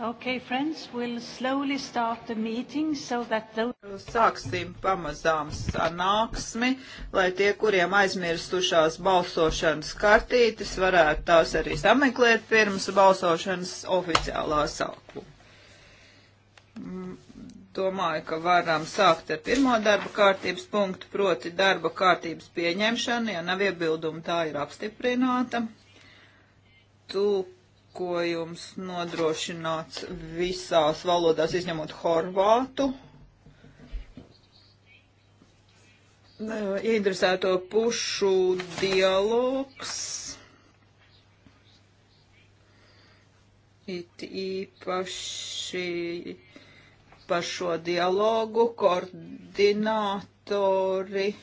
Okay, friends, we'll slowly start the meeting so that those... Sāksim pamazām sanāksmi, lai tie, kuriem aizmirstušās balsošanas kartītes, varētu tās arī sameklēt pirms balsošanas oficiālā sākuma. Mm, domāju, ka varam sākt ar pirmo darba kārtības punktu, proti darba kārtības pieņemšanu, ja nav iebildumu, tā ir apstiprināta. Tūk tulkojums nodrošināts visās valodās, izņemot horvātu. Ieinteresēto pušu dialogs. It īpaši par šo dialogu koordinātori uh,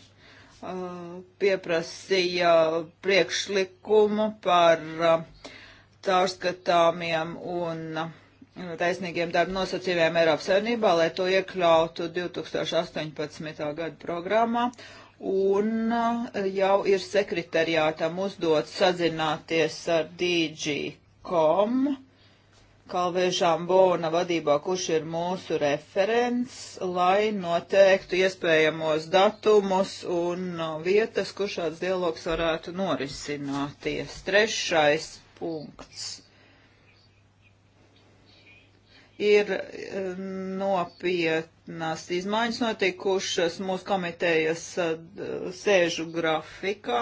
pieprasīja priekšlikumu par uh, caurskatāmiem un taisnīgiem darba nosacījumiem Eiropas Savienībā, lai to iekļautu 2018. gada programmā. Un eh, jau ir sekretariātam uzdot sazināties ar DG.com, Kalvēžām Bona vadībā, kurš ir mūsu referents, lai noteiktu iespējamos datumus un eh, vietas, kur šāds dialogs varētu norisināties. Trešais punkts. Ir eh, nopietnas izmaiņas notikušas mūsu komitejas eh, sēžu grafikā.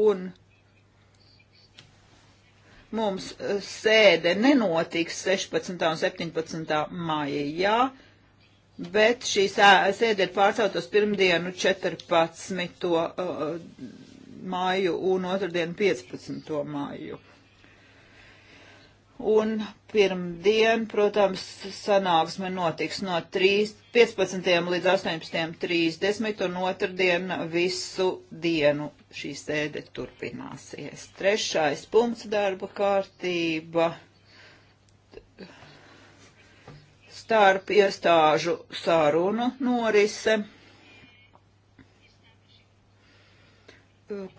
Un mums eh, sēde nenotiks 16. un 17. maijā, bet šī sēde ir pārcelt uz pirmdienu 14 māju un otrdien 15. māju. Un pirmdien, protams, sanāksme notiks no 3, 15. līdz 18.30 un otrdien visu dienu šī sēde turpināsies. Trešais punkts darba kārtība starp iestāžu sārunu norise.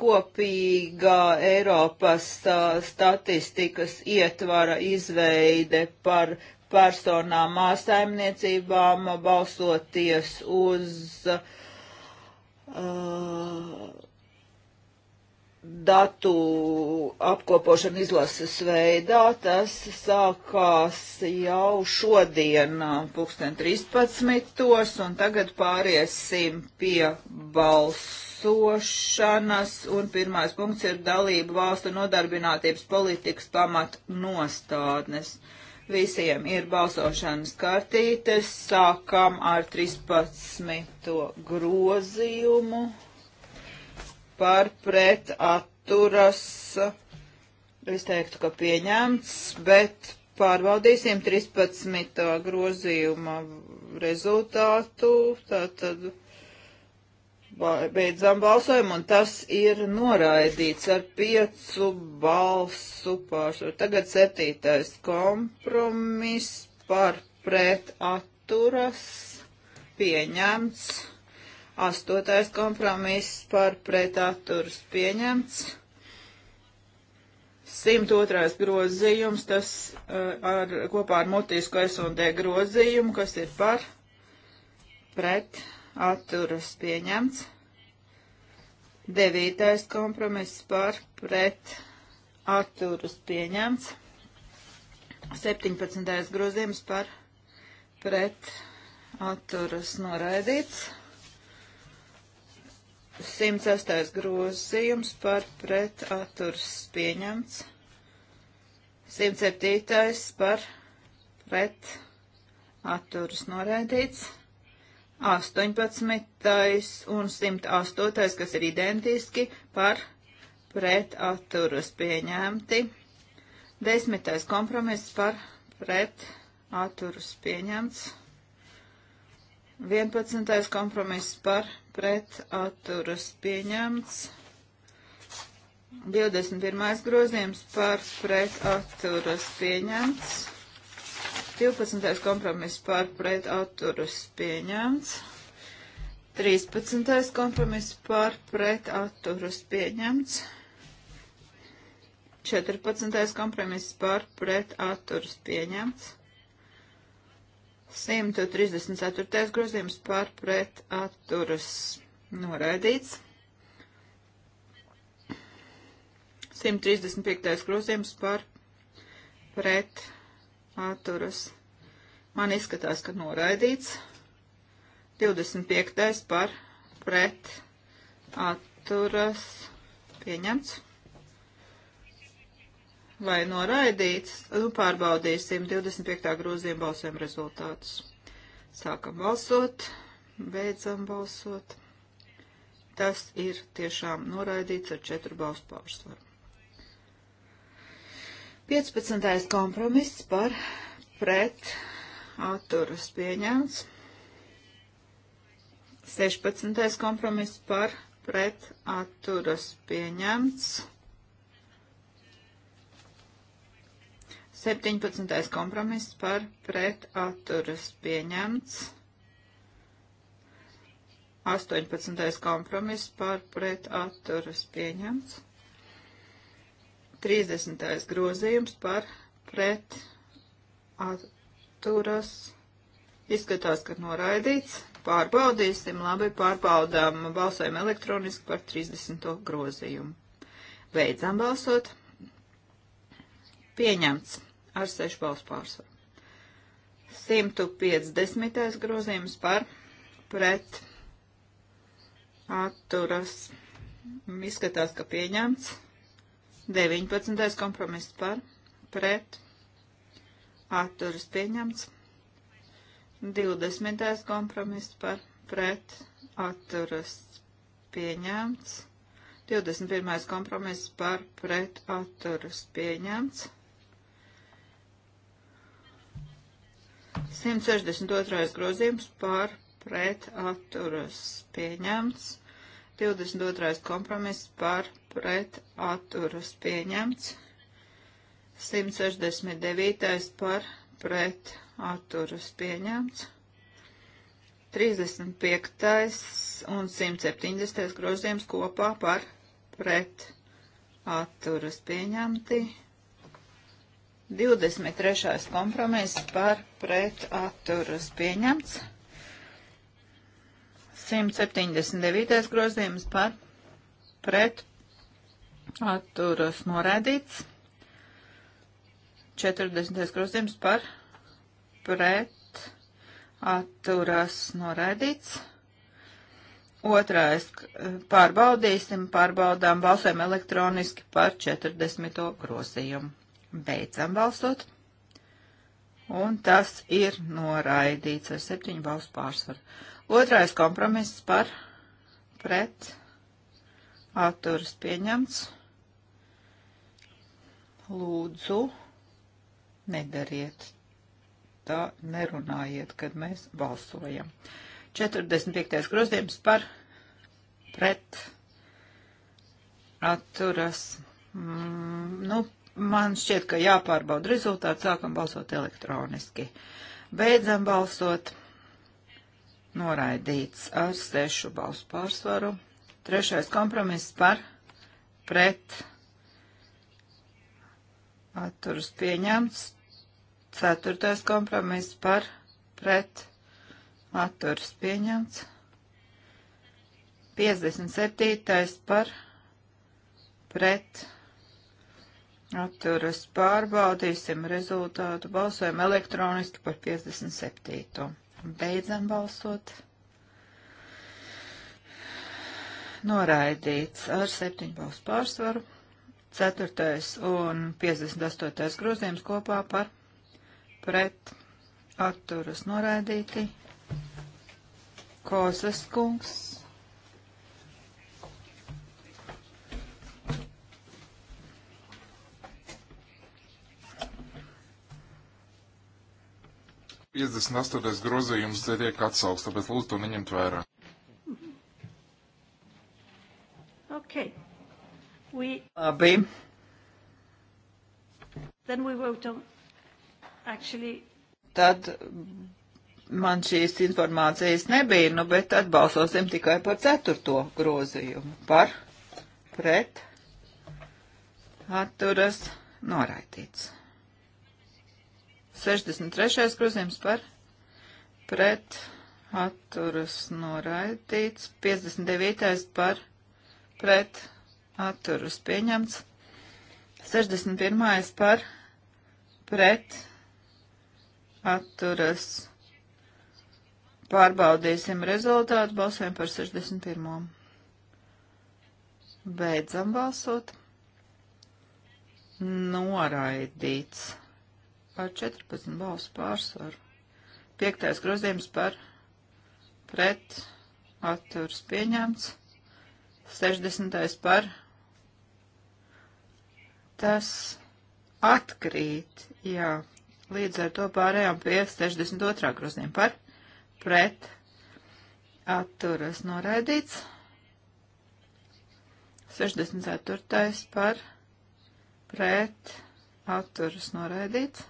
kopīgā Eiropas statistikas ietvara izveide par personām mājasaimniecībām balsoties uz uh, datu apkopošana izlases veidā, tas sākās jau šodien pulksten 13. un tagad pāriesim pie balsošanas un pirmais punkts ir dalība valstu nodarbinātības politikas pamat nostādnes. Visiem ir balsošanas kartītes, sākam ar 13. grozījumu par pret atturas. Es teiktu, ka pieņemts, bet pārbaudīsim 13. grozījuma rezultātu. Tātad beidzām balsojumu, un tas ir noraidīts ar piecu balsu pārsvaru. Tagad septītais kompromiss par pret atturas pieņemts. Astotais kompromiss par pretatturus pieņemts. 102. grozījums, tas eh, ar, kopā ar mutisku S&D grozījumu, kas ir par pret atturas pieņemts. Devītais kompromiss par pret atturas pieņemts. 17. grozījums par pret atturas noraidīts. 106. grozījums par pretaturs pieņemts. 107. par pretaturs noraidīts. 18. un 108. kas ir identiski par pretaturs pieņemti. 10. kompromiss par pretaturs pieņemts. 11. kompromiss par pret atturas pieņemts. 21. grozījums par pret atturas pieņemts. 12. kompromiss par pret atturas pieņemts. 13. kompromiss par pret atturas pieņemts. 14. kompromiss par pret atturas pieņemts. 134. grozījums par pret atturas noraidīts. 135. grozījums par pret atturas. Man izskatās, ka noraidīts. 25. par pret atturas pieņemts vai noraidīts. Nu, pārbaudīsim 25. grozījuma balsēm rezultātus. Sākam balsot, beidzam balsot. Tas ir tiešām noraidīts ar četru balstu pārsvaru. 15. kompromiss par pret atturas pieņemts. 16. kompromiss par pret atturas pieņemts. 17. kompromiss par pret atturas pieņemts. 18. kompromiss par pret atturas pieņemts. 30. grozījums par pret atturas. Izskatās, ka noraidīts. Pārbaudīsim, labi, pārbaudām, balsojam elektroniski par 30. grozījumu. Beidzam balsot. Pieņemts ar 6 balsu pārsvaru. 150. grozījums par pret atturas. Izskatās, ka pieņemts. 19. kompromiss par pret atturas pieņemts. 20. kompromiss par pret atturas pieņemts. 21. kompromiss par pret atturas pieņemts. 162. grozījums par pret atturas pieņemts. 22. kompromiss par pret atturas pieņemts. 169. par pret atturas pieņemts. 35. un 170. grozījums kopā par pret atturas pieņemti. 23. kompromiss par pret atturas pieņemts. 179. grozījums par pret atturas norēdīts. 40. grozījums par pret atturas norēdīts. Otrais pārbaudīsim, pārbaudām balsēm elektroniski par 40. grozījumu. Beidzam balsot. Un tas ir noraidīts ar septiņu balstu pārsvaru. Otrais kompromiss par pret atturas pieņemts. Lūdzu, nedariet tā, nerunājiet, kad mēs balsojam. 45. grozījums par pret atturas. Mm, nu, Man šķiet, ka jāpārbauda rezultāti, sākam balsot elektroniski. Beidzam balsot. Noraidīts ar sešu balsu pārsvaru. Trešais kompromiss par pret atturus pieņemts. Ceturtais kompromiss par pret atturus pieņemts. 57. par pret atturus pieņemts. Atturas pārbaudīsim rezultātu. Balsojam elektroniski par 57. Beidzam balsot. Noraidīts ar 7 balsu pārsvaru. 4. un 58. grozījums kopā par pret atturas noraidīti. Kozas kungs 58. grozījums tiek atsaugs, tāpēc lūdzu to neņemt vērā. Okay. We... Labi. Then we vote on actually. Tad man šīs informācijas nebija, nu, bet tad balsosim tikai par ceturto grozījumu. Par, pret, atturas, noraidīts. 63. grozījums par pret atturas noraidīts, 59. par pret atturas pieņemts, 61. par pret atturas pārbaudīsim rezultātu, balsojam par 61. Beidzam balsot. Noraidīts ar 14 balsu pārsvaru. Piektais grozījums par pret atturs pieņemts. 60. par tas atkrīt, jā. Līdz ar to pārējām pie 62. grozījuma par pret atturas noraidīts. 64. par pret atturas noraidīts.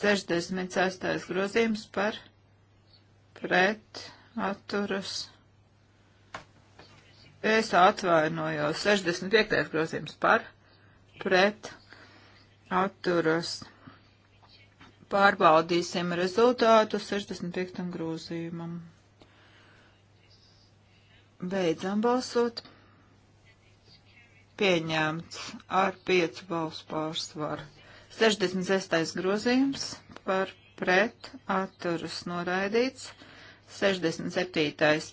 66. grozījums par pret atturas. Es atvainojos. 65. grozījums par pret atturas. Pārbaudīsim rezultātu 65. grozījumam. Beidzam balsot. Pieņemts ar 5 balsu pārsvaru. 66. grozījums par pret atturas noraidīts. 67.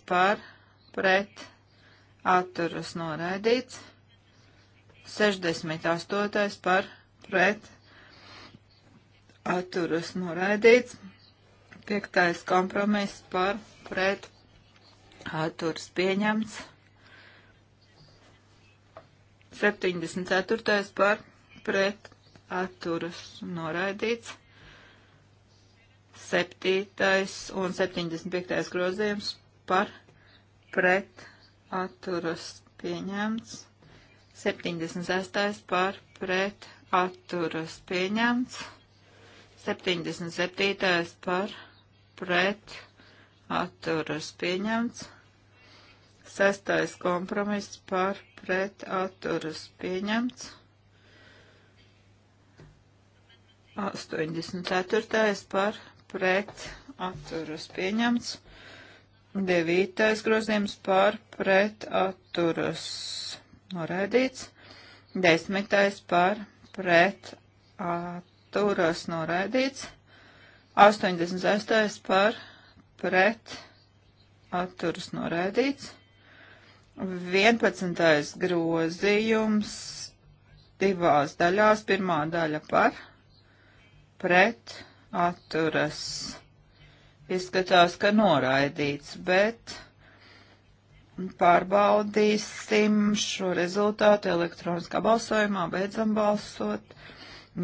par pret atturas noraidīts. 68. par pret atturas noraidīts. 5. kompromiss par pret atturas pieņemts. 74. par pret atturas noraidīts. Septītais un 75. grozījums par pret atturas pieņemts. 76. par pret atturas pieņemts. 77. par pret atturas pieņemts. Sestais kompromiss par pret atturas pieņemts. 84. par pret atturas pieņemts. 9. grozījums par pret atturas noraidīts. 10. par pret atturas noraidīts. 86. par pret atturas noraidīts. 11. grozījums divās daļās. Pirmā daļa par pret pret atturas. Izskatās, ka noraidīts, bet pārbaudīsim šo rezultātu elektroniskā balsojumā, beidzam balsot.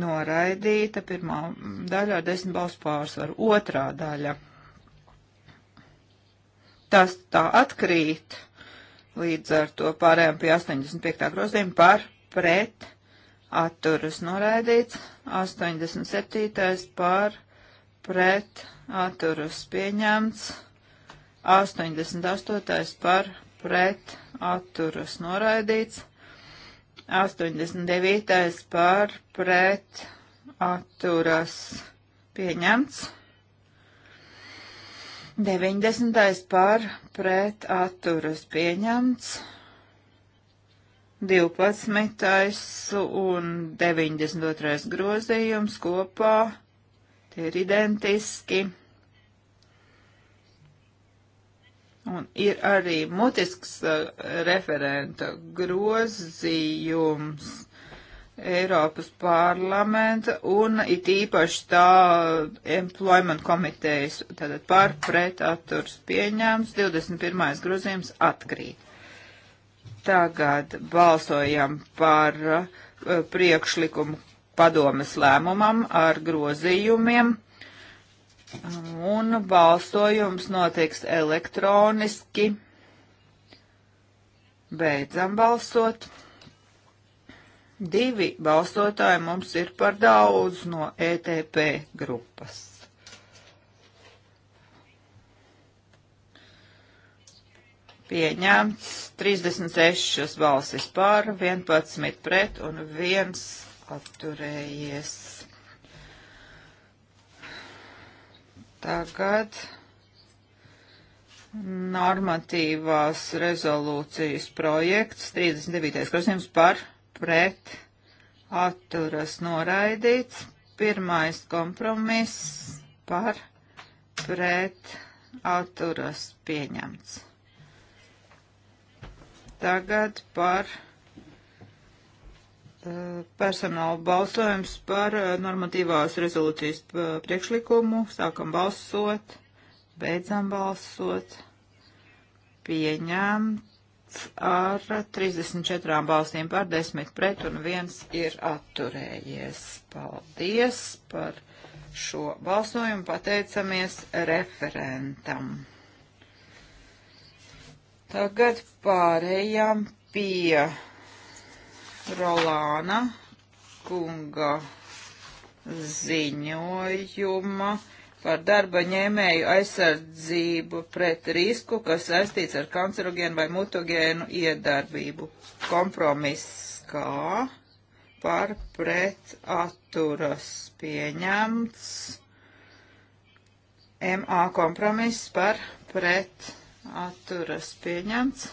Noraidīta pirmā daļa ar desmit balsu pārsvaru. Otrā daļa. Tas tā atkrīt līdz ar to pārējām pie 85. grozījuma par pret atturas noraidīts, 87. par pret atturas pieņemts, 88. par pret atturas noraidīts, 89. par pret atturas pieņemts, 90. par pret atturas pieņemts, 12. un 92. grozījums kopā, tie ir identiski. Un ir arī mutisks uh, referenta grozījums Eiropas parlamenta un it īpaši tā employment komitejas, tātad par pret atturs pieņēmums, 21. grozījums atkrīt. Tagad balsojam par uh, priekšlikumu padomes lēmumam ar grozījumiem. Un balsojums notiks elektroniski. Beidzam balsot. Divi balsotāji mums ir par daudz no ETP grupas. pieņemts 36 balsis par, 11 pret un 1 atturējies. Tagad normatīvās rezolūcijas projekts 39. grozījums par pret atturas noraidīts. Pirmais kompromiss par pret atturas pieņemts. Tagad par eh, personāla balsojums par eh, normatīvās rezolūcijas eh, priekšlikumu. Sākam balsot, beidzam balsot. Pieņemts ar 34 balsīm par 10 pret un viens ir atturējies. Paldies par šo balsojumu. Pateicamies referentam. Tagad pārējām pie Rolāna kunga ziņojuma par darba ņēmēju aizsardzību pret risku, kas saistīts ar kancerogēnu vai mutagēnu iedarbību. Kompromiss kā par pret atturas pieņemts. MA kompromiss par pret atturas atturas pieņemts.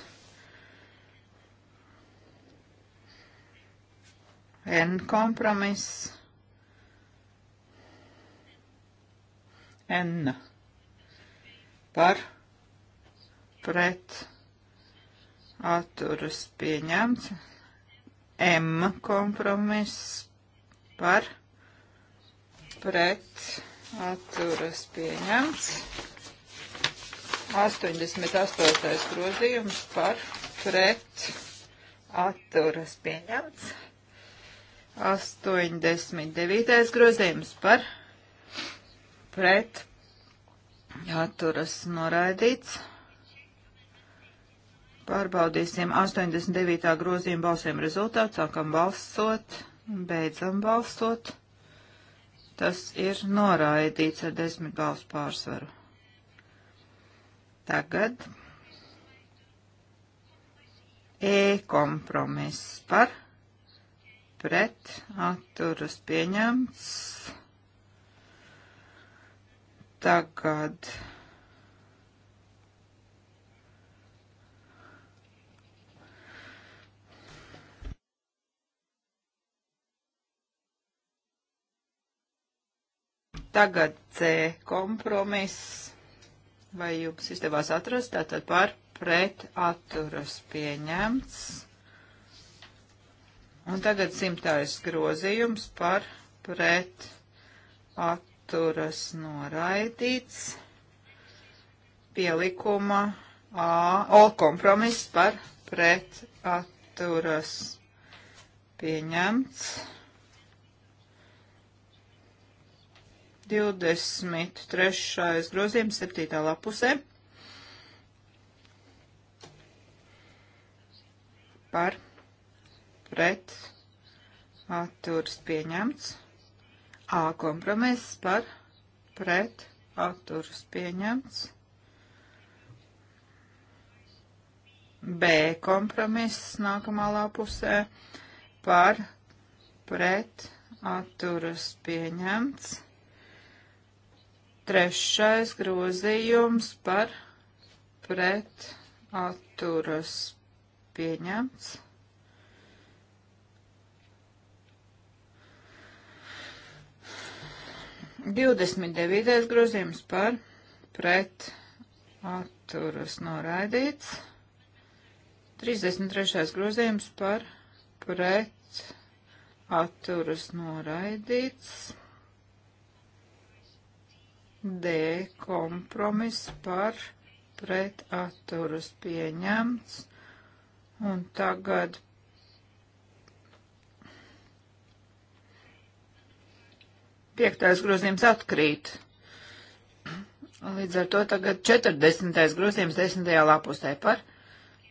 N kompromiss. N par pret atturas pieņemts. M kompromiss par pret atturas pieņemts. 88. grozījums par pret atturas pieņemts. 89. grozījums par pret atturas noraidīts. Pārbaudīsim 89. grozījuma balsiem rezultātu. Sākam balsot, beidzam balsot. Tas ir noraidīts ar desmit balsu pārsvaru. Tagad e-kompromiss par pret atturas pieņemts. Tagad Tagad C kompromiss Vai jums izdevās atrast? Tātad par pret atturas pieņemts. Un tagad simtais grozījums par pret atturas noraidīts pielikuma A, O kompromiss par pret atturas pieņemts. 23. grozījums 7. lapusē par pret atturs pieņemts. A kompromiss par pret atturs pieņemts. B kompromiss nākamā lapusē par pret atturas pieņemts. Trešais grozījums par pret atturas pieņemts. Divdesmit devītais grozījums par pret atturas noraidīts. Trīsdesmit trešais grozījums par pret atturas noraidīts. D kompromiss par pret atturus pieņemts. Un tagad piektais grozījums atkrīt. Līdz ar to tagad 40. grozījums 10. lapusē par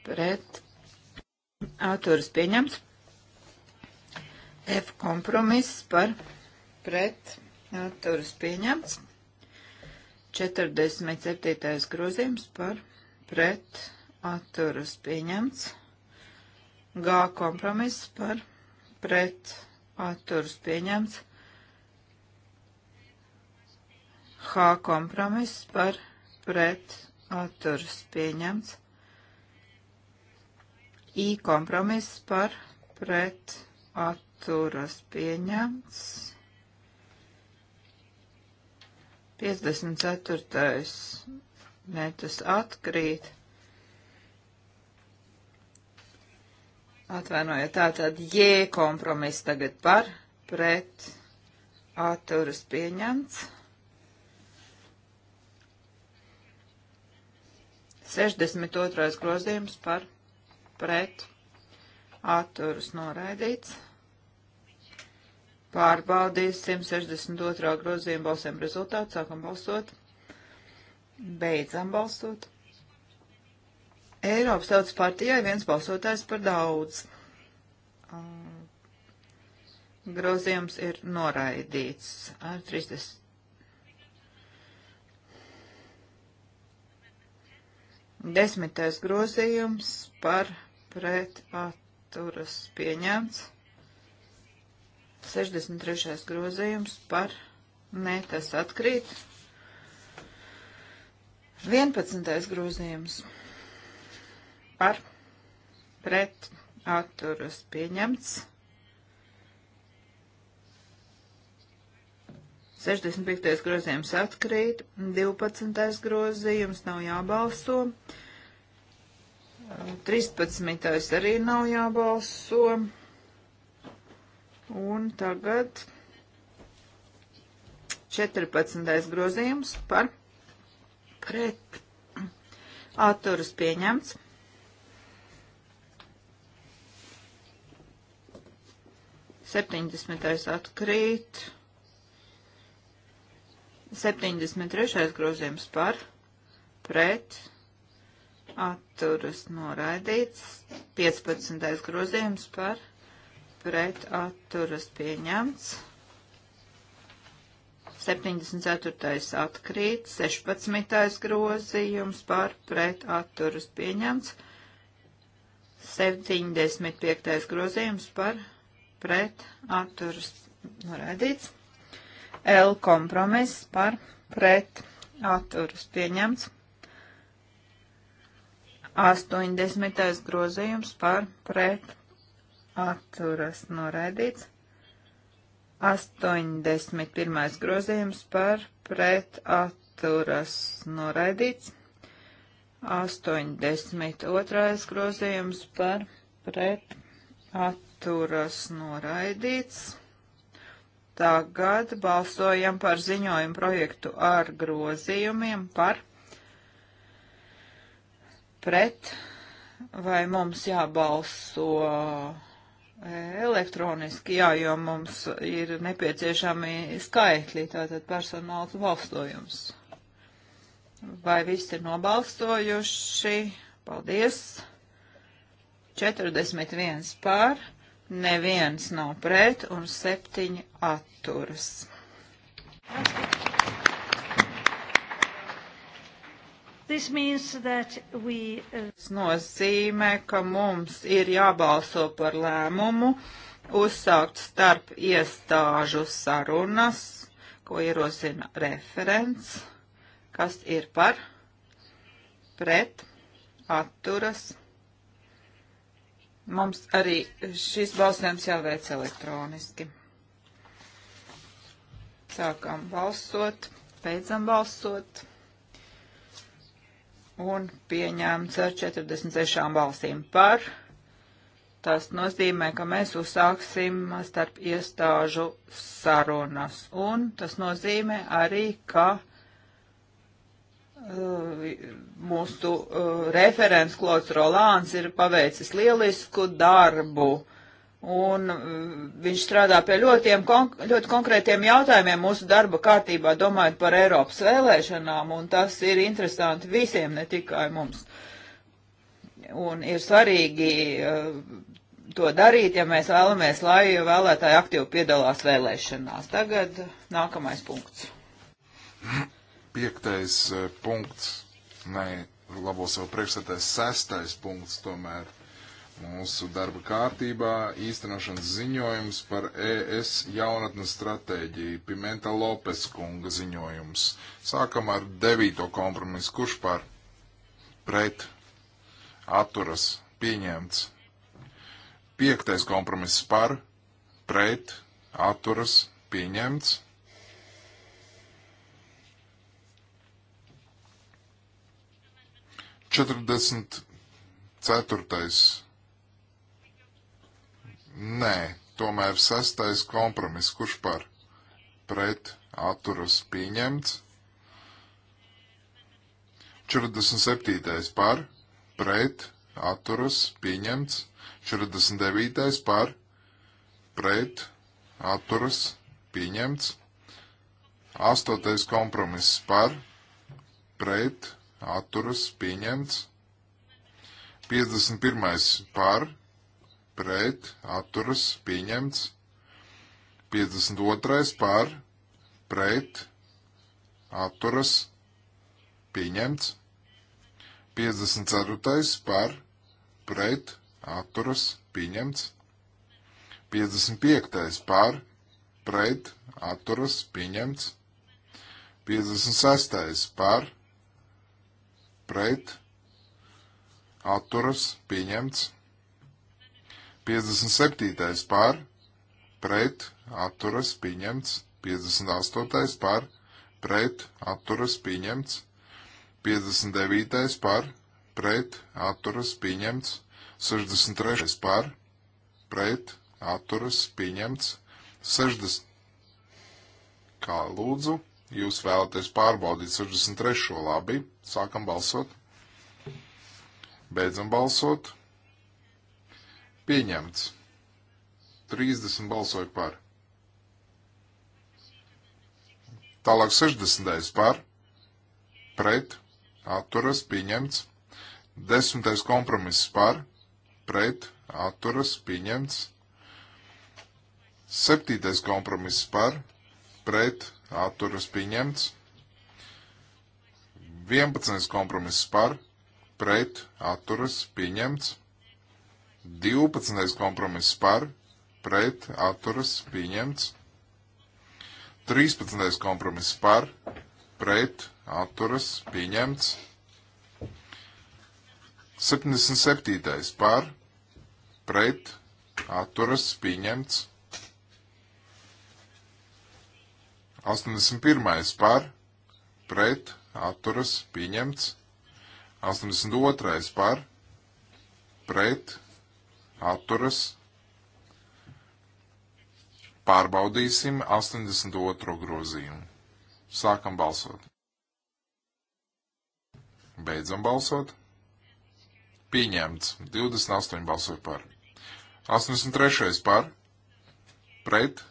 pret atturas pieņemts. F kompromiss par pret atturas pieņemts. 47. grozījums par pret atturas pieņemts. G kompromiss par pret atturas pieņemts. H kompromiss par pret atturas pieņemts. I kompromiss par pret atturas pieņemts. 54. Nē, tas atkrīt. Atvainojiet, tātad J kompromiss tagad par, pret, atturas pieņemts. 62. grozījums par, pret, atturas noraidīts. Pārbaudīs 162. grozījuma balsēm rezultātu. Sākam balsot. Beidzam balsot. Eiropas tautas partijai viens balsotājs par daudz. Um, grozījums ir noraidīts ar 30. Desmitais grozījums par pret atturas pieņemts. 63. grozījums par ne, tas atkrīt. 11. grozījums par pret atturas pieņemts. 65. grozījums atkrīt, 12. grozījums nav jābalso, 13. arī nav jābalso. Un tagad 14. grozījums par pret atturus pieņemts. Septiņdesmitais atkrīt. Septiņdesmit trešais grozījums par pret atturus noraidīts. Piecpadsmitais grozījums par pret atturas pieņemts. 74. atkrīt, 16. grozījums par pret atturas pieņemts. 75. grozījums par pret atturas norēdīts. L kompromiss par pret atturas pieņemts. 80. grozījums par pret atturas noraidīts. 81. grozījums par pret atturas noraidīts. 82. grozījums par pret atturas noraidīts. Tagad balsojam par ziņojumu projektu ar grozījumiem par pret, vai mums jābalso elektroniski, jā, jo mums ir nepieciešami skaitļi, tātad personāls balstojums. Vai visi ir nobalstojuši? Paldies! 41 pār, neviens nav pret un 7 atturas. Thank you. This means that we... Uh, Tas nozīmē, ka mums ir jābalso par lēmumu uzsākt starp iestāžu sarunas, ko ierosina referents, kas ir par, pret, atturas. Mums arī šis balsojums jāveic elektroniski. Sākam balsot, beidzam balsot un pieņemts ar 46 balsīm par. Tas nozīmē, ka mēs uzsāksim starp iestāžu sarunas, un tas nozīmē arī, ka uh, mūsu uh, referents Klods Rolāns ir paveicis lielisku darbu. Uh, Un mm, viņš strādā pie ļotiem, konk ļoti konkrētiem jautājumiem mūsu darba kārtībā, domājot par Eiropas vēlēšanām, un tas ir interesanti visiem, ne tikai mums. Un ir svarīgi mm, to darīt, ja mēs vēlamies, lai vēlētāji aktīvi piedalās vēlēšanās. Tagad nākamais punkts. Piektais eh, punkts, nē, labo savu priekšsētājs, sestais punkts tomēr mūsu darba kārtībā īstenošanas ziņojums par ES jaunatnes stratēģiju, Pimenta Lopes kunga ziņojums. Sākam ar devīto kompromisu, kurš par pret atturas pieņemts. Piektais kompromiss par pret atturas pieņemts. Četrdesmit ceturtais Nē, tomēr sastais kompromiss, kurš par pret atturas pieņemts. 47. par pret atturas pieņemts. 49. par pret atturas pieņemts. 8. kompromiss par pret atturas pieņemts. 51. par pret, atturas, pieņemts. 52. par, pret, atturas, pieņemts. 54. par, pret, atturas, pieņemts. 55. par, pret, atturas, pieņemts. 56. par, pret, atturas, pieņemts. 57. par, pret, atturas pieņemts. 58. par, pret, atturas pieņemts. 59. par, pret, atturas pieņemts. 63. par, pret, atturas pieņemts. 60. Kā lūdzu, jūs vēlaties pārbaudīt 63. labi, sākam balsot. Beidzam balsot. Pieņemts. 30 balsoja par. Tālāk 60. par. Pret. Atturas. Pieņemts. 10. kompromiss par. Pret. Atturas. Pieņemts. 7. kompromiss par. Pret. Atturas. Pieņemts. 11. kompromiss par. Pret. Atturas. Pieņemts. 12. kompromiss par, pret, atturas, pieņemts. 13. kompromiss par, pret, atturas, pieņemts. 77. par, pret, atturas, pieņemts. 81. par, pret, atturas, pieņemts. 82. par, pret, atturas. Pārbaudīsim 82. grozījumu. Sākam balsot. Beidzam balsot. Pieņemts. 28 balsoja par. 83. par. Pret.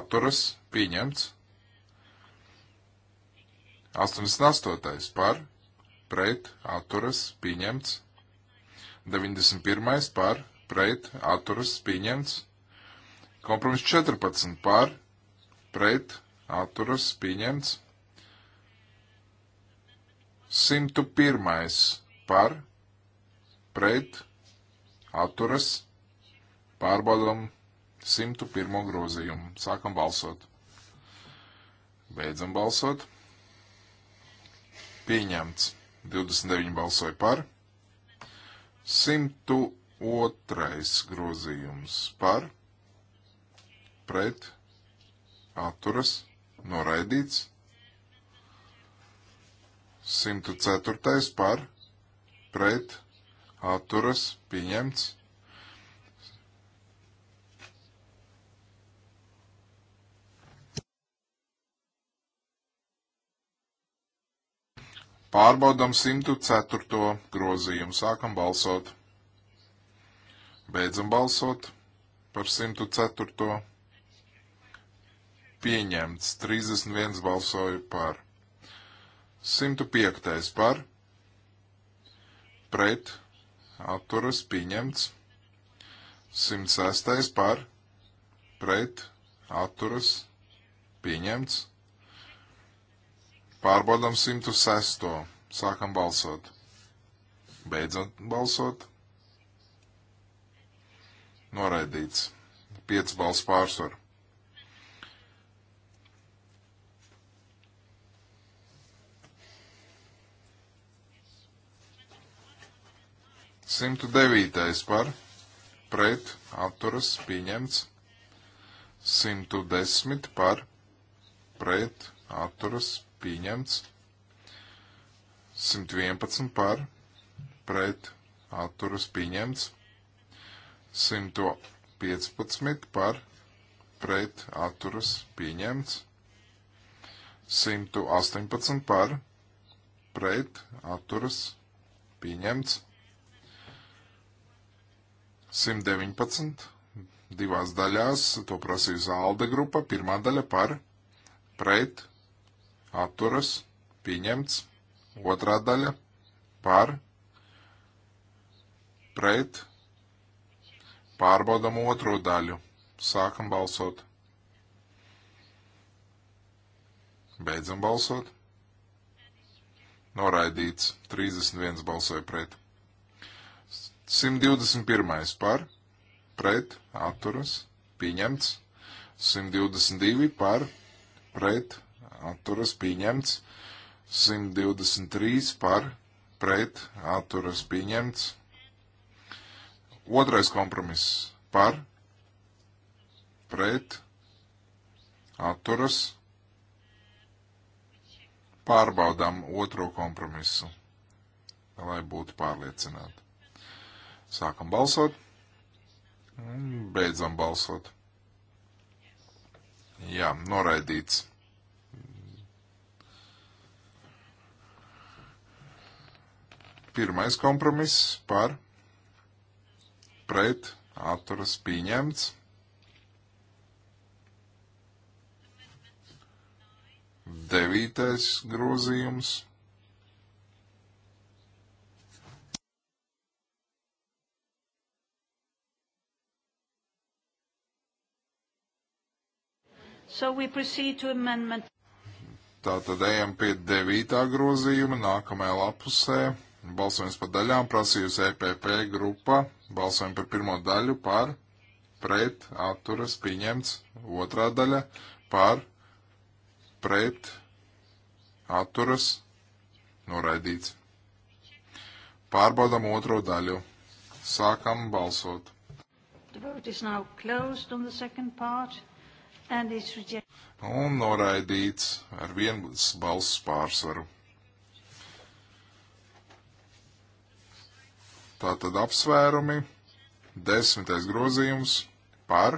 Atturas. Pieņemts. 88. par. Pret. Atturas. Pieņemts. 91. par pret atturas pieņemts. Kompromis 14 par pret atturas pieņemts. 101. par pret atturas pārbaudam 101. grozījumu. Sākam balsot. Beidzam balsot. Pieņemts. 29 balsoja par. 102. grozījums par pret atturas noraidīts. 104. par pret atturas pieņemts. Pārbaudam 104. grozījumu. Sākam balsot. Beidzam balsot par 104. Pieņemts. 31 balsoja par. 105. par. Pret. Atturas pieņemts. 106. par. Pret. Atturas pieņemts. Pārbaudam 106. Sākam balsot. Beidzot balsot. Noraidīts. 5 balss pārsvaru. Simtu devītais par pret atturas pieņemts. 110 par pret atturas pieņemts. 111 par pret atturas pieņemts. 115 par pret atturas pieņemts. 118 par pret atturas pieņemts. 119 divās daļās, to prasīja Zalda grupa, pirmā daļa par pret atturas, pieņemts. Otrā daļa par, pret, pārbaudam otro daļu. Sākam balsot. Beidzam balsot. Noraidīts. 31 balsoja pret. 121 par, pret, atturas, pieņemts. 122 par, pret, atturas pieņemts. 123 par pret atturas pieņemts. Otrais kompromiss par pret atturas pārbaudām otro kompromisu, lai būtu pārliecināti. Sākam balsot un beidzam balsot. Jā, noraidīts. Pirmais kompromiss par pret atturas pieņemts. Devītais grozījums. So we proceed to amendment. Tātad ejam pie devītā grozījuma nākamajā lapusē. Balsojums par daļām prasījusi EPP grupa. Balsojumi par pirmo daļu par, pret, atturas, pieņemts. Otrā daļa par, pret, atturas, noraidīts. Pārbaudam otro daļu. Sākam balsot. Part, Un noraidīts ar vienas balss pārsvaru. Tātad apsvērumi, desmitais grozījums par,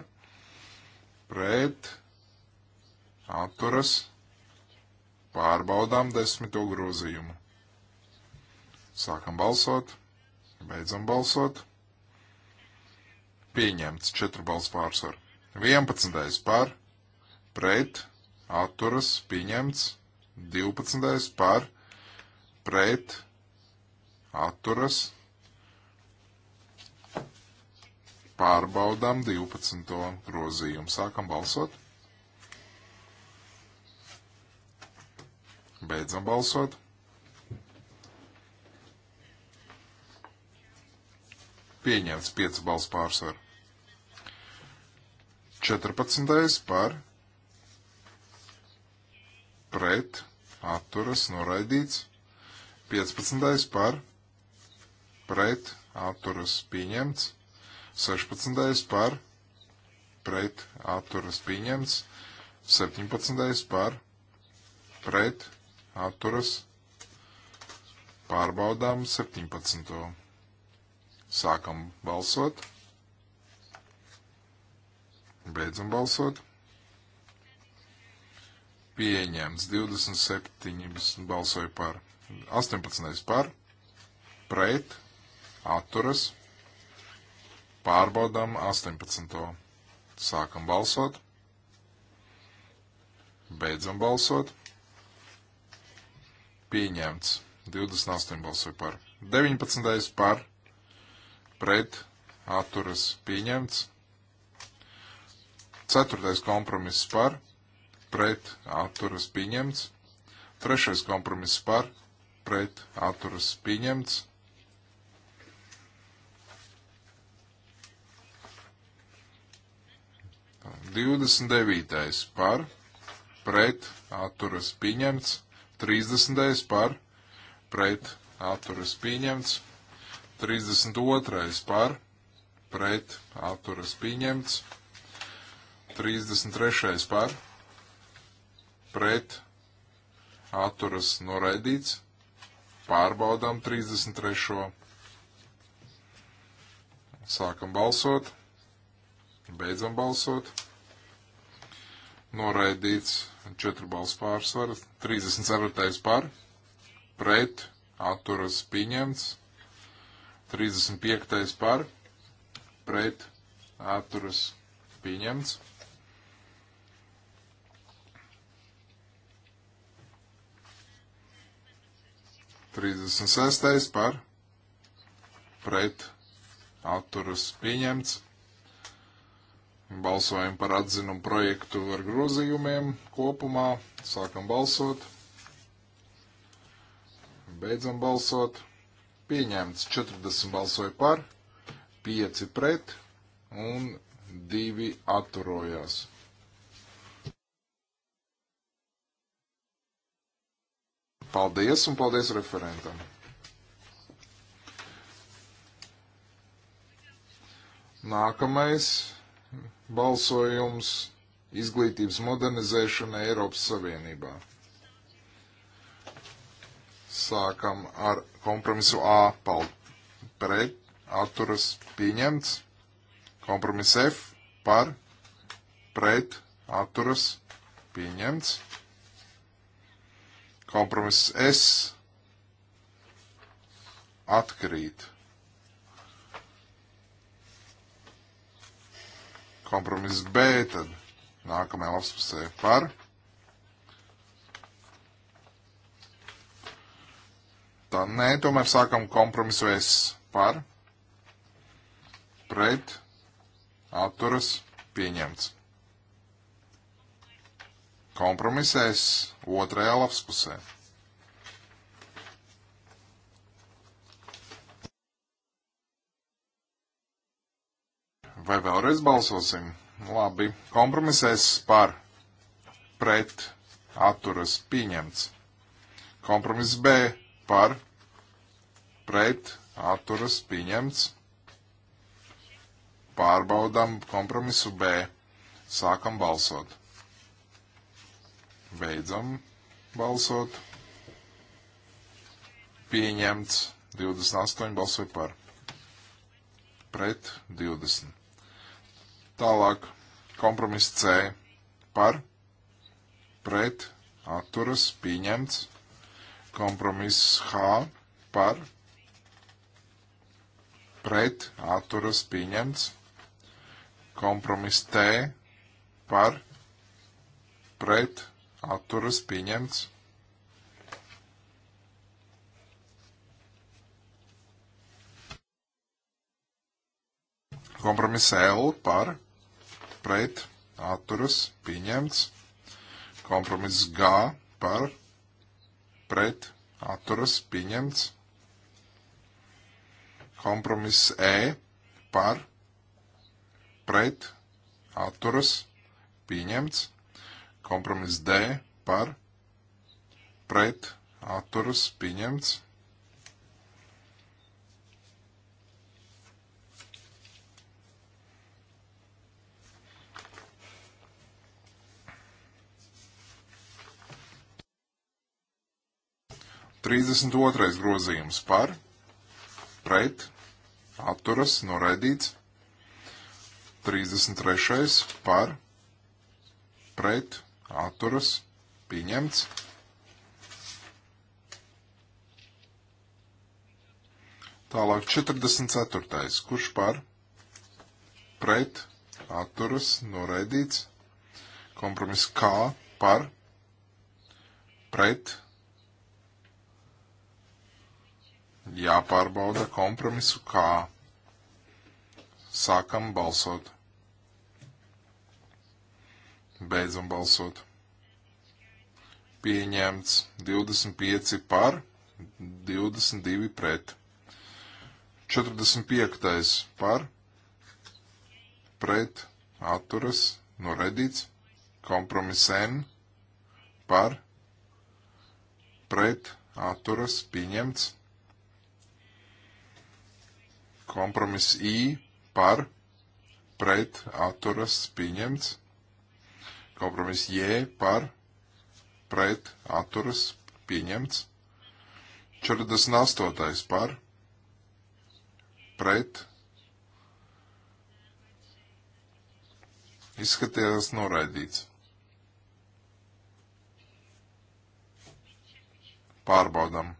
pret, atturas, pārbaudām desmito grozījumu. Sākam balsot, beidzam balsot. Pieņemts četru balsu pārsvaru. 11. par, pret, atturas, pieņemts. 12. par, pret, atturas, pieņemts Pārbaudām 12. grozījumu. Sākam balsot. Beidzam balsot. Pieņemts 5 balss pārsvaru. 14. par pret atturas noraidīts. 15. par pret atturas pieņemts. 16. par pret atturas pieņemts, 17. par pret atturas pārbaudām 17. Sākam balsot, beidzam balsot. Pieņemts 27 balsoja par 18. par pret atturas Pārbaudām 18. Sākam balsot. Beidzam balsot. Pieņemts. 28 balsoja par. 19. par. Pret. Atturas. Pieņemts. 4. kompromiss par. Pret. Atturas. Pieņemts. 3. kompromiss par. Pret. Atturas. Pieņemts. 29. par, pret, atturas pieņemts, 30. par, pret, atturas pieņemts, 32. par, pret, atturas pieņemts, 33. par, pret, atturas noraidīts, pārbaudām 33. Sākam balsot. Beidzam balsot. Noraidīts 4 balss pārsvara, 34. par, pret, atturas pieņemts, 35. par, pret, atturas pieņemts. Trīsdesmit sestais par pret atturas pieņemts. Balsojam par atzinumu projektu ar grozījumiem kopumā. Sākam balsot. Beidzam balsot. Pieņemts 40 balsoja par, 5 pret un 2 atturojās. Paldies un paldies referentam. Nākamais balsojums izglītības modernizēšana Eiropas Savienībā. Sākam ar kompromisu A pal pret, atturas pieņemts, kompromis F par, pret, atturas pieņemts, kompromis S atkrīt. Kompromiss B, tad nākamajā lapspusē par. Tā nē, tomēr sākam kompromisu S par. Pret. Atturas. Pieņemts. Kompromiss S otrajā lapspusē. pusē Vai vēlreiz balsosim? Labi. Kompromisēs par pret atturas pieņemts. Kompromiss B par pret atturas pieņemts. Pārbaudām kompromisu B. Sākam balsot. Beidzam balsot. Pieņemts. 28 balsoja par. Pret 20. Tālāk kompromiss C par, pret, atturas, pieņemts. Kompromiss H par, pret, atturas, pieņemts. Kompromiss T par, pret, atturas, pieņemts. Kompromiss L par, pret atturas pieņemts. Kompromiss G par pret atturas pieņemts. Kompromiss E par pret atturas pieņemts. Kompromiss D par pret atturas pieņemts 32. grozījums par, pret, atturas, noraidīts. 33. par, pret, atturas, pieņemts. Tālāk 44. Kurš par? Pret, atturas, noraidīts. Kompromiss K par, pret, jāpārbauda kompromisu kā. Sākam balsot. Beidzam balsot. Pieņemts 25 par, 22 pret. 45. par, pret, atturas, noredīts, kompromiss N, par, pret, atturas, pieņemts Kompromiss I par pret atturas pieņemts. Kompromiss J par pret atturas pieņemts. 48. par pret izskatījās noraidīts. Pārbaudam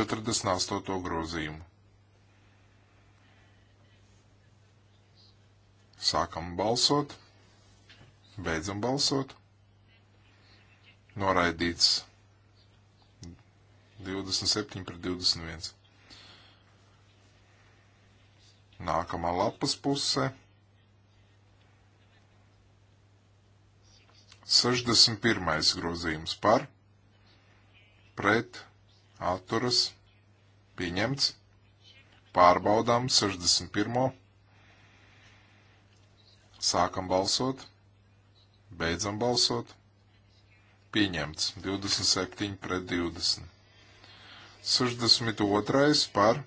48. grozījumu. Sākam balsot, beidzam balsot. Noraidīts 27 pret 21. Nākamā lapas puse. 61. grozījums par, pret, atturas, pieņemts, pārbaudām 61. Sākam balsot. Beidzam balsot. Pieņemts. 27 pret 20. 62 par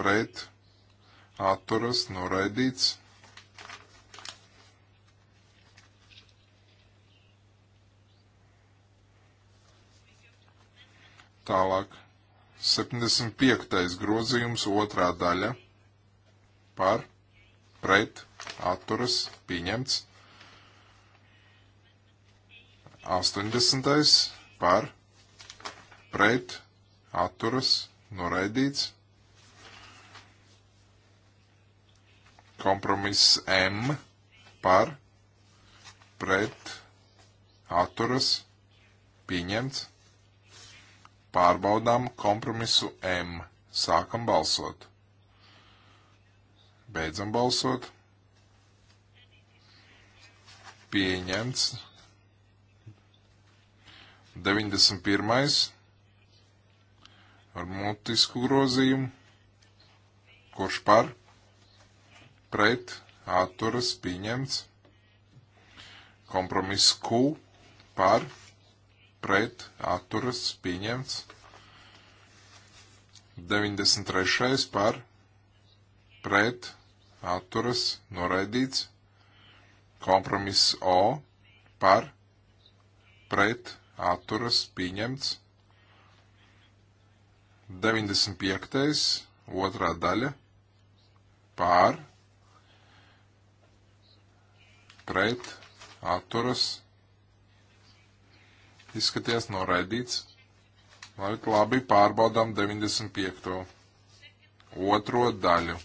pret atturas noraidīts. Tālāk. 75. grozījums otrā daļa par pret atturas pieņemts. 80. par pret atturas noraidīts. Kompromiss M par pret atturas pieņemts. Pārbaudām kompromisu M. Sākam balsot. Beidzam balsot pieņemts. 91. ar mutisku grozījumu. Kurš par? Pret. Atturas pieņemts. Kompromiss Q par. Pret. Atturas pieņemts. 93. par. Pret. Atturas noraidīts. Kompromiss O par pret atturas pieņemts. 95. otrā daļa pār pret atturas izskaties noraidīts. Labi, labi pārbaudām 95. otro daļu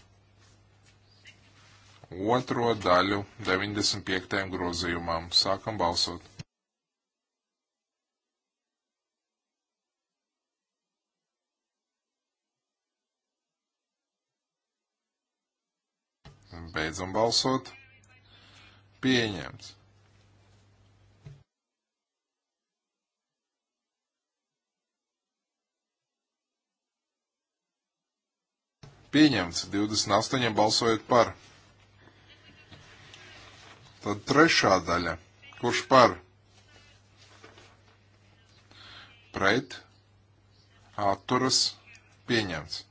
otro daļu 95. grozījumam. Sākam balsot. Beidzam balsot. Pieņemts. Pieņemts. 28 balsojot par. Tad trešā daļa. Kurš par? Pret. Atturas. Pieņemts.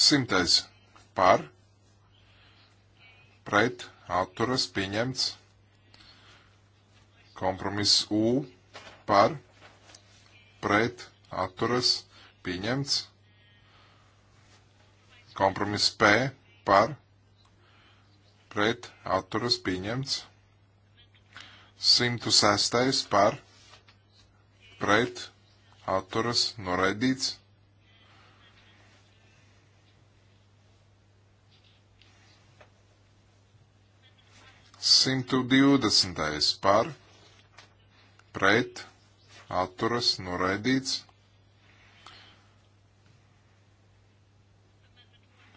Simtais. Par. Pret. Atturas. Pieņemts. Kompromiss U. Par. Pret. Atturas. Pieņemts. Kompromiss P. Par pret atturas pieņemts. 106. par pret atturas noraidīts. Simtu divdesmitais par, pret, atturas, noraidīts.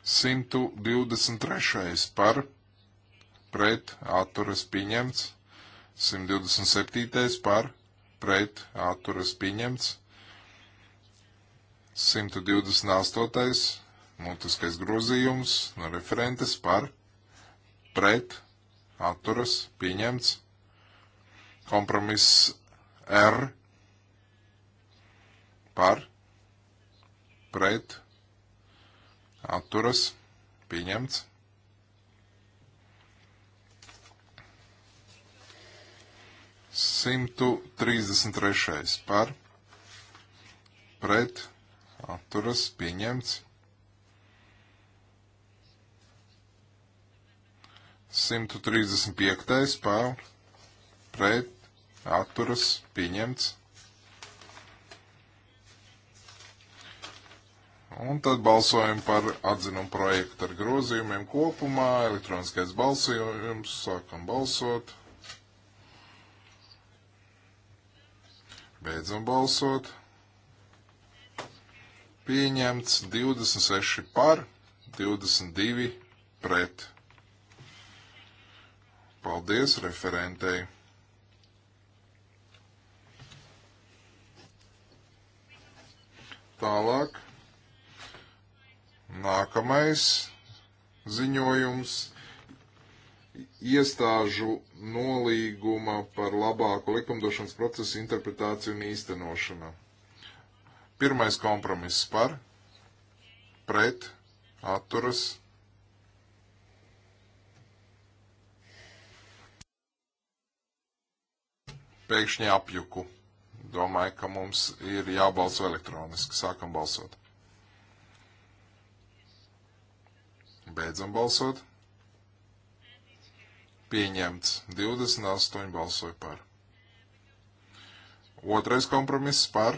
123. par pret atturas pieņemts, 127. par pret atturas pieņemts, 128. mutiskais grozījums no referentes par pret atturas pieņemts, kompromiss R par pret atturas pieņemts. 133. par pret atturas pieņemts. 135. par pret atturas pieņemts. Un tad balsojam par atzinumu projektu ar grozījumiem kopumā, elektroniskais balsojums, sākam balsot. Beidzam balsot. Pieņemts 26 par, 22 pret. Paldies referentei. Tālāk. Nākamais ziņojums. Iestāžu nolīguma par labāku likumdošanas procesu interpretāciju un īstenošanu. Pirmais kompromiss par, pret, atturas. Pēkšņi apjuku. Domāju, ka mums ir jābalso elektroniski. Sākam balsot. Beidzam balsot. Pieņemts. 28 balsoja par. Otrais kompromiss par.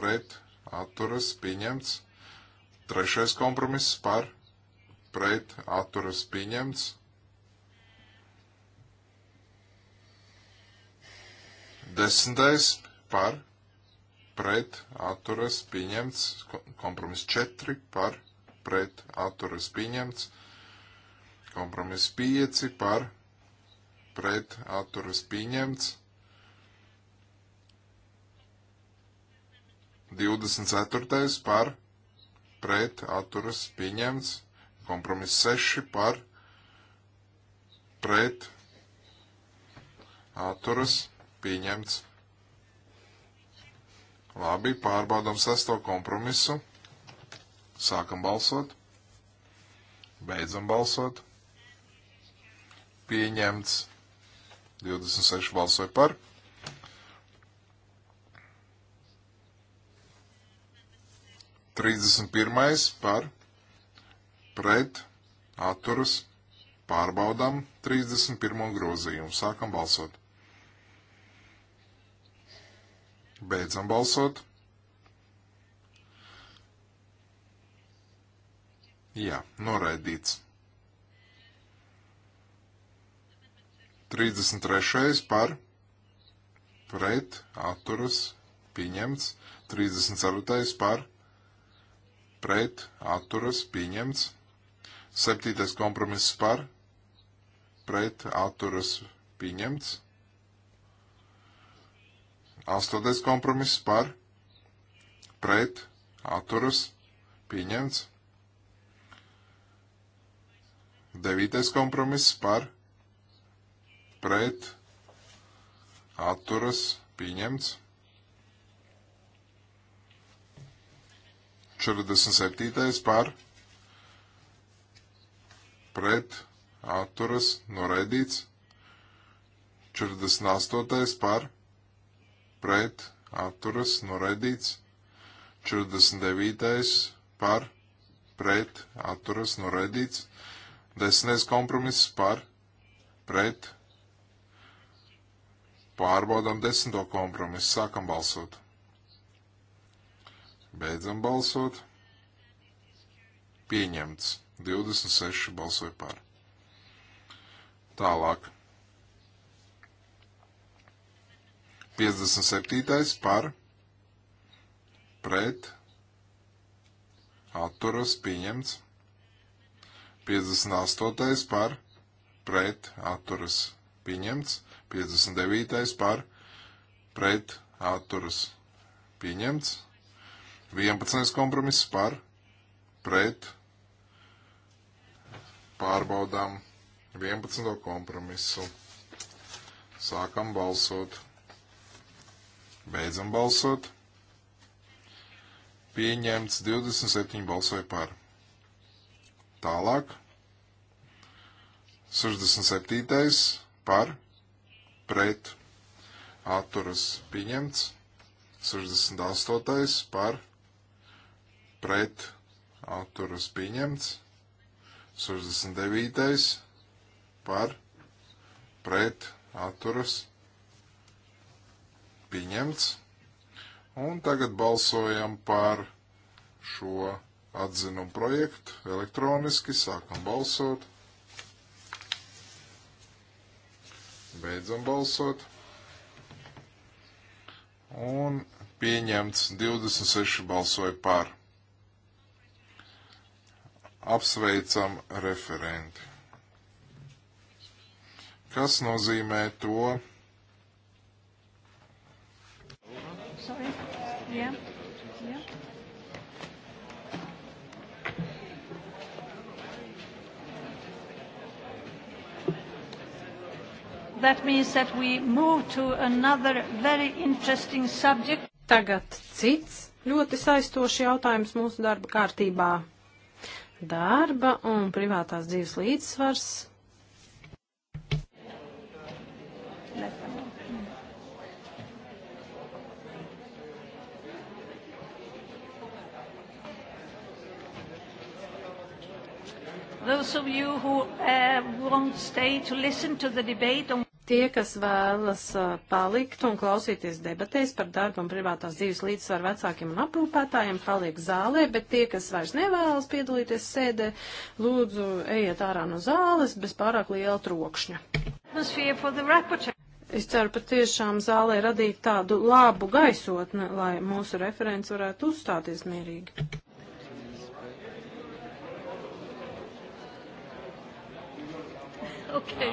Pret. Atturas. Pieņemts. Trešais kompromiss par. Pret. Atturas. Pieņemts. Desmitais par. Pret. Atturas. Pieņemts. Kompromiss 4 par. Pret. Atturas. Pieņemts. Kompromiss 5 par pret atturas pieņemts. 24. par pret atturas pieņemts. Kompromiss 6 par pret atturas pieņemts. Labi, pārbaudam sesto kompromisu. Sākam balsot. Beidzam balsot pieņemts. 26 balsoja par. Trīsdesmit pirmais par, pret, atturas, pārbaudām 31. grozījumu. Sākam balsot. Beidzam balsot. Jā, noraidīts. 33. par pret atturas pieņemts, 34. par pret atturas pieņemts, 7. kompromiss par pret atturas pieņemts, 8. kompromiss par pret atturas pieņemts, 9. kompromiss par pret pret, atturas, pieņemts. 47. par, pret, atturas, noraidīts. 48. par, pret, atturas, noraidīts. 49. par, pret, atturas, noraidīts. 10. kompromiss par, pret, Pārbaudam desmito kompromisu. Sākam balsot. Beidzam balsot. Pieņemts. 26 balsoja par. Tālāk. 57. par. Pret. Atturas pieņemts. 58. par. Pret. Atturas pieņemts. 59. par pret atturas pieņemts. 11. kompromiss par pret pārbaudām 11. kompromisu. Sākam balsot. Beidzam balsot. Pieņemts 27 balsoja par. Tālāk. 67. par pret atturas pieņemts. 68. par pret atturas pieņemts. 69. par pret atturas pieņemts. Un tagad balsojam par šo atzinumu projektu elektroniski, sākam balsot. Beidzam balsot. Un pieņemts 26 balsoja par. Apsveicam referenti. Kas nozīmē to? Sorry. Yeah. That means that we move to another very interesting subject. Tagad cits ļoti saistošs jautājums mūsu darba kārtībā. Darba un privātās dzīves līdzsvars. Those of you who uh, won't stay to listen to the debate on Tie, kas vēlas palikt un klausīties debatēs par darbu un privātās dzīves līdzsvaru vecākiem un aprūpētājiem, paliek zālē, bet tie, kas vairs nevēlas piedalīties sēdē, lūdzu ejiet ārā no zāles bez pārāk liela trokšņa. Es ceru patiešām zālē radīt tādu labu gaisotni, lai mūsu referents varētu uzstāties mierīgi. Okay.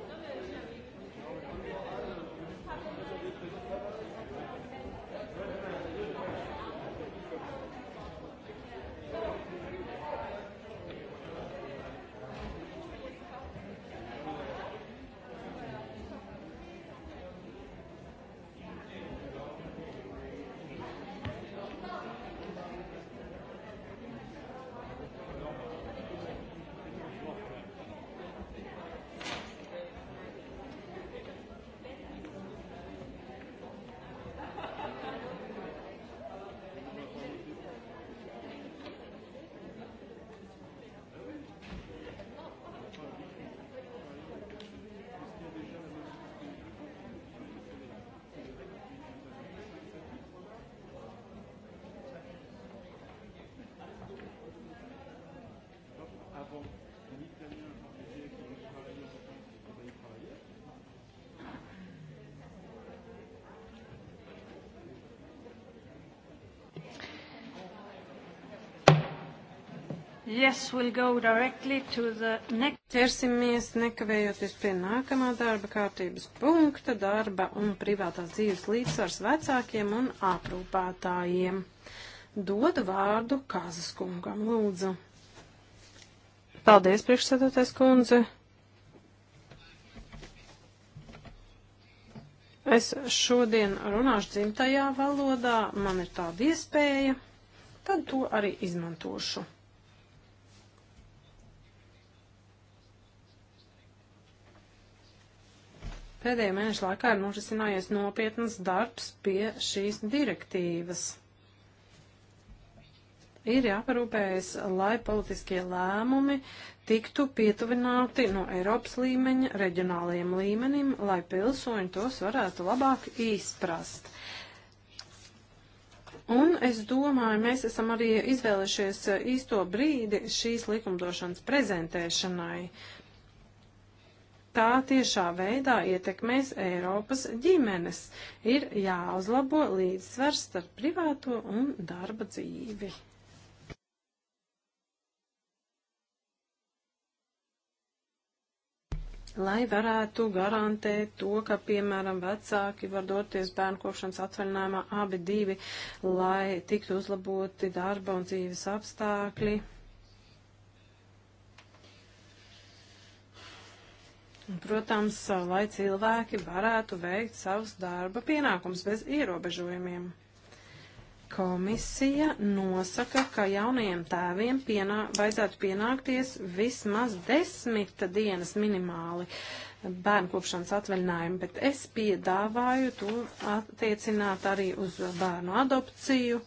Yes, we'll go directly to the next. Ķersimies nekavējoties pie nākamā darba kārtības punkta - darba un privātās dzīves līdzsvars vecākiem un aprūpētājiem. Dodu vārdu Kāzas kungam, lūdzu. Paldies, priekšsēdētājs kundze. Es šodien runāšu dzimtajā valodā, man ir tāda iespēja, tad to arī izmantošu. Pēdējā mēneša laikā ir norisinājies nopietnas darbs pie šīs direktīvas. Ir jāparūpējas, lai politiskie lēmumi tiktu pietuvināti no Eiropas līmeņa reģionālajiem līmenim, lai pilsoņi tos varētu labāk izprast. Un es domāju, mēs esam arī izvēlējušies īsto brīdi šīs likumdošanas prezentēšanai tā tiešā veidā ietekmēs Eiropas ģimenes. Ir jāuzlabo līdzsvars starp privāto un darba dzīvi. Lai varētu garantēt to, ka, piemēram, vecāki var doties bērnu kopšanas atvaļinājumā abi divi, lai tiktu uzlaboti darba un dzīves apstākļi. Mm Protams, lai cilvēki varētu veikt savus darba pienākums bez ierobežojumiem. Komisija nosaka, ka jaunajiem tēviem pienā, vajadzētu pienākties vismaz desmit dienas minimāli bērnu kopšanas atvaļinājumu, bet es piedāvāju to attiecināt arī uz bērnu adopciju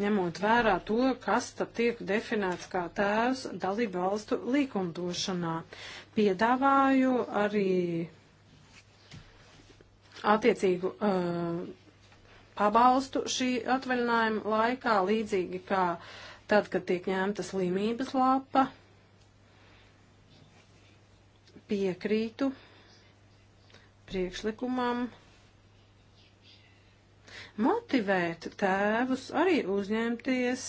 ņemot vērā to, kas tad tiek definēts kā tēvs dalību valstu likumdošanā. Piedāvāju arī attiecīgu uh, pabalstu šī atvaļinājuma laikā, līdzīgi kā tad, kad tiek ņemta slimības lapa. Piekrītu priekšlikumam motivēt tēvus arī uzņemties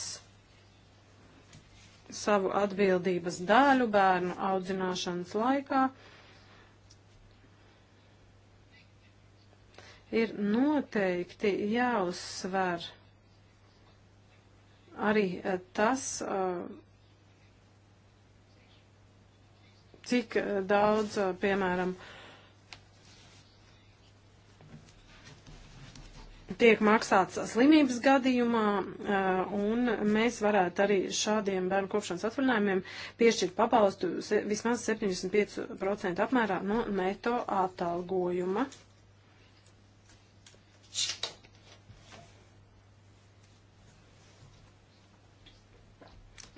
savu atbildības daļu bērnu audzināšanas laikā. Ir noteikti jāuzsver arī eh, tas, eh, cik eh, daudz, piemēram, uh, tiek maksāts slimības gadījumā, eh, un mēs varētu arī šādiem bērnu kopšanas atvaļinājumiem piešķirt pabalstu vismaz 75% apmērā no neto atalgojuma.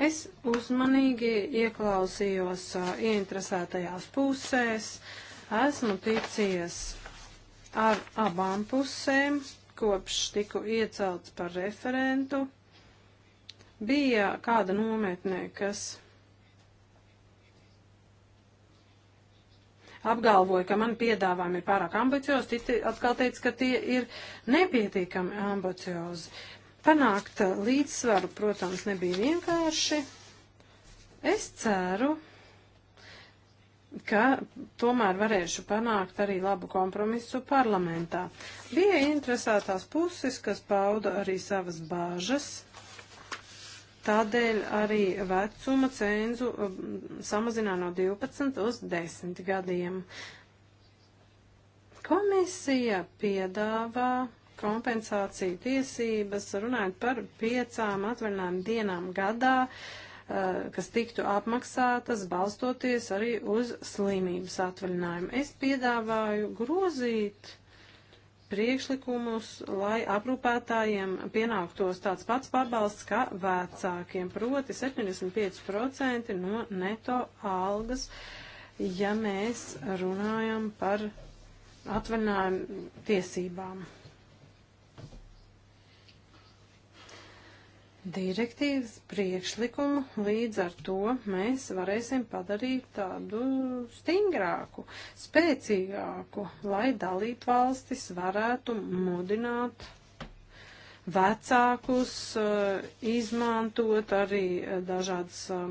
Es uzmanīgi ieklausījos eh, ieinteresētajās pusēs, esmu ticies ar abām pusēm kopš tiku iecelts par referentu, bija kāda nometnē, kas apgalvoja, ka man piedāvājumi ir pārāk ambiciozi, citi atkal teica, ka tie ir nepietiekami ambiciozi. Panākt līdzsvaru, protams, nebija vienkārši. Es ceru, ka ka tomēr varēšu panākt arī labu kompromisu parlamentā. Bija interesētās puses, kas pauda arī savas bāžas, tādēļ arī vecuma cenzu um, samazinā no 12 uz 10 gadiem. Komisija piedāvā kompensāciju tiesības, runājot par piecām atvaļinājumu dienām gadā, uh, Eh, kas tiktu apmaksātas balstoties arī uz slimības atvaļinājumu. Es piedāvāju grozīt priekšlikumus, lai aprūpētājiem pienāktos tāds pats pabalsts kā vecākiem, proti 75% no neto algas, ja mēs runājam par atvaļinājumu tiesībām. direktīvas priekšlikumu, līdz ar to mēs varēsim padarīt tādu stingrāku, spēcīgāku, lai dalību valstis varētu mudināt vecākus eh, izmantot arī eh, dažādas eh,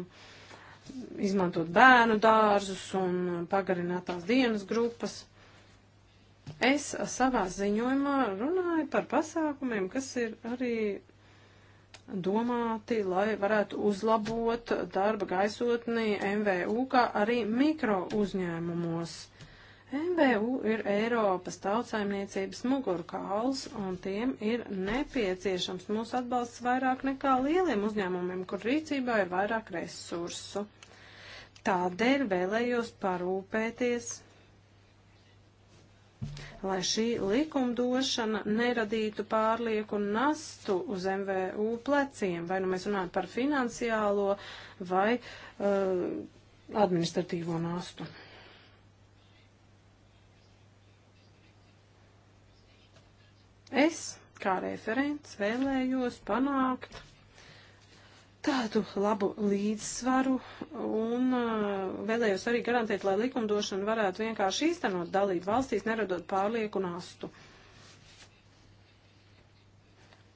izmantot bērnu dārzus un pagarinātās dienas grupas. Es savā ziņojumā runāju par pasākumiem, kas ir arī domāti, lai varētu uzlabot darba gaisotnī MVU, kā arī mikro uzņēmumos. MVU ir Eiropas tautsaimniecības mugurkauls, un tiem ir nepieciešams mūsu atbalsts vairāk nekā lieliem uzņēmumiem, kur rīcībā ir vairāk resursu. Tādēļ vēlējos parūpēties lai šī likumdošana neradītu pārlieku nastu uz MVU pleciem, vai nu mēs runājam par finansiālo vai uh, administratīvo nastu. Es, kā referents, vēlējos panākt tādu labu līdzsvaru un uh, vēlējos arī garantēt, lai likumdošana varētu vienkārši īstenot dalību valstīs, neradot pārlieku nastu.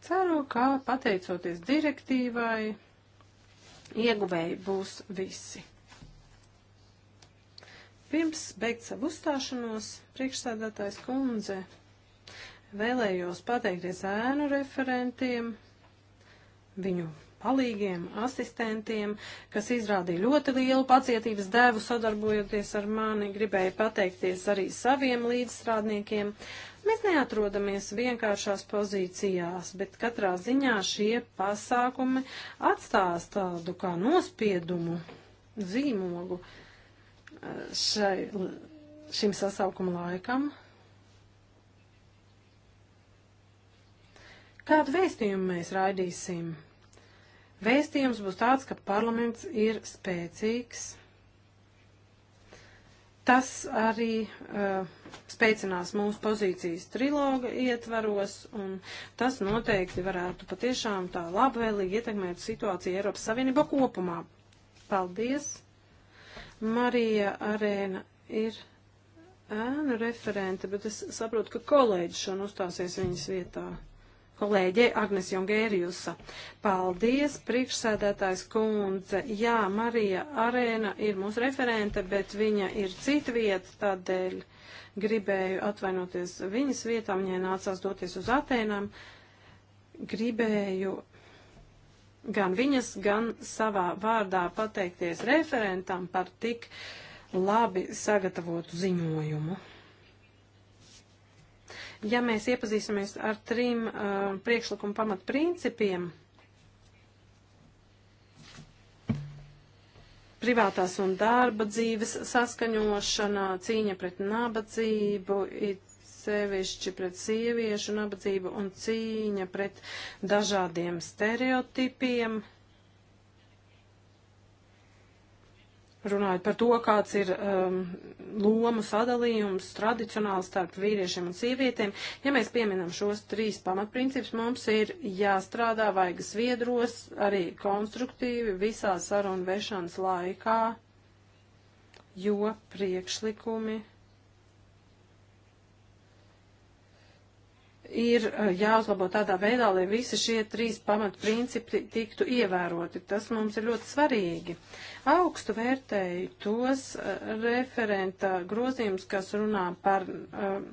Ceru, ka pateicoties direktīvai, ieguvēji būs visi. Pirms beigt savu uzstāšanos, priekšsēdētājs kundze vēlējos pateikties ēnu referentiem, viņu palīgiem, asistentiem, kas izrādīja ļoti lielu pacietības devu sadarbojoties ar mani. Gribēju pateikties arī saviem līdzstrādniekiem. Mēs neatrodamies vienkāršās pozīcijās, bet katrā ziņā šie pasākumi atstās tādu kā nospiedumu zīmogu eh, šai, šim sasaukuma laikam, Kādu vēstījumu mēs raidīsim? Vēstījums būs tāds, ka parlaments ir spēcīgs. Tas arī uh, spēcinās mūsu pozīcijas triloga ietvaros, un tas noteikti varētu patiešām tā labvēlīgi ietekmēt situāciju Eiropas Savienībā kopumā. Paldies! Marija Arēna ir ēnu referente, bet es saprotu, ka kolēģis šodien uzstāsies viņas vietā kolēģe Agnes Jongērijusa. Paldies, priekšsēdētājs kundze. Jā, Marija Arēna ir mūsu referente, bet viņa ir cita vieta, tādēļ gribēju atvainoties viņas vietām, viņai nācās doties uz Atēnām. Gribēju gan viņas, gan savā vārdā pateikties referentam par tik labi sagatavotu ziņojumu. Ja mēs iepazīsimies ar trim uh, priekšlikuma pamatprincipiem, privātās un darba dzīves saskaņošana, cīņa pret nabadzību, sevišķi pret sieviešu nabadzību un cīņa pret dažādiem stereotipiem, runājot par to, kāds ir um, loma sadalījums tradicionāli starp vīriešiem un sievietēm. Ja mēs pieminam šos trīs pamatprincipus, mums ir jāstrādā vaigas viedros, arī konstruktīvi visā sarunu vešanas laikā, jo priekšlikumi ir eh, jāuzlabo tādā veidā, lai visi šie trīs pamatprincipi tiktu ievēroti. Tas mums ir ļoti svarīgi. Augstu vērtēju tos eh, referenta grozījumus, kas runā par um,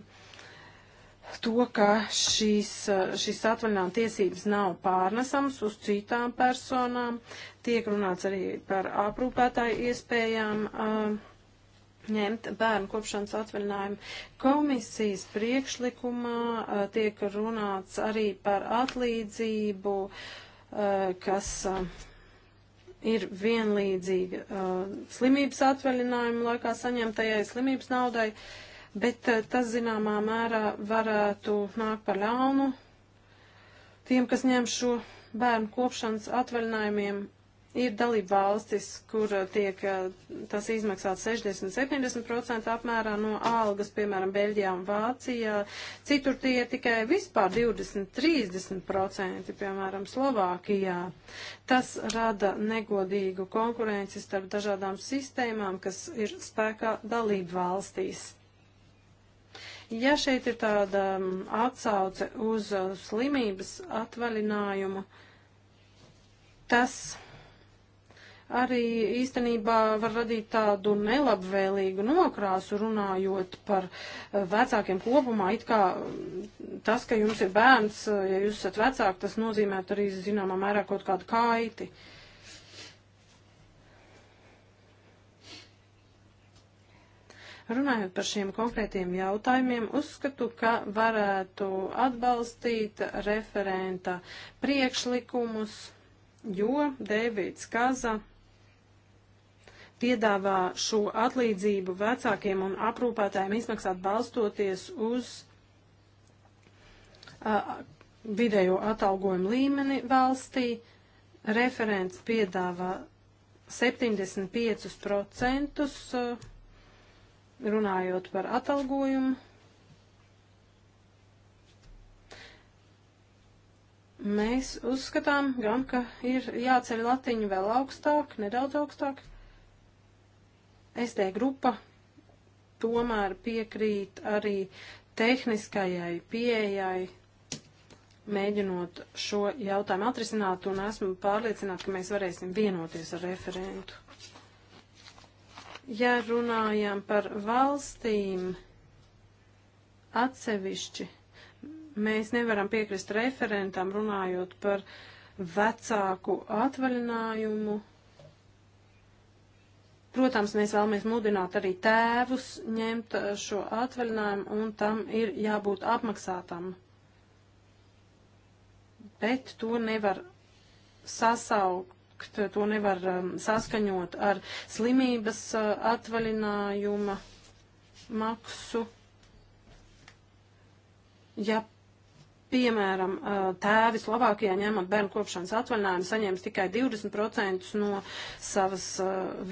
to, ka šīs, šīs atvaļinājuma tiesības nav pārnesamas uz citām personām. Tiek runāts arī par aprūpētāju iespējām. Uh, um, ņemt bērnu kopšanas atvaļinājumu. Komisijas priekšlikumā tiek runāts arī par atlīdzību, kas ir vienlīdzīga slimības atvaļinājuma laikā saņemtajai slimības naudai, bet tas zināmā mērā varētu nākt par ļaunu tiem, kas ņem šo bērnu kopšanas atvaļinājumiem Ir dalība valstis, kur uh, tiek uh, tas izmaksāts 60-70% apmērā no algas, piemēram, Beļģijā un Vācijā. Citur tie ir tikai vispār 20-30%, piemēram, Slovākijā. Tas rada negodīgu konkurenci starp dažādām sistēmām, kas ir spēkā dalību valstīs. Ja šeit ir tāda um, atsauce uz uh, slimības atvaļinājumu, tas arī īstenībā var radīt tādu nelabvēlīgu nokrāsu runājot par eh, vecākiem kopumā. It kā mm, tas, ka jums ir bērns, eh, ja jūs esat vecāki, tas nozīmē arī zināmā mērā kaut kādu kaiti. Runājot par šiem konkrētiem jautājumiem, uzskatu, ka varētu atbalstīt referenta priekšlikumus, jo Dēvids Kaza piedāvā šo atlīdzību vecākiem un aprūpētājiem izmaksāt balstoties uz uh, vidējo atalgojumu līmeni valstī. Referents piedāvā 75% runājot par atalgojumu. Mēs uzskatām gan, ka ir jāceļ latiņu vēl augstāk, nedaudz augstāk, SD grupa tomēr piekrīt arī tehniskajai pieejai, mēģinot šo jautājumu atrisināt, un esmu pārliecināta, ka mēs varēsim vienoties ar referentu. Ja runājam par valstīm atsevišķi, mēs nevaram piekrist referentam runājot par vecāku atvaļinājumu Protams, mēs vēlamies mudināt arī tēvus ņemt eh, šo atvaļinājumu, un tam ir jābūt apmaksātam. Bet to nevar sasaukt, to nevar um, saskaņot ar slimības uh, atvaļinājuma maksu. Ja Piemēram, tēvi Slovākijā ņemot bērnu kopšanas atvaļinājumu saņems tikai 20% no savas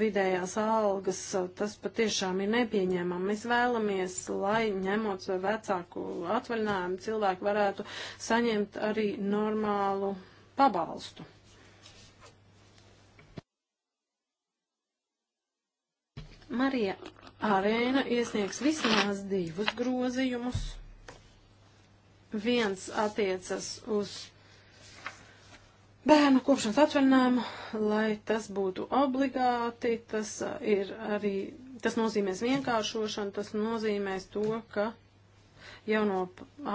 vidējās algas. Tas patiešām ir nepieņēmami. Mēs vēlamies, lai ņemot vecāku atvaļinājumu cilvēki varētu saņemt arī normālu pabalstu. Marija Arēna iesniegs vismaz divus grozījumus. Viens attiecas uz bērnu kopšanas atvaļinājumu, lai tas būtu obligāti, tas uh, ir arī, tas nozīmēs vienkāršošanu, tas nozīmēs to, ka jau no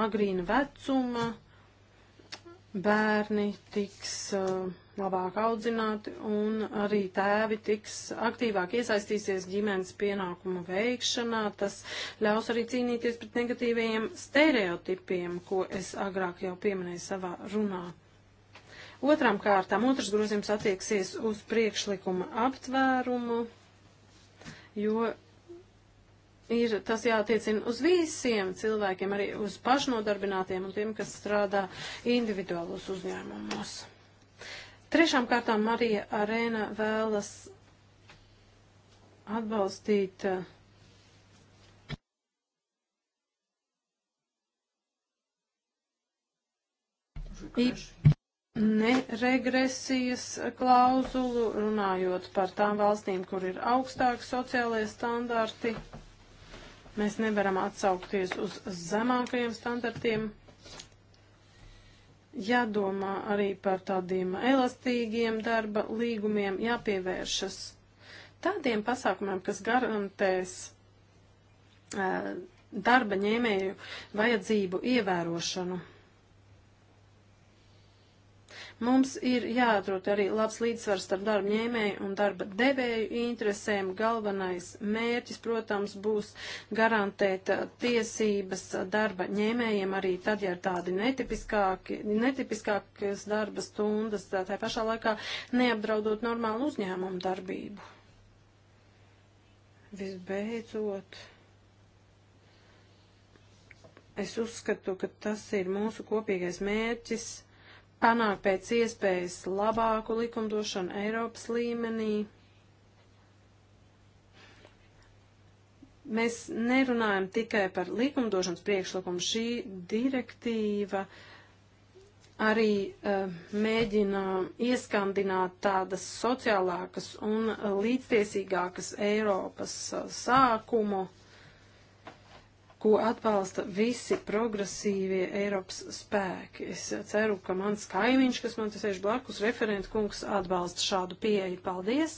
agrīna vecuma bērni tiks uh, labāk audzināti un arī tēvi tiks aktīvāk iesaistīsies ģimenes pienākumu veikšanā. Tas ļaus arī cīnīties pret negatīvajiem stereotipiem, ko es agrāk jau pieminēju savā runā. Otrām kārtām otrs grozījums attieksies uz priekšlikuma aptvērumu, jo ir tas jātiecina uz visiem cilvēkiem, arī uz pašnodarbinātiem un tiem, kas strādā individuālos uzņēmumos. Trešām kārtām Marija Arēna vēlas atbalstīt uh, neregresijas klauzulu, runājot par tām valstīm, kur ir augstāki sociālajie standarti. Mēs nevaram atsaukties uz zemākajiem standartiem. Jādomā arī par tādiem elastīgiem darba līgumiem, jāpievēršas tādiem pasākumiem, kas garantēs eh, darba ņēmēju vajadzību ievērošanu. Mums ir jāatrod arī labs līdzsvars starp darba ņēmēju un darba devēju interesēm. Galvenais mērķis, protams, būs garantēt uh, tiesības uh, darba ņēmējiem arī tad, ja ir tādi netipiskāki, netipiskākas darba stundas, tā pašā laikā neapdraudot normālu uzņēmumu darbību. Visbeidzot. Es uzskatu, ka tas ir mūsu kopīgais mērķis panākt pēc iespējas labāku likumdošanu Eiropas līmenī. Mēs nerunājam tikai par likumdošanas priekšlikumu. Šī direktīva arī uh, mēģina ieskandināt tādas sociālākas un eh, līdztiesīgākas Eiropas uh, sākumu. Uh, ko atbalsta visi progresīvie Eiropas spēki. Es ceru, ka mans kaimiņš, kas man te sēž blakus, referenta kungs, atbalsta šādu pieeju. Paldies!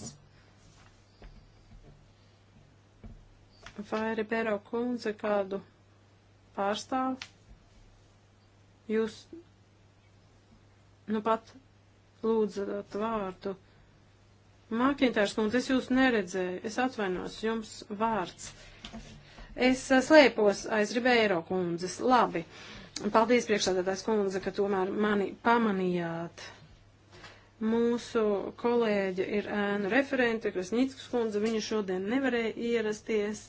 Vai Ribero kundze kādu pārstāv? Jūs nu pat lūdzat vārdu. Mākītārs kundze, es jūs neredzēju, es atvainos, jums vārds. Uh, Es eh, slēpos aiz Ribeiro kundzes. Labi. Paldies priekšādātājs kundze, ka tomēr mani pamanījāt. Mūsu kolēģi ir ēnu referente, Krasnīckas kundze, viņa šodien nevarēja ierasties,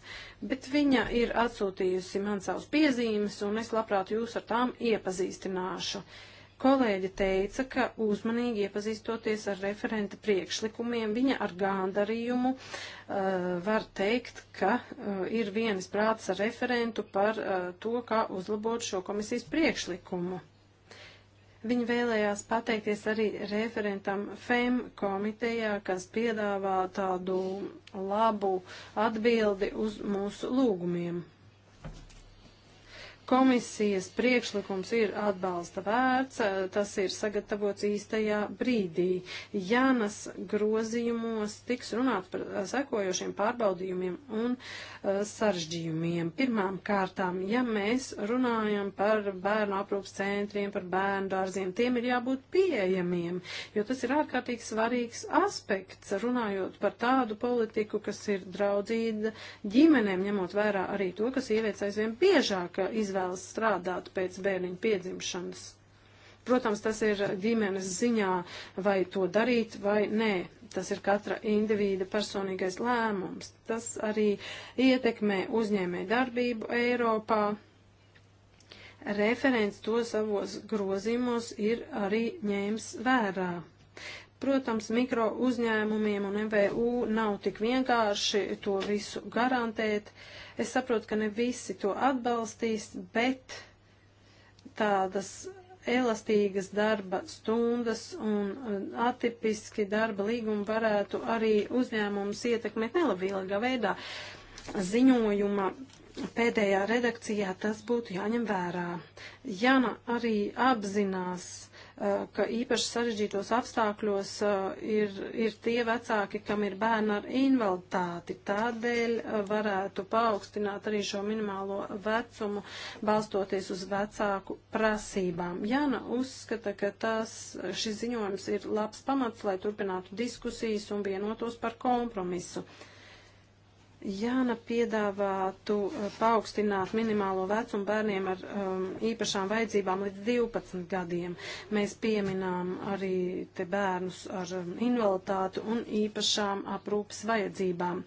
bet viņa ir atsūtījusi man savus piezīmes, un es labprāt jūs ar tām iepazīstināšu. Uh, Kolēģi teica, ka uzmanīgi iepazīstoties ar referenta priekšlikumiem, viņa ar gandarījumu uh, var teikt, ka uh, ir vienas prāts ar referentu par uh, to, kā uzlabot šo komisijas priekšlikumu. Viņa vēlējās pateikties arī referentam FEM komitejā, kas piedāvā tādu labu atbildi uz mūsu lūgumiem. Komisijas priekšlikums ir atbalsta vērts, eh, tas ir sagatavots īstajā brīdī. Jānas grozījumos tiks runāts par eh, sekojošiem pārbaudījumiem un uh, eh, saržģījumiem. Pirmām kārtām, ja mēs runājam par bērnu aprūpas centriem, par bērnu dārziem, tiem ir jābūt pieejamiem, jo tas ir ārkārtīgi svarīgs aspekts, runājot par tādu politiku, kas ir draudzīga ģimenēm, ņemot vērā arī to, ka sievietes aizvien biežāk izvēlas izvēlas strādāt pēc bērniņa piedzimšanas. Protams, tas ir ģimenes ziņā, vai to darīt vai nē. Tas ir katra indivīda personīgais lēmums. Tas arī ietekmē uzņēmē darbību Eiropā. Referents to savos grozījumos ir arī ņēmis vērā. Protams, mikro uzņēmumiem un MVU nav tik vienkārši to visu garantēt. Uh, Es saprotu, ka ne visi to atbalstīs, bet tādas elastīgas darba stundas un atipiski darba līgumi varētu arī uzņēmumus ietekmēt nelabvēlīgā veidā. Ziņojuma pēdējā redakcijā tas būtu jāņem vērā. Jana arī apzinās Eh, ka īpaši sarežģītos apstākļos eh, ir, ir tie vecāki, kam ir bērni ar invaliditāti. Tādēļ eh, varētu paaugstināt arī šo minimālo vecumu, balstoties uz vecāku prasībām. Jāna uzskata, ka tas, šis ziņojums ir labs pamats, lai turpinātu diskusijas un vienotos par kompromisu. Uh, Jāna piedāvātu eh, paaugstināt minimālo vecumu bērniem ar um, īpašām vajadzībām līdz 12 gadiem. Mēs pieminām arī te bērnus ar um, invaliditāti un īpašām aprūpas vajadzībām.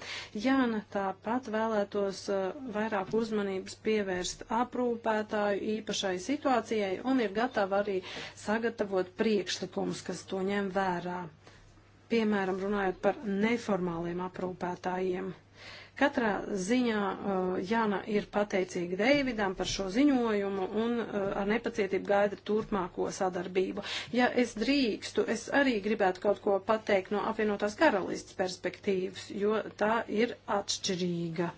Jāna tāpat vēlētos uh, vairāk uzmanības pievērst aprūpētāju īpašai situācijai un ir gatava arī sagatavot priekšlikumus, kas to ņem vērā. Piemēram, runājot par neformāliem aprūpētājiem. Katrā ziņā uh, Jana ir pateicīga Deividam par šo ziņojumu un uh, ar nepacietību gaida turpmāko sadarbību. Ja es drīkstu, es arī gribētu kaut ko pateikt no apvienotās karalists perspektīvas, jo tā ir atšķirīga.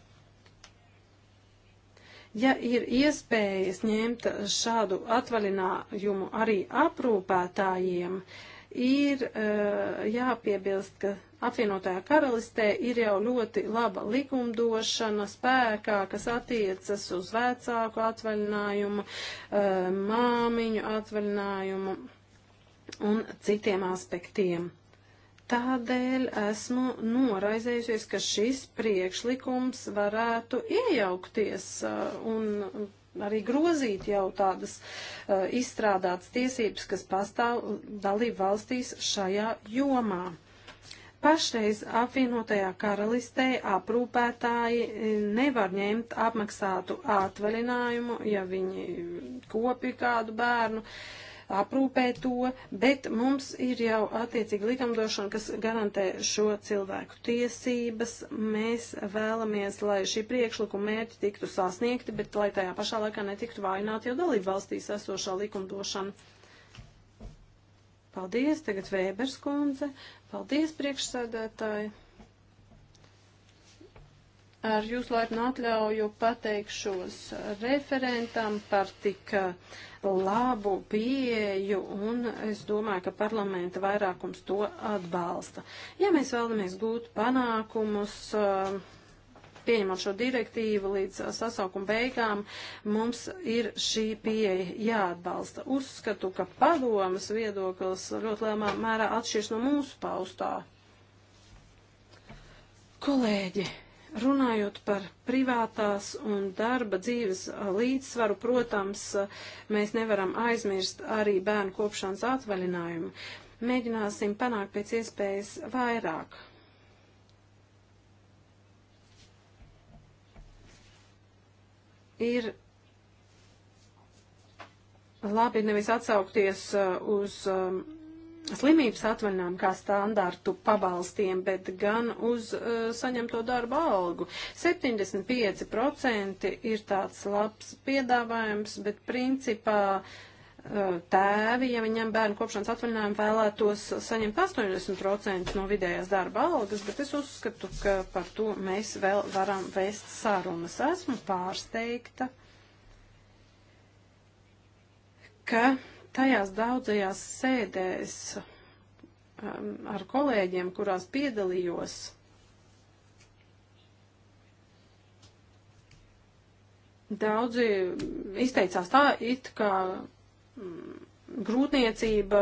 Ja ir iespējas ņemt šādu atvaļinājumu arī aprūpētājiem, ir uh, jāpiebilst, ka Apvienotajā karalistē ir jau ļoti laba likumdošana spēkā, kas attiecas uz vecāku atvaļinājumu, eh, māmiņu atvaļinājumu un citiem aspektiem. Tādēļ esmu noraizējusies, ka šis priekšlikums varētu iejaukties eh, un arī grozīt jau tādas uh, izstrādātas tiesības, kas pastāv dalību valstīs šajā jomā. Pašreiz apvienotajā karalistē aprūpētāji e, nevar ņemt apmaksātu atvaļinājumu, ja viņi kopi kādu bērnu aprūpē to, bet mums ir jau attiecīgi likumdošana, kas garantē šo cilvēku tiesības. Mēs vēlamies, lai šī priekšlikuma mērķi tiktu sasniegti, bet lai tajā pašā laikā netiktu vājināti jau dalību valstīs esošā likumdošana. Paldies, tagad Vēbers kundze. Paldies, priekšsēdētāji. Ar jūsu laipnu atļauju pateikšos referentam par tik labu pieeju, un es domāju, ka parlamenta vairākums to atbalsta. Ja mēs vēlamies gūt panākumus, uh, pieņemot šo direktīvu līdz uh, sasaukuma beigām, mums ir šī pieeja jāatbalsta. Uzskatu, ka padomas viedoklis ļoti lielā mērā atšķirs no mūsu paustā. Kolēģi, Runājot par privātās un darba dzīves uh, līdzsvaru, protams, uh, mēs nevaram aizmirst arī bērnu kopšanas atvaļinājumu. Mēģināsim panākt pēc iespējas vairāk. ir labi nevis atsaukties uh, uz um, slimības atvaļinājumu kā standartu pabalstiem, bet gan uz uh, saņemto darbu algu. 75% ir tāds labs piedāvājums, bet principā uh, Uh, tēvi, ja viņam bērnu kopšanas atvaļinājumu vēlētos saņemt 80% no vidējās darba algas, bet es uzskatu, ka par to mēs vēl varam vēst sarunas. Esmu pārsteigta, ka tajās daudzajās sēdēs um, ar kolēģiem, kurās piedalījos, daudzi izteicās tā, it kā grūtniecība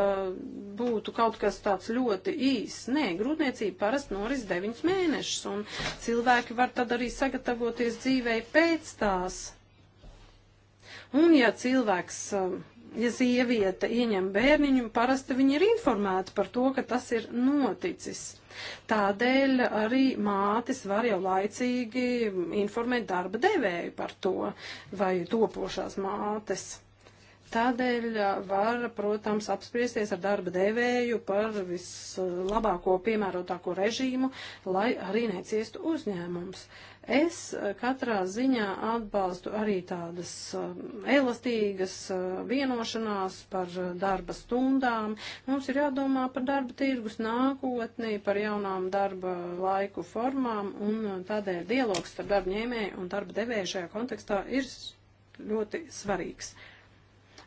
būtu kaut kas tāds ļoti īss. Nē, grūtniecība parasti noris 9 mēnešus, un cilvēki var tad arī sagatavoties dzīvei pēc tās. Un ja cilvēks, eh, ja sieviete ieņem bērniņu, parasti viņi ir informēti par to, ka tas ir noticis. Tādēļ arī mātes var jau laicīgi informēt darba devēju par to vai topošās mātes. Tādēļ var, protams, apspriesties ar darba devēju par vislabāko piemērotāko režīmu, lai arī neciestu uzņēmums. Es eh, katrā ziņā atbalstu arī tādas eh, elastīgas eh, vienošanās par darba stundām. Mums ir jādomā par darba tirgus nākotnī, par jaunām darba laiku formām, un tādēļ dialogs starp darba ņēmēju un darba devēju šajā kontekstā ir ļoti svarīgs.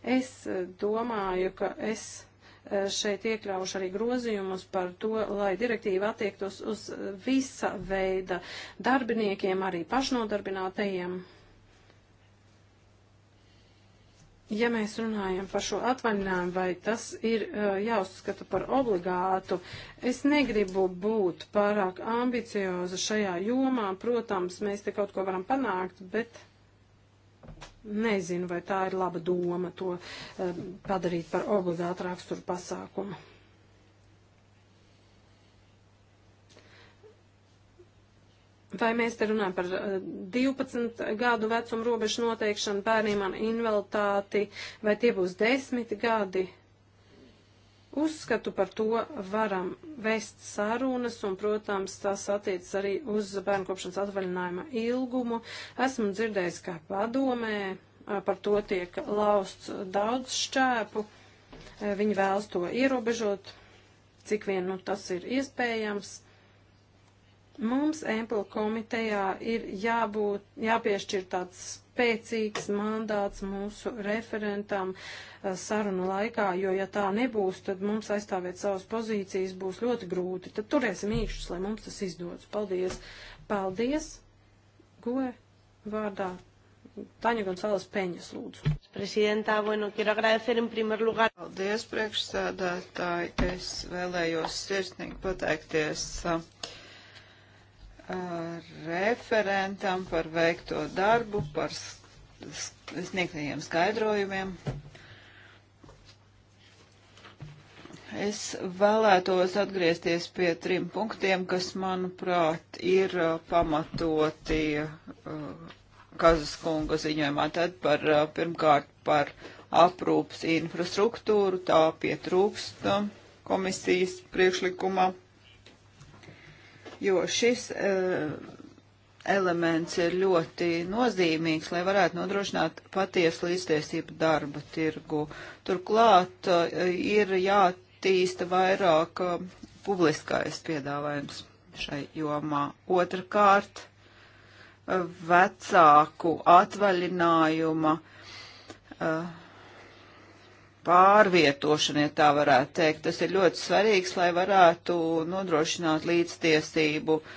Es eh, domāju, ka es eh, šeit iekļaušu arī grozījumus par to, lai direktīva attiektos uz eh, visa veida darbiniekiem, arī pašnodarbinātajiem. Ja mēs runājam par šo atvaļinājumu, vai tas ir jāuzskata par obligātu, es negribu būt pārāk ambicioza šajā jomā. Protams, mēs te kaut ko varam panākt, bet Nezinu, vai tā ir laba doma to eh, padarīt par obligātu raksturu pasākumu. Vai mēs te runājam par 12 eh, gadu vecumu robežu noteikšanu bērniem ar invaliditāti, vai tie būs 10 gadi? Uzskatu par to varam vest sarunas, un, protams, tas attiecas arī uz bērnkopšanas atvaļinājuma ilgumu. Esmu dzirdējis, ka padomē par to tiek lausts daudz šķēpu. Viņi vēlas to ierobežot, cik vien nu, tas ir iespējams. Mums Empla komitejā ir jābūt, jāpiešķir tāds spēcīgs mandāts mūsu referentam eh, sarunu laikā, jo ja tā nebūs, tad mums aizstāvēt savas pozīcijas būs ļoti grūti. Tad turēsim īkšķus, lai mums tas izdodas. Paldies! Paldies! Goe vārdā! Taņa Gonzāles Peņas, lūdzu. Presidentā, bueno, quiero agradecer en primer lugar. Paldies, priekšsēdētāji. Es vēlējos sirsnīgi pateikties. Uh, referentam par veikto darbu, par sniegtajiem skaidrojumiem. Es vēlētos atgriezties pie trim punktiem, kas, manuprāt, ir uh, pamatoti uh, Kazas kunga ziņojumā. Tad par, uh, pirmkārt par aprūpas infrastruktūru, tā pietrūkst uh, komisijas priekšlikumā jo šis e, elements ir ļoti nozīmīgs, lai varētu nodrošināt patiesu līdztiesību darba tirgu. Turklāt e, ir jātīsta vairāk e, publiskais piedāvājums šai jomā. Otrakārt, vecāku atvaļinājuma uh, pārvietošana, ja tā varētu teikt. Tas ir ļoti svarīgs, lai varētu nodrošināt līdztiesību uh,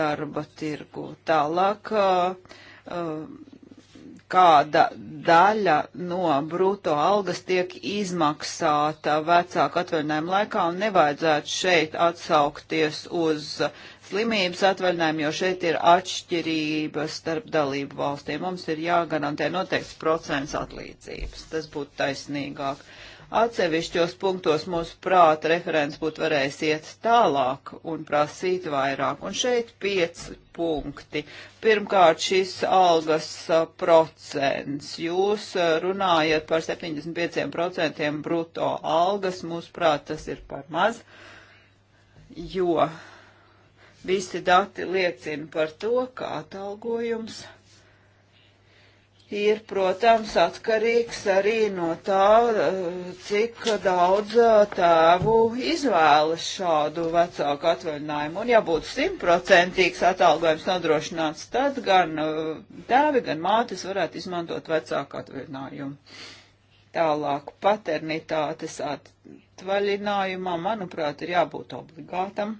darba tirgu. Tālāk, uh, uh, kāda daļa no bruto algas tiek izmaksāta vecāku atvaļinājumu laikā un nevajadzētu šeit atsaukties uz slimības atvaļinājumu, jo šeit ir atšķirības starp dalību valstīm. Mums ir jāgarantē noteikts procents atlīdzības. Tas būtu taisnīgāk. Atsevišķos punktos mūsu prāta referents būtu varējis iet tālāk un prasīt vairāk. Un šeit pieci punkti. Pirmkārt, šis algas procents. Jūs runājat par 75% bruto algas. Mūsu prāt tas ir par maz, jo Visi dati liecina par to, ka atalgojums ir, protams, atkarīgs arī no tā, eh, cik daudz eh, tēvu izvēlas šādu vecāku atvaļinājumu. Un ja būtu simtprocentīgs atalgojums nodrošināts, tad gan eh, tēvi, gan mātes varētu izmantot vecāku atvaļinājumu. Tālāk paternitātes atvaļinājumā, manuprāt, ir jābūt obligātam.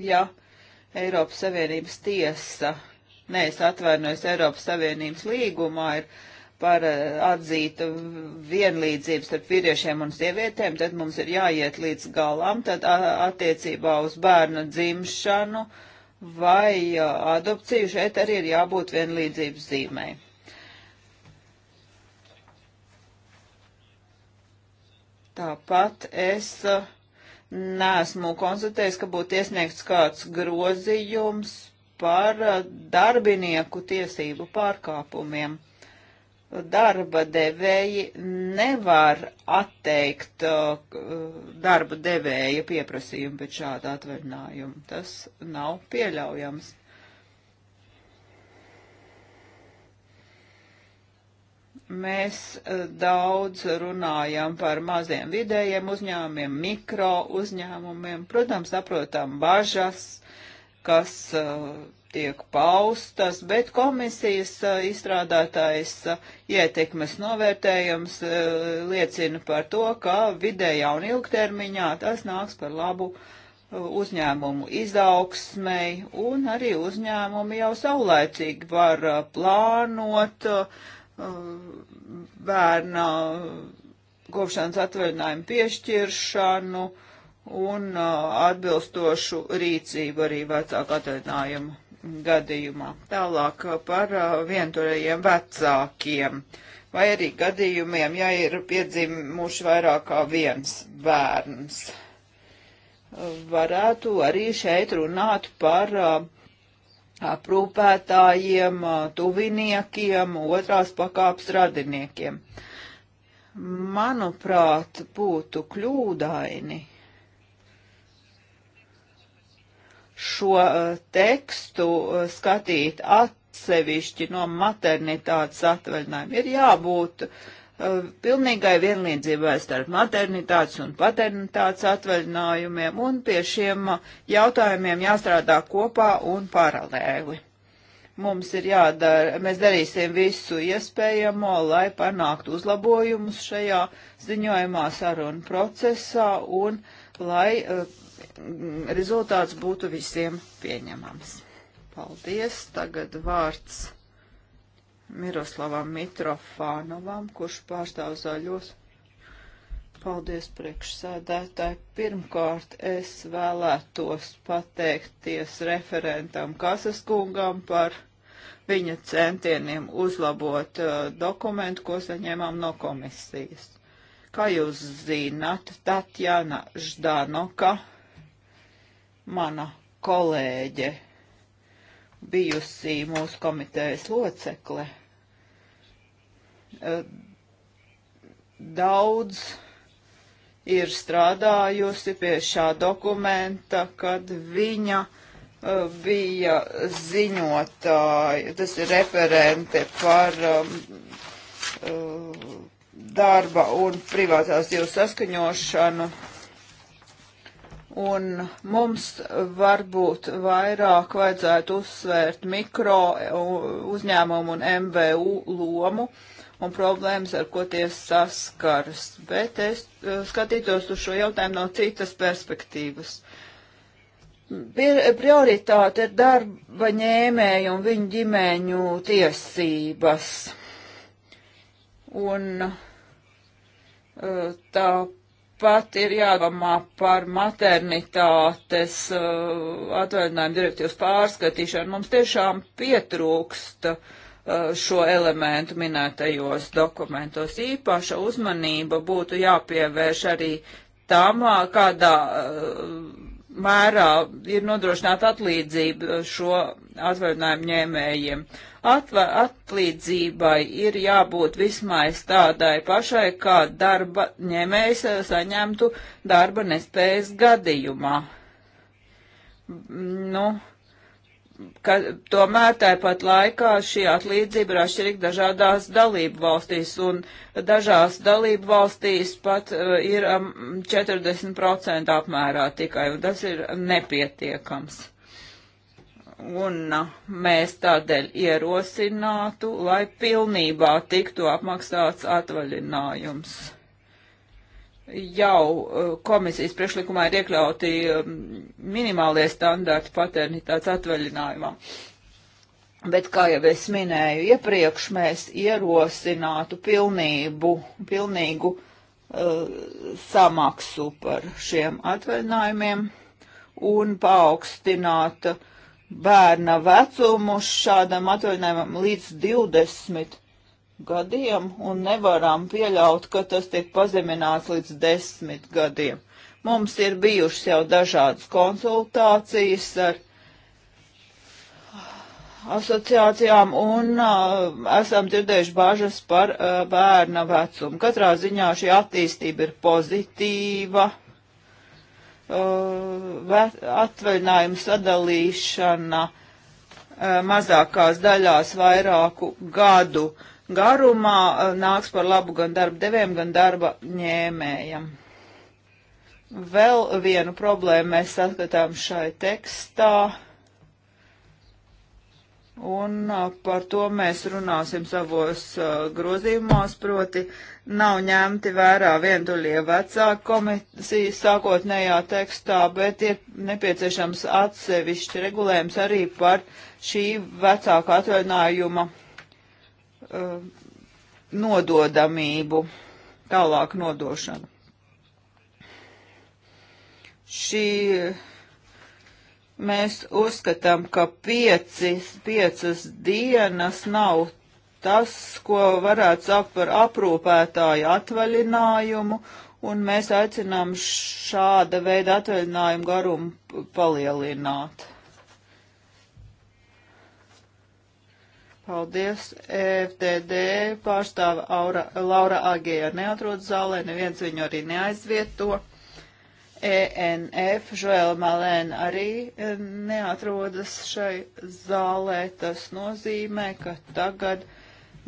ja Eiropas Savienības tiesa, nē, es atvainojos, Eiropas Savienības līgumā ir par eh, atzītu vienlīdzību starp vīriešiem un sievietēm, tad mums ir jāiet līdz galam, tad attiecībā uz bērnu dzimšanu vai adopciju šeit arī ir jābūt vienlīdzības zīmē. Tāpat es uh, neesmu konstatējis, ka būtu iesniegts kāds grozījums par uh, darbinieku tiesību pārkāpumiem. Darba devēji nevar atteikt uh, darba devēja pieprasījumu pēc šāda atvaļinājuma. Tas nav pieļaujams. Mēs eh, daudz runājam par maziem vidējiem uzņēmumiem, mikro uzņēmumiem. Protams, saprotam bažas, kas uh, tiek paustas, bet komisijas uh, izstrādātais uh, ietekmes novērtējums liecina par to, ka vidējā un ilgtermiņā tas nāks par labu uzņēmumu izaugsmei, un arī uzņēmumi jau saulēcīgi var plānot, uh, Uh, bērna kopšanas atvaļinājumu piešķiršanu un uh, atbilstošu rīcību arī vecāku atvaļinājumu gadījumā. Tālāk uh, par vienturējiem vecākiem vai arī gadījumiem, ja ir piedzimuši vairāk kā viens bērns. Varētu arī šeit runāt par uh, aprūpētājiem, tuviniekiem, otrās pakāpes radiniekiem. Manuprāt, būtu kļūdaini šo tekstu skatīt atsevišķi no maternitātes atvaļinājuma. Ir jābūt uh, Uh, pilnīgai vienlīdzībai starp maternitātes un paternitātes atvaļinājumiem, un pie šiem uh, jautājumiem jāstrādā kopā un paralēli. Mums ir jādara, mēs darīsim visu iespējamo, lai panāktu uzlabojumus šajā ziņojumā sarunu procesā un lai uh, rezultāts būtu visiem pieņemams. Paldies, tagad vārds Miroslavam Mitrofānovam, kurš pārstāv zaļos. Paldies priekšsēdētāji. Pirmkārt, es vēlētos pateikties referentam Kasaskungam par viņa centieniem uzlabot uh, dokumentu, ko saņēmām no komisijas. Kā jūs zināt, Tatjana Ždanoka, mana kolēģe, bijusī mūsu komitejas locekle, Eh, daudz ir strādājusi pie šā dokumenta, kad viņa eh, bija ziņotāja, tas ir referente par um, eh, darba un privātās dzīves saskaņošanu. Un mums varbūt vairāk vajadzētu uzsvērt mikro uzņēmumu un MVU lomu. Uh, un problēmas, ar ko tie saskaras. Bet es uh, skatītos uz šo jautājumu no citas perspektīvas. Prioritāte ir darba ņēmēju un viņu ģimeņu tiesības. Un uh, tāpat ir jādomā par maternitātes uh, atvaļinājumu direktīvas pārskatīšanu. Mums tiešām pietrūksta uh, Eh, šo elementu minētajos dokumentos. Īpaša uzmanība būtu jāpievērš arī tam, eh, kādā eh, mērā ir nodrošināta atlīdzība šo atvaļinājumu ņēmējiem. Atva atlīdzībai ir jābūt vismaz tādai pašai, kā darba ņēmējs saņemtu darba nespējas gadījumā. Mm, nu, ka tomēr tāpat laikā šī atlīdzība ir atšķirīga dažādās dalību valstīs, un dažās dalību valstīs pat uh, ir um, 40% apmērā tikai, un tas ir nepietiekams. Un uh, mēs tādēļ ierosinātu, lai pilnībā tiktu apmaksāts atvaļinājums jau eh, komisijas priekšlikumā ir iekļauti eh, minimālie standarti paternitātes atvaļinājumam. Bet, kā jau es minēju iepriekš, mēs ierosinātu pilnību, pilnīgu uh, samaksu par šiem atvaļinājumiem un paaugstinātu bērna vecumu šādam atvaļinājumam līdz 20 gadiem un nevaram pieļaut, ka tas tiek pazemināts līdz desmit gadiem. Mums ir bijušas jau dažādas konsultācijas ar asociācijām un uh, esam dzirdējuši bažas par uh, bērna vecumu. Katrā ziņā šī attīstība ir pozitīva. Uh, atvaļinājuma sadalīšana uh, mazākās daļās vairāku gadu uh, garumā eh, nāks par labu gan darba devējiem, gan darba ņēmējiem. Vēl vienu problēmu mēs saskatām šai tekstā, un eh, par to mēs runāsim savos eh, grozījumos, proti nav ņemti vērā vientuļie vecāku komisijas sākotnējā tekstā, bet ir nepieciešams atsevišķi regulējums arī par šī vecāka atvaļinājuma Uh, nododamību, tālāk nodošanu. Šī mēs uzskatām, ka piecis, piecas dienas nav tas, ko varētu saukt par aprūpētāju atvaļinājumu, un mēs aicinām šāda veida atvaļinājumu garumu palielināt. Paldies. E FTD pārstāva Aura, Laura Agēja neatrod zālē, neviens viņu arī neaizvieto. ENF, Žoela Malēna arī e, neatrodas šai zālē. Tas nozīmē, ka tagad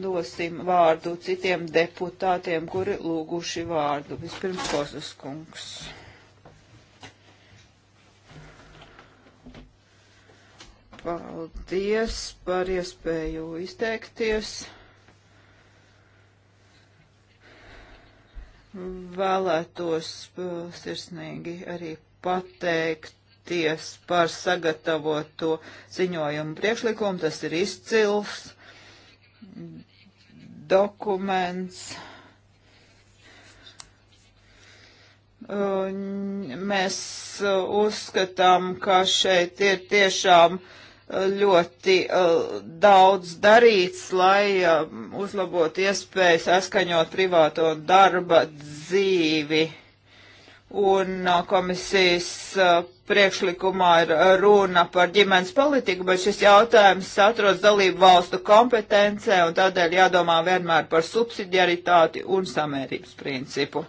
dosim vārdu citiem deputātiem, kuri lūguši vārdu. Vispirms Kozas kungs. Paldies par iespēju izteikties. Vēlētos uh, sirsnīgi arī pateikties par sagatavoto ziņojumu priekšlikumu. Tas ir izcils dokuments. Mēs uh, uzskatām, ka šeit ir tiešām uh, ļoti uh, daudz darīts, lai uh, uzlabotu iespēju saskaņot privāto darba dzīvi. Un uh, komisijas uh, priekšlikumā ir uh, runa par ģimenes politiku, bet šis jautājums atrodas dalību valstu kompetencē un tādēļ jādomā vienmēr par subsidiaritāti un samērības principu.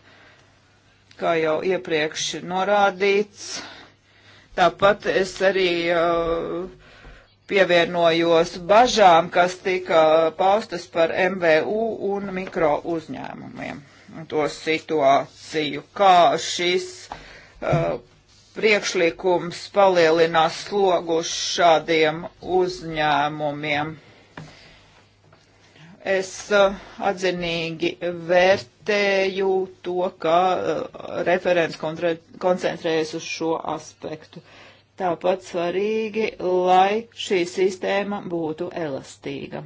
Kā jau iepriekš norādīts, tāpat es arī uh, pievienojos bažām, kas tika paustas par MVU un mikro uzņēmumiem. To situāciju, kā šis uh, priekšlikums palielinās slogus šādiem uzņēmumiem. Es uh, atzinīgi vērtēju to, ka uh, referents koncentrējas uz šo aspektu. Tāpat svarīgi, lai šī sistēma būtu elastīga.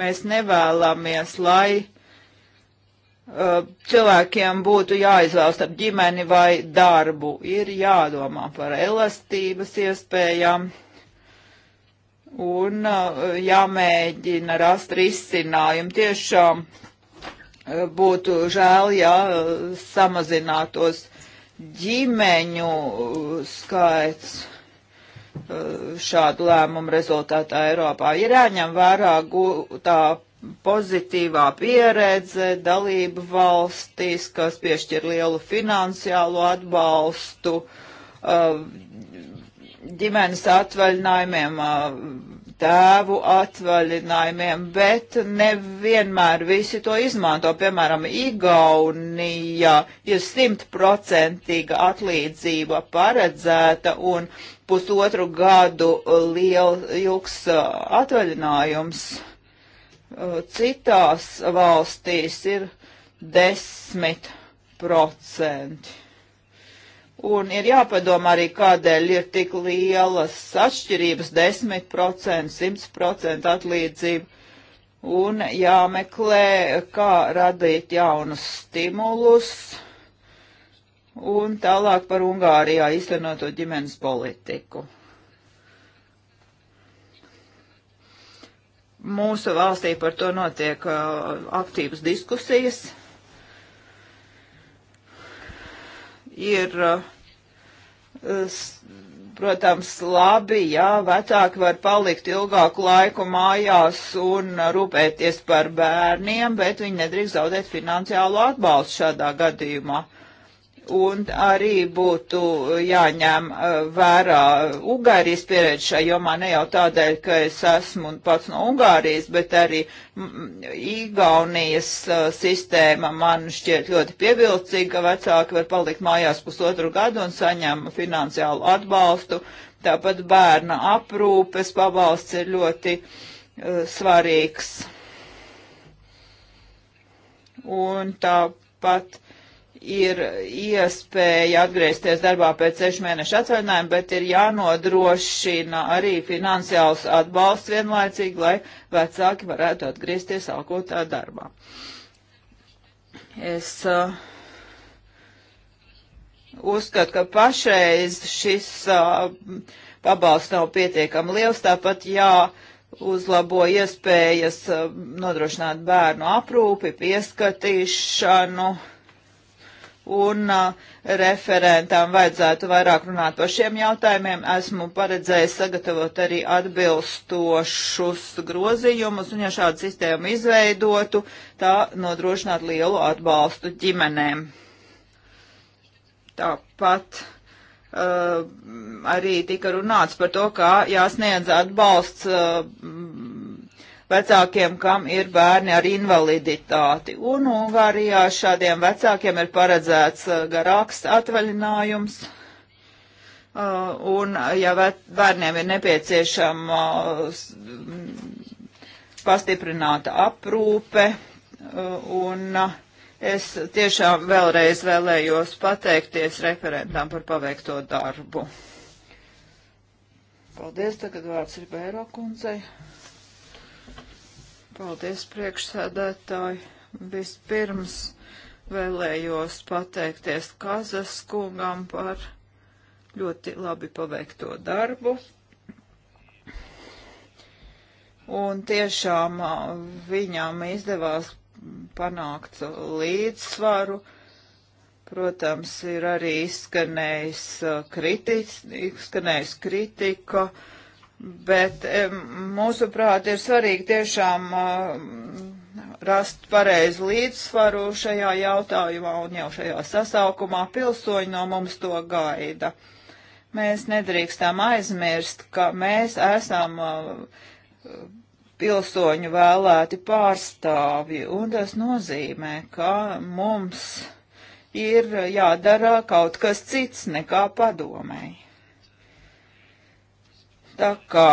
Mēs nevēlamies, lai uh, cilvēkiem būtu jāizvēlas starp ģimeni vai darbu. Ir jādomā par elastības iespējām un uh, jāmēģina rast risinājumu. Tiešām uh, būtu žēl, ja uh, samazinātos ģimeņu uh, skaits uh, šādu lēmumu rezultātā Eiropā. Ir jāņem vērā gūtā pozitīvā pieredze dalību valstīs, kas piešķir lielu finansiālu atbalstu uh, ģimenes atvaļinājumiem, tēvu atvaļinājumiem, bet nevienmēr visi to izmanto. Piemēram, Igaunija ir simtprocentīga atlīdzība paredzēta un pusotru gadu liels ilgs uh, atvaļinājums. Uh, citās valstīs ir desmit procenti. Un ir jāpadomā arī, kādēļ ir tik lielas atšķirības - 10%, 100% atlīdzība. Un jāmeklē, kā radīt jaunus stimulus. Un tālāk par Ungārijā īstenoto ģimenes politiku. Mūsu valstī par to notiek uh, aktīvas diskusijas ir, uh, protams, labi, ja vecāki var palikt ilgāku laiku mājās un rūpēties par bērniem, bet viņi nedrīkst zaudēt finansiālu atbalstu šādā gadījumā. Uh, Un arī būtu jāņem uh, vērā Ungārijas pieredze šajā jomā ne jau tādēļ, ka es esmu pats no Ungārijas, bet arī Igaunijas uh, sistēma man šķiet ļoti pievilcīga, ka vecāki var palikt mājās pusotru gadu un saņem finansiālu atbalstu. Tāpat bērna aprūpes pabalsts ir ļoti uh, svarīgs. Un tāpat ir iespēja atgriezties darbā pēc sešu mēnešu atvaļinājuma, bet ir jānodrošina arī finansiāls atbalsts vienlaicīgi, lai vecāki varētu atgriezties sākotā darbā. Es uh, uzskatu, ka pašreiz šis uh, pabalsts nav pietiekami liels, tāpat jā, uzlabo iespējas uh, nodrošināt bērnu aprūpi, pieskatīšanu, uh, un uh, referentām vajadzētu vairāk runāt par šiem jautājumiem. Esmu paredzējis sagatavot arī atbilstošus grozījumus, un ja šādu sistēmu izveidotu, tā nodrošinātu lielu atbalstu ģimenēm. Tāpat. Uh, arī tika runāts par to, kā jāsniedz atbalsts uh, vecākiem, kam ir bērni ar invaliditāti. Un Ungārijā šādiem vecākiem ir paredzēts uh, garāks atvaļinājums. Uh, un, uh, ja bērniem ir nepieciešama uh, pastiprināta aprūpe, uh, un uh, es tiešām vēlreiz vēlējos pateikties referentam par paveikto darbu. Paldies, tagad vārds ir Bēro kundzei. Paldies, priekšsēdētāji. Vispirms vēlējos pateikties Kazas kungam par ļoti labi paveikto darbu. Un tiešām viņam izdevās panākt līdzsvaru. Protams, ir arī izskanējis kritis, izskanējis kritika. Uh, bet eh, mūsuprāt ir svarīgi tiešām eh, rast pareizu līdzsvaru šajā jautājumā un jau šajā sasaukumā pilsoņi no mums to gaida. Mēs nedrīkstam aizmirst, ka mēs esam eh, pilsoņu vēlēti pārstāvji, un tas nozīmē, ka mums ir jādara kaut kas cits nekā padomēji. Tā kā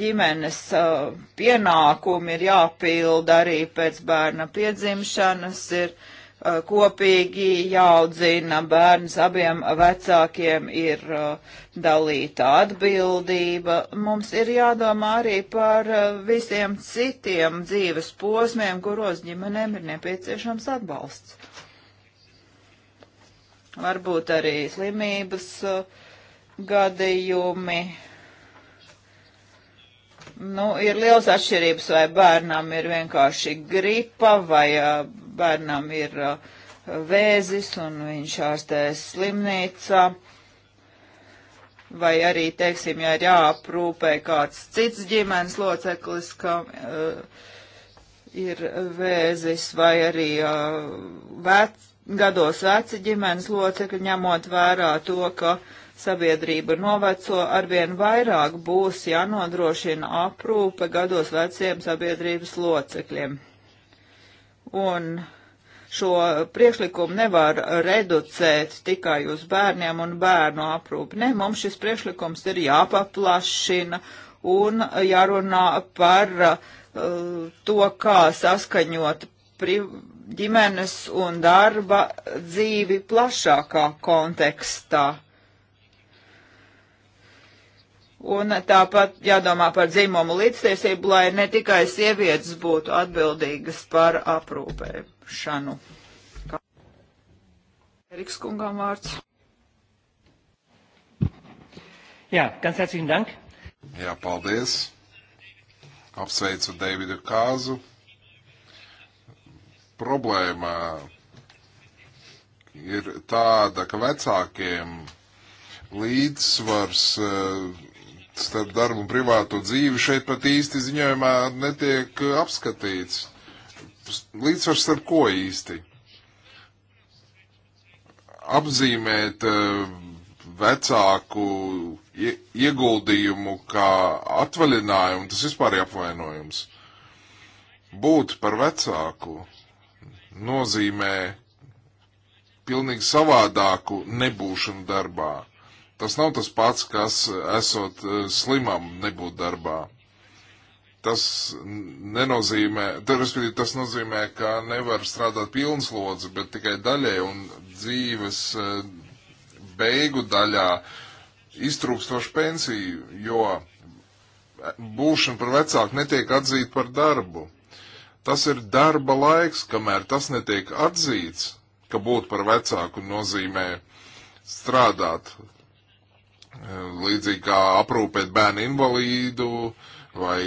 ģimenes uh, pienākumi ir jāpilda arī pēc bērna piedzimšanas, ir uh, kopīgi jāaudzina bērns, abiem vecākiem ir uh, dalīta atbildība. Mums ir jādomā arī par uh, visiem citiem dzīves posmiem, kuros ģimenēm ir nepieciešams atbalsts varbūt arī slimības uh, gadījumi. Nu, ir liels atšķirības, vai bērnam ir vienkārši gripa, vai uh, bērnam ir uh, vēzis un viņš ārstēs slimnīcā, vai arī, teiksim, ja ir jāaprūpē kāds cits ģimenes loceklis, kam uh, ir vēzis, vai arī uh, vec gados veci ģimenes locekļi, ņemot vērā to, ka sabiedrība noveco, arvien vairāk būs jānodrošina aprūpe gados veciem sabiedrības locekļiem. Un šo priekšlikumu nevar reducēt tikai uz bērniem un bērnu aprūpi. Nē, mums šis priekšlikums ir jāpaplašina un jārunā par uh, to, kā saskaņot pri ģimenes un darba dzīvi plašākā kontekstā. Un tāpat jādomā par dzimumu līdztiesību, lai ne tikai sievietes būtu atbildīgas par aprūpēšanu. Eriks kungam vārds. Jā, ganz herzlichen dank. Jā, paldies. Apsveicu Davidu Kāzu problēma ir tāda, ka vecākiem līdzsvars eh, starp darbu un privāto dzīvi šeit pat īsti ziņojumā netiek eh, apskatīts. Līdzsvars starp ko īsti? Apzīmēt eh, vecāku ieguldījumu kā atvaļinājumu, tas vispār ir apvainojums. Būt par vecāku nozīmē pilnīgi savādāku nebūšanu darbā. Tas nav tas pats, kas esot eh, slimam nebūt darbā. Tas nenozīmē, respektīvi, tas nozīmē, ka nevar strādāt pilns lodzi, bet tikai daļai un dzīves eh, beigu daļā iztrūkstošu pensiju, jo eh, būšana par vecāku netiek atzīta par darbu. Tas ir darba laiks, kamēr tas netiek atzīts, ka būt par vecāku nozīmē strādāt. Līdzīgi kā aprūpēt bērnu invalīdu vai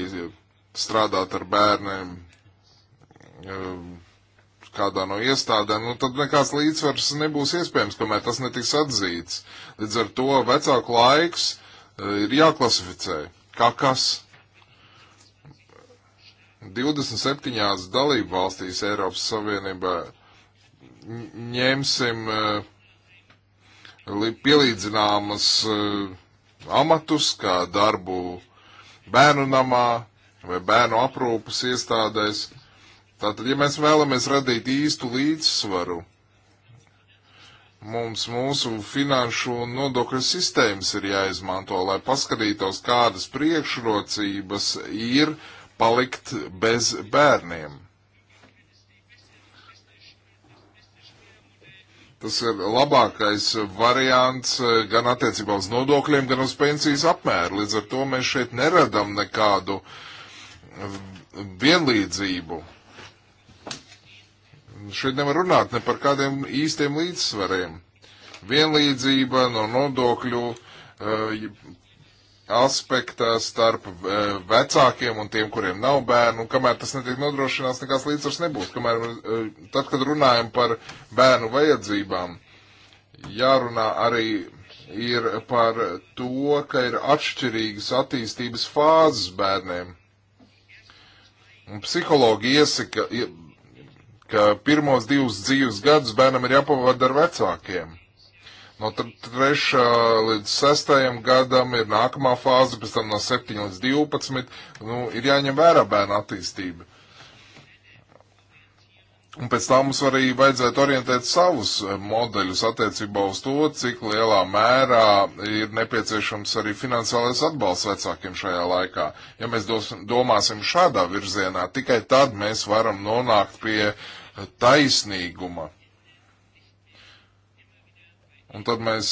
strādāt ar bērniem um, kādā no iestādēm, nu tad nekāds līdzsvars nebūs iespējams, kamēr tas netiks atzīts. Līdz ar to vecāku laiks uh, ir jāklasificē, kā kas 27 dalību valstīs Eiropas Savienībā ņemsim eh, pielīdzināmas eh, amatus, kā darbu bērnu namā vai bērnu aprūpas iestādēs. Tātad, ja mēs vēlamies radīt īstu līdzsvaru, mums mūsu finanšu un nodokļu sistēmas ir jāizmanto, lai paskatītos, kādas priekšrocības ir uh, palikt bez bērniem. Tas ir labākais variants gan attiecībā uz nodokļiem, gan uz pensijas apmēru. Līdz ar to mēs šeit neradam nekādu vienlīdzību. Šeit nevar runāt ne par kādiem īstiem līdzsvariem. Vienlīdzība no nodokļu eh, aspekta starp eh, vecākiem un tiem, kuriem nav bērnu, un kamēr tas netiek nodrošināts, nekāds līdzsvars nebūs. Kamēr, eh, tad, kad runājam par bērnu vajadzībām, jārunā arī ir par to, ka ir atšķirīgas attīstības fāzes bērniem. Un psihologi iesaka, ka pirmos divus dzīves gadus bērnam ir jāpavada ar vecākiem. No nu, 3. līdz 6. gadam ir nākamā fāze, pēc tam no 7. līdz 12. Nu, ir jāņem vērā bērnu attīstība. Un pēc tam mums arī vajadzētu orientēt savus eh, modeļus attiecībā uz to, cik lielā mērā ir nepieciešams arī finansiālais atbalsts vecākiem šajā laikā. Ja mēs dos, domāsim šādā virzienā, tikai tad mēs varam nonākt pie taisnīguma Un tad mēs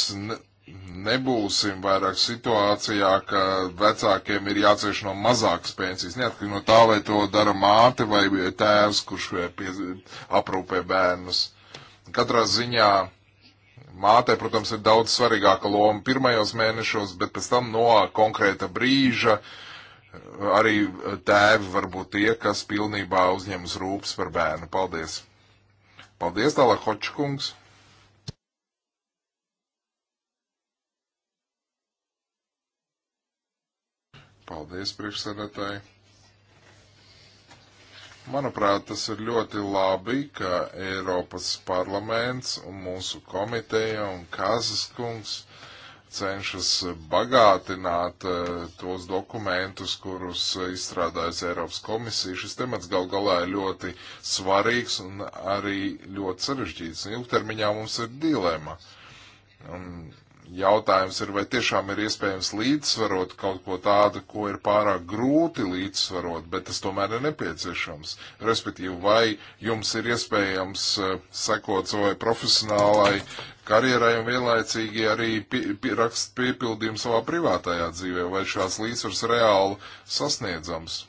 nebūsim vairāk situācijā, ka vecākiem ir jācieš no mazākas pensijas. Neatkarīgi no tā, vai to dara māte vai tēvs, kurš eh, pie, aprūpē bērnus. Katrā ziņā mātē, protams, ir daudz svarīgāka loma pirmajos mēnešos, bet pēc tam no konkrēta brīža eh, arī tēvi var būt tie, kas pilnībā uzņemas rūpes par bērnu. Paldies! Paldies, tālāk, Hočkungs! Paldies, priekšsēdētāji. Manuprāt, tas ir ļoti labi, ka Eiropas parlaments un mūsu komiteja un Kazas kungs cenšas bagātināt uh, tos dokumentus, kurus izstrādājas Eiropas komisija. Šis temats gal galā ir ļoti svarīgs un arī ļoti sarežģīts. Ilgtermiņā mums ir dilema. Un jautājums ir, vai tiešām ir iespējams līdzsvarot kaut ko tādu, ko ir pārāk grūti līdzsvarot, bet tas tomēr ir nepieciešams. Respektīvi, vai jums ir iespējams eh, sekot savai profesionālai karjerai un vienlaicīgi arī rakst piepildījumu savā privātajā dzīvē, vai šāds līdzsvars reāli sasniedzams.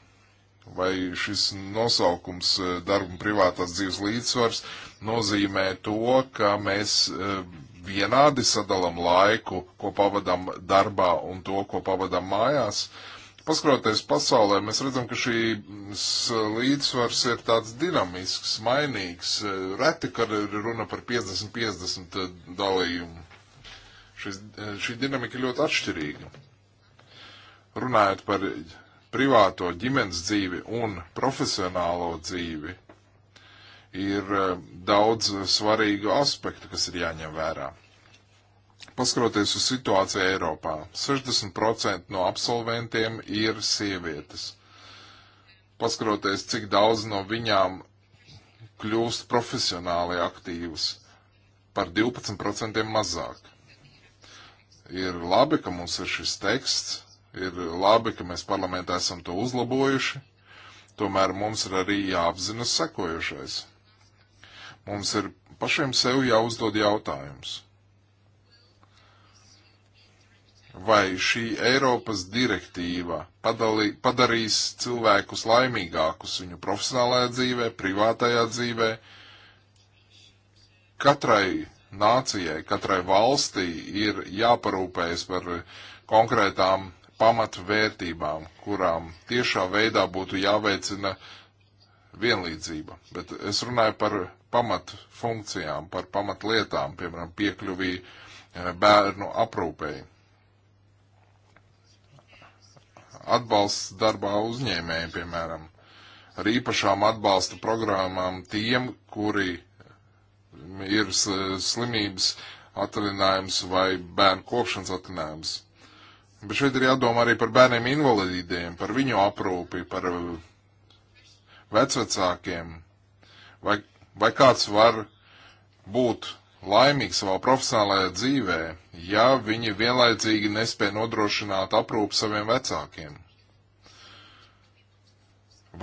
Vai šis nosaukums eh, darba un privātās dzīves līdzsvars nozīmē to, ka mēs eh, vienādi sadalām laiku, ko pavadām darbā un to, ko pavadām mājās. Paskroties pasaulē, mēs redzam, ka šīs līdzsvars ir tāds dinamisks, mainīgs. Reti, kad ir runa par 50-50 dalījumu. Šis, šī dinamika ļoti atšķirīga. Runājot par privāto ģimenes dzīvi un profesionālo dzīvi, ir e, daudz svarīgu aspektu, kas ir jāņem vērā. Paskatoties uz situāciju Eiropā, 60% no absolventiem ir sievietes. Paskatoties, cik daudz no viņām kļūst profesionāli aktīvas, par 12% mazāk. Ir labi, ka mums ir šis teksts, ir labi, ka mēs parlamentā esam to uzlabojuši, tomēr mums ir arī jāapzinas sekojušais – Mums ir pašiem sev jāuzdod jautājums. Vai šī Eiropas direktīva padalī, padarīs cilvēkus laimīgākus viņu profesionālajā dzīvē, privātajā dzīvē? Katrai nācijai, katrai valstī ir jāparūpējas par konkrētām pamatvērtībām, kurām tiešā veidā būtu jāveicina vienlīdzība. Bet es runāju par pamat funkcijām, par pamat lietām, piemēram, piekļuvī eh, bērnu aprūpēji. Atbalsts darbā uzņēmējiem, piemēram, ar īpašām atbalsta programmām tiem, kuri ir slimības atvaļinājums vai bērnu kopšanas atvaļinājums. Bet šeit ir jādomā arī par bērniem invalidīdiem, par viņu aprūpi, par eh, vecvecākiem vai Vai kāds var būt laimīgs savā profesionālajā dzīvē, ja viņi vienlaicīgi nespēja nodrošināt aprūpu saviem vecākiem?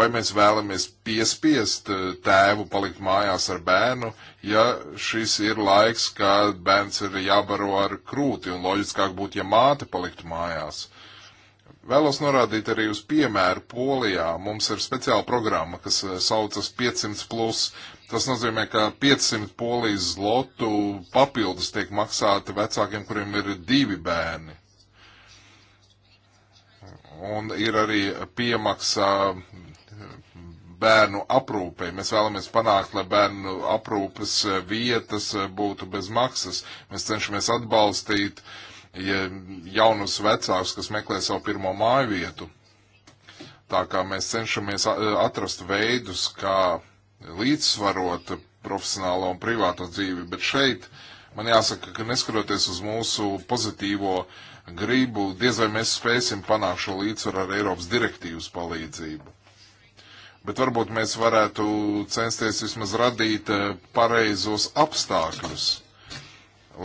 Vai mēs vēlamies piespiest eh, tēvu palikt mājās ar bērnu, ja šis ir laiks, kad bērns ir jābaro ar krūti, un loģiskāk būtu, ja māte paliktu mājās? Vēlos norādīt arī uz piemēru Polijā. Mums ir speciāla programma, kas eh, saucas 500, plus, Tas nozīmē, ka 500 polijas zlotu papildus tiek maksāti vecākiem, kuriem ir divi bērni. Un ir arī piemaksā bērnu aprūpei. Mēs vēlamies panākt, lai bērnu aprūpes vietas būtu bez maksas. Mēs cenšamies atbalstīt ja jaunus vecākus, kas meklē savu pirmo māju vietu. Tā kā mēs cenšamies atrast veidus, kā līdzsvarot profesionālo un privāto dzīvi, bet šeit man jāsaka, ka neskatoties uz mūsu pozitīvo gribu, diez vai mēs spēsim panākt šo līdzsvaru ar Eiropas direktīvas palīdzību. Bet varbūt mēs varētu censties vismaz radīt eh, pareizos apstākļus,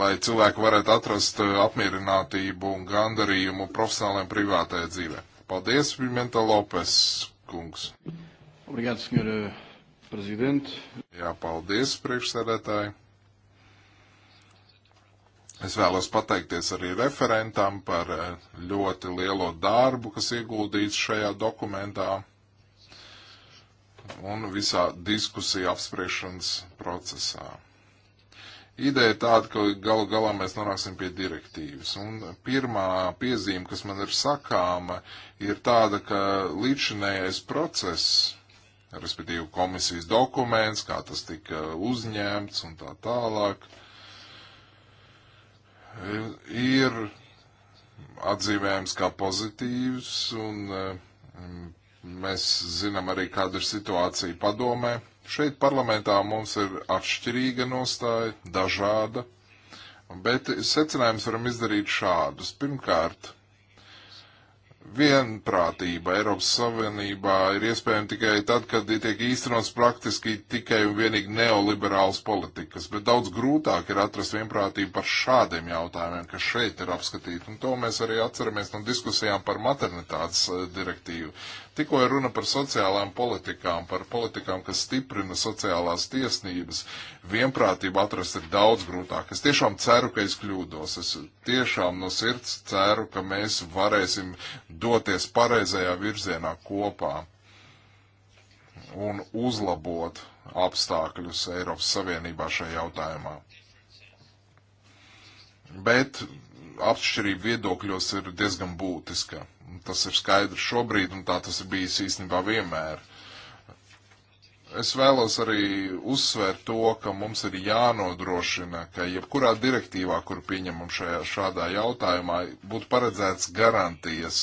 lai cilvēki varētu atrast eh, apmierinātību un gandarījumu profesionālajiem privātajā dzīvē. Paldies, Pimenta Lopes kungs. Obrigado, senhora prezident. Jā, paldies, priekšsēdētāji. Es vēlos pateikties arī referentam par eh, ļoti lielo darbu, kas ieguldīts šajā dokumentā un visā diskusija apspriešanas procesā. Ideja tāda, ka galu galā mēs nonāksim pie direktīvas. Un pirmā piezīme, kas man ir sakāma, ir tāda, ka līdzinējais process respektīvi komisijas dokuments, kā tas tika uzņemts un tā tālāk, ir atzīmējams kā pozitīvs, un mm, mēs zinām arī, kāda ir situācija padomē. Šeit parlamentā mums ir atšķirīga nostāja, dažāda, bet secinājums varam izdarīt šādus. Pirmkārt, vienprātība Eiropas Savienībā ir iespējama tikai tad, kad tiek īstenots praktiski tikai un vienīgi neoliberāls politikas, bet daudz grūtāk ir atrast vienprātību par šādiem jautājumiem, kas šeit ir apskatīti. Un to mēs arī atceramies no diskusijām par maternitātes eh, direktīvu. Tikko ir runa par sociālām politikām, par politikām, kas stiprina sociālās tiesnības, vienprātību atrast ir daudz grūtāk. Es tiešām ceru, ka es kļūdos. Es tiešām no sirds ceru, ka mēs varēsim doties pareizajā virzienā kopā un uzlabot apstākļus Eiropas Savienībā šajā jautājumā. Bet atšķirība viedokļos ir diezgan būtiska. Tas ir skaidrs šobrīd, un tā tas ir bijis īstenībā vienmēr. Es vēlos arī uzsvērt to, ka mums ir jānodrošina, ka jebkurā direktīvā, kur pieņemam šajā, šādā jautājumā, būtu paredzēts garantijas,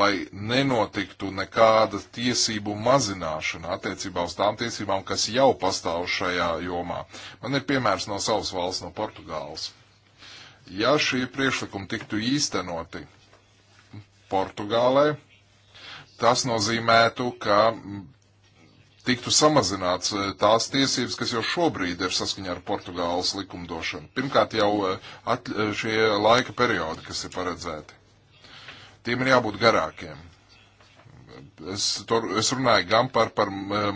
lai nenotiktu nekāda tiesību mazināšana attiecībā uz tām tiesībām, kas jau pastāv šajā jomā. Man ir piemērs no savas valsts, no Portugāles. Ja šie priekšlikumi tiktu īstenoti, Portugālē. Tas nozīmētu, ka tiktu samazināts eh, tās tiesības, kas jau šobrīd ir saskaņā ar Portugāles likumdošanu. Pirmkārt jau eh, eh, šie laika periodi, kas ir paredzēti. Tiem ir jābūt garākiem. Es, tur, es runāju gan par, par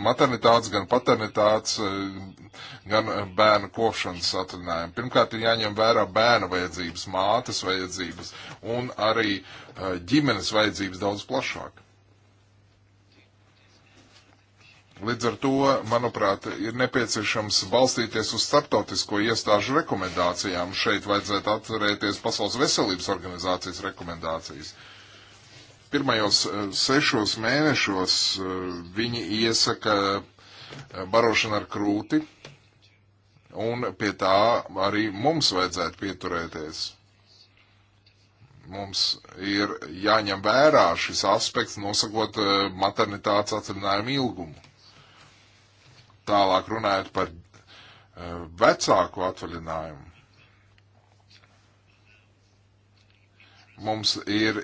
maternitātes, gan paternitātes, eh, gan eh, bērnu kopšanas atrunājumu. Pirmkārt, ir jāņem vērā bērna vajadzības, mātes vajadzības un arī eh, ģimenes vajadzības daudz plašāk. Līdz ar to, manuprāt, ir nepieciešams balstīties uz starptautisko iestāžu rekomendācijām. Šeit vajadzētu atcerēties Pasaules veselības organizācijas rekomendācijas. Uh, pirmajos eh, sešos mēnešos eh, viņi iesaka eh, barošanu ar krūti, un pie tā arī mums vajadzētu pieturēties. Mums ir jāņem vērā šis aspekts, nosakot maternitātes atvaļinājumu ilgumu. Tālāk runājot par vecāku atvaļinājumu. Mums ir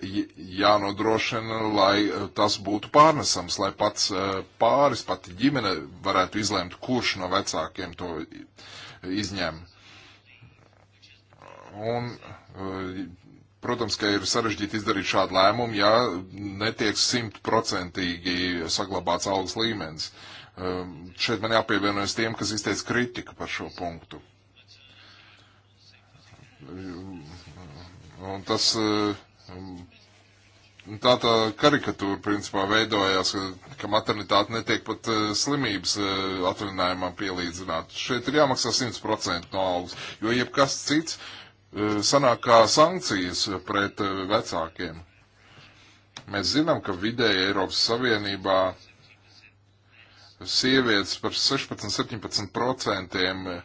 jānodrošina, lai eh, tas būtu pārnesams, lai pats eh, pāris, pati ģimene varētu izlēmt, kurš no vecākiem to izņem. Un, eh, protams, ka ir sarežģīti izdarīt šādu lēmumu, ja netiek simtprocentīgi saglabāts algas līmenis. Šeit man jāpievienojas tiem, kas izteica kritiku par šo punktu Un tas eh, tā tā karikatūra principā veidojās, ka, ka maternitāte netiek pat eh, slimības eh, atvinājumam pielīdzināt. Šeit ir jāmaksā 100% no algas, jo jebkas cits sanāk kā sankcijas pret vecākiem. Mēs zinām, ka vidēji Eiropas Savienībā sievietes par 16-17%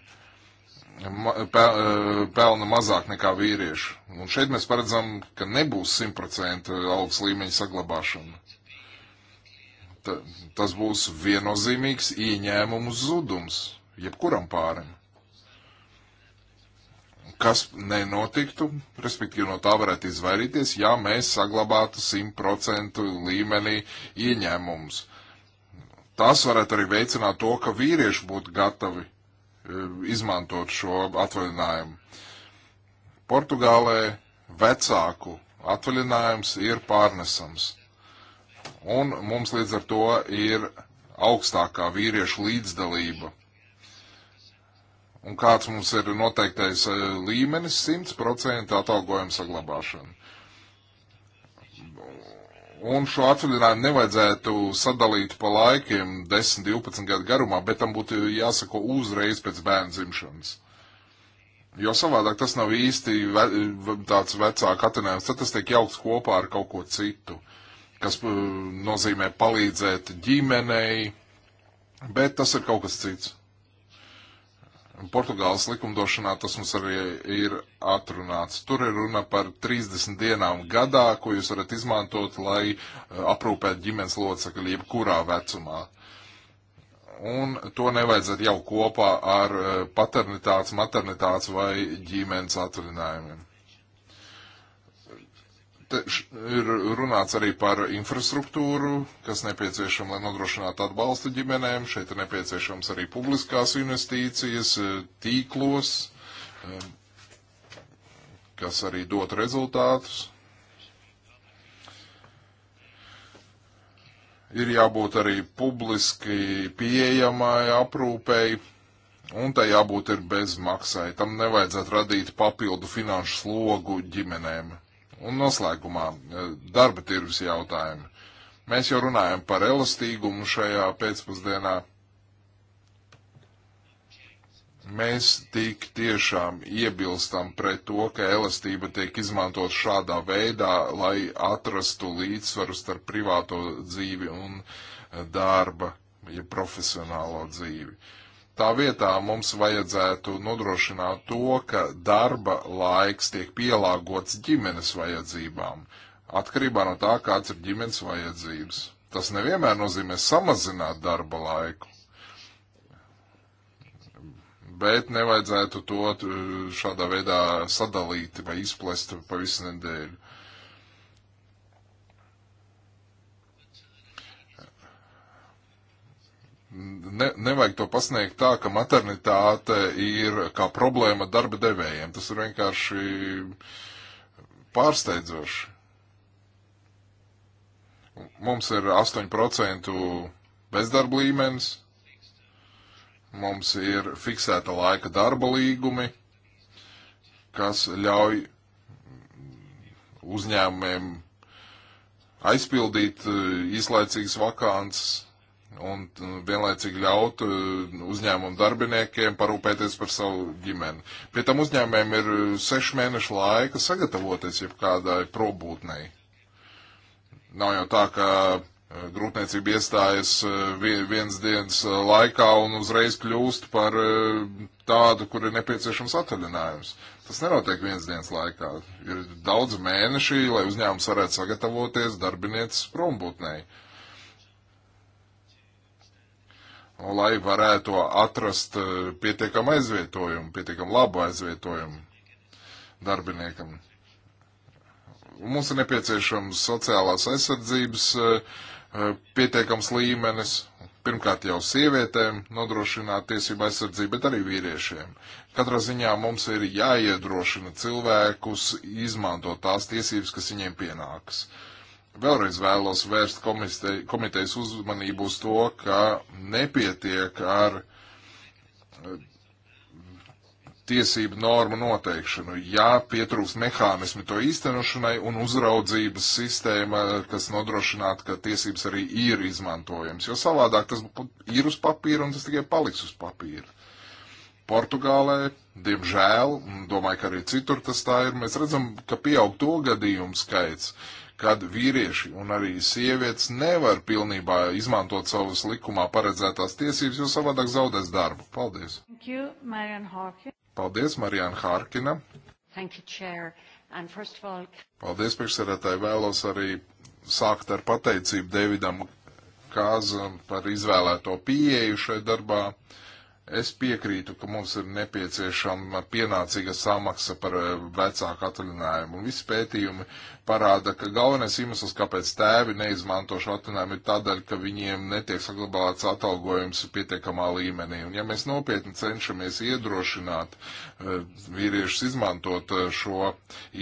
Eh, pelna mazāk nekā vīrieši. Un šeit mēs paredzam, ka nebūs 100% algas līmeņa saglabāšana. Ta, tas būs viennozīmīgs ieņēmumu zudums jebkuram pārim. Kas nenotiktu, respektīvi no tā varētu izvairīties, ja mēs saglabātu 100% līmenī ieņēmumus. Tas varētu arī veicināt to, ka vīrieši būtu gatavi Eh, izmantot šo atvaļinājumu. Portugālē vecāku atvaļinājums ir pārnesams. Un mums līdz ar to ir augstākā vīriešu līdzdalība. Un kāds mums ir noteiktais eh, līmenis 100% atalgojuma saglabāšana. Un šo atvaļinājumu nevajadzētu sadalīt pa laikiem 10, 12 gadu garumā, bet tam būtu jāsako uzreiz pēc bērna dzimšanas. Jo savādāk tas nav īsti ve tāds vecāka atvaļinājums, tad tas tiek jaukts kopā ar kaut ko citu, kas uh, nozīmē palīdzēt ģimenei, bet tas ir kaut kas cits. Portugāles likumdošanā tas mums arī ir atrunāts. Tur ir runa par 30 dienām gadā, ko jūs varat izmantot, lai eh, aprūpētu ģimenes locekļi jebkurā vecumā. Un to nevajadzētu jau kopā ar eh, paternitātes, maternitātes vai ģimenes atvaļinājumiem ir runāts arī par infrastruktūru, kas nepieciešama, lai nodrošinātu atbalstu ģimenēm. Šeit ir nepieciešams arī publiskās investīcijas e, tīklos, e, kas arī dot rezultātus. Ir jābūt arī publiski pieejamai aprūpei, un tai jābūt ir bezmaksai. Tam nevajadzētu radīt papildu finanšu slogu ģimenēm. Un noslēgumā e, darba tirgus jautājumi. Mēs jau runājam par elastīgumu šajā pēcpusdienā. Mēs tik tiešām iebilstam pret to, ka elastība tiek izmantot šādā veidā, lai atrastu līdzsvaru starp privāto dzīvi un e, darba, ja profesionālo dzīvi. Uh, Tā vietā mums vajadzētu nodrošināt to, ka darba laiks tiek pielāgots ģimenes vajadzībām, atkarībā no tā, kāds ir ģimenes vajadzības. Tas nevienmēr nozīmē samazināt darba laiku, bet nevajadzētu to šādā veidā sadalīt vai izplest pa visu nedēļu. ne, nevajag to pasniegt tā, ka maternitāte ir kā problēma darba devējiem. Tas ir vienkārši pārsteidzoši. Mums ir 8% bezdarba līmenis, mums ir fiksēta laika darba līgumi, kas ļauj uzņēmumiem aizpildīt eh, īslaicīgas vakances un vienlaicīgi ļaut e, uzņēmumu darbiniekiem parūpēties par savu ģimeni. Pie tam uzņēmējiem ir e, sešu mēnešu laika sagatavoties jebkādai probūtnei. Nav jau tā, ka e, grūtniecība iestājas viens dienas laikā un uzreiz kļūst par tādu, kur ir nepieciešams atvaļinājums. Tas nenotiek viens dienas laikā. Ir daudz mēneši, lai uzņēmums varētu sagatavoties darbinieces prombūtnei. Uh, lai varētu atrast eh, pietiekamu aizvietojumu, pietiekamu labu aizvietojumu darbiniekam. Mums ir nepieciešams sociālās aizsardzības eh, eh, pietiekams līmenis, pirmkārt jau sievietēm nodrošināt tiesību aizsardzību, bet arī vīriešiem. Katrā ziņā mums ir jāiedrošina cilvēkus izmantot tās tiesības, kas viņiem pienākas. Uh, Vēlreiz vēlos vērst komite, komitejas uzmanību uz to, ka nepietiek ar eh, tiesību normu noteikšanu. Jā, pietrūkst mehānismi to īstenošanai un uzraudzības sistēma, kas nodrošinātu, ka tiesības arī ir izmantojams. Jo savādāk tas ir uz papīra un tas tikai paliks uz papīra. Portugālē, diemžēl, un domāju, ka arī citur tas tā ir, mēs redzam, ka pieaug to gadījumu skaits, uh, kad vīrieši un arī sievietes nevar pilnībā izmantot savas likumā paredzētās tiesības, jo savādāk zaudēs darbu. Paldies! You, Marianne Paldies, Marijāna Hārkina! Thank you, Chair. And first of all... Paldies, priekšsēdētāji! Vēlos arī sākt ar pateicību Davidam Kāzam par izvēlēto pieeju šai darbā. Uh, Es piekrītu, ka mums ir nepieciešama pienācīga samaksa par eh, vecāku atvaļinājumu. Un visi pētījumi parāda, ka galvenais iemesls, kāpēc tēvi neizmanto šo atvaļinājumu, ir tādēļ, ka viņiem netiek saglabāts atalgojums pietiekamā līmenī. Un ja mēs nopietni cenšamies iedrošināt eh, vīriešus izmantot eh, šo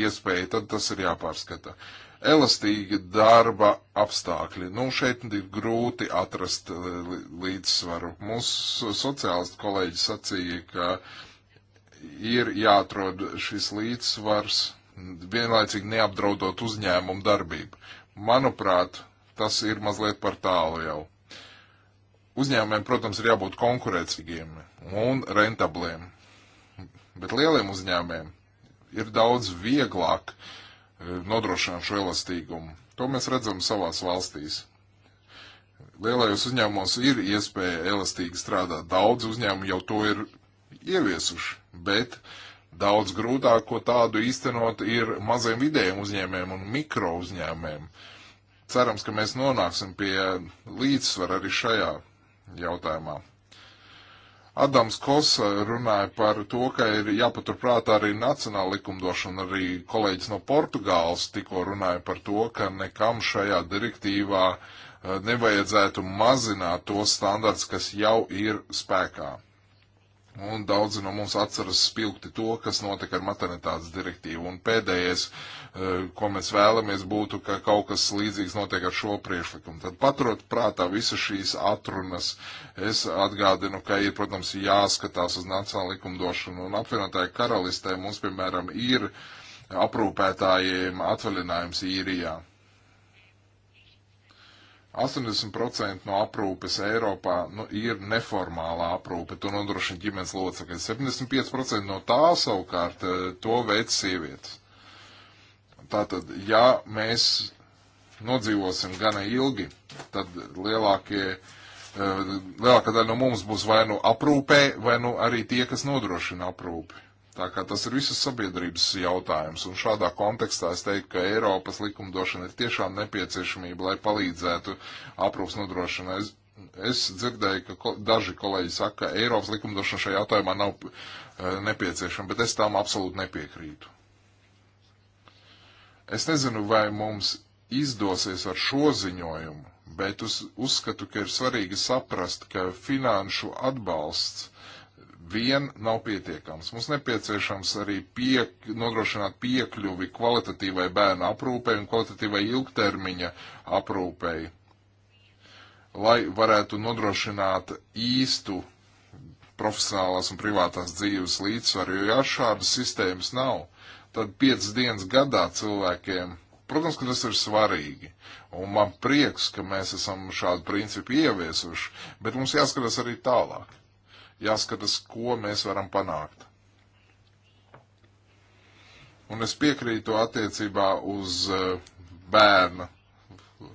iespēju, tad tas ir jāpārskata. Uh, elastīgi darba apstākļi. Nu, šeit ir grūti atrast e, līdzsvaru. Mūsu sociālistu kolēģi sacīja, ka ir jāatrod šis līdzsvars, vienlaicīgi neapdraudot uzņēmumu darbību. Manuprāt, tas ir mazliet par tālu jau. Uzņēmumiem, protams, ir jābūt konkurētspējīgiem un rentabliem, bet lieliem uzņēmumiem ir daudz vieglāk uh, Eh, nodrošinām šo elastīgumu. To mēs redzam savās valstīs. Lielajos uzņēmumos ir iespēja elastīgi strādāt. Daudz uzņēmumu jau to ir ieviesuši, bet daudz grūtāk, ko tādu īstenot, ir maziem vidējiem uzņēmējiem un mikro uzņēmējiem. Cerams, ka mēs nonāksim pie līdzsvara arī šajā jautājumā. Adams Kosa eh, runāja par to, ka ir jāpaturprātā arī nacionāla likumdošana. Arī kolēģis no Portugāles tikko runāja par to, ka nekam šajā direktīvā eh, nevajadzētu mazināt tos standarts, kas jau ir spēkā un daudzi no mums atceras spilgti to, kas notika ar maternitātes direktīvu. Un pēdējais, eh, ko mēs vēlamies, būtu, ka kaut kas līdzīgs notiek ar šo priešlikumu. Tad paturot prātā visas šīs atrunas, es atgādinu, ka ir, protams, jāskatās uz nacionālu likumdošanu un apvienotāju karalistē mums, piemēram, ir aprūpētājiem atvaļinājums īrijā. 80% no aprūpes Eiropā nu, ir neformālā aprūpe, to nodrošina ģimenes locekļi. 75% no tā savukārt eh, to veids sievietes. Tātad, ja mēs nodzīvosim gana ilgi, tad lielākie, eh, lielākā daļa no mums būs vai nu aprūpē, vai nu arī tie, kas nodrošina aprūpi. Tā kā tas ir visas sabiedrības jautājums, un šādā kontekstā es teiktu, ka Eiropas likumdošana ir tiešām nepieciešamība, lai palīdzētu aprūpas nodrošinā. Es, es dzirdēju, ka ko, daži kolēģi saka, ka Eiropas likumdošana šajā jautājumā nav e, nepieciešama, bet es tām absolūti nepiekrītu. Es nezinu, vai mums izdosies ar šo ziņojumu, bet uz, uzskatu, ka ir svarīgi saprast, ka finanšu atbalsts vien nav pietiekams. Mums nepieciešams arī piek, nodrošināt piekļuvi kvalitatīvai bērnu aprūpei un kvalitatīvai ilgtermiņa aprūpei, lai varētu nodrošināt īstu profesionālās un privātās dzīves līdzsvaru, jo ja šādas sistēmas nav, tad piecas dienas gadā cilvēkiem, protams, ka tas ir svarīgi, un man prieks, ka mēs esam šādu principu ieviesuši, bet mums jāskatās arī tālāk jāskatās, ko mēs varam panākt. Un es piekrītu attiecībā uz eh, bērna eh,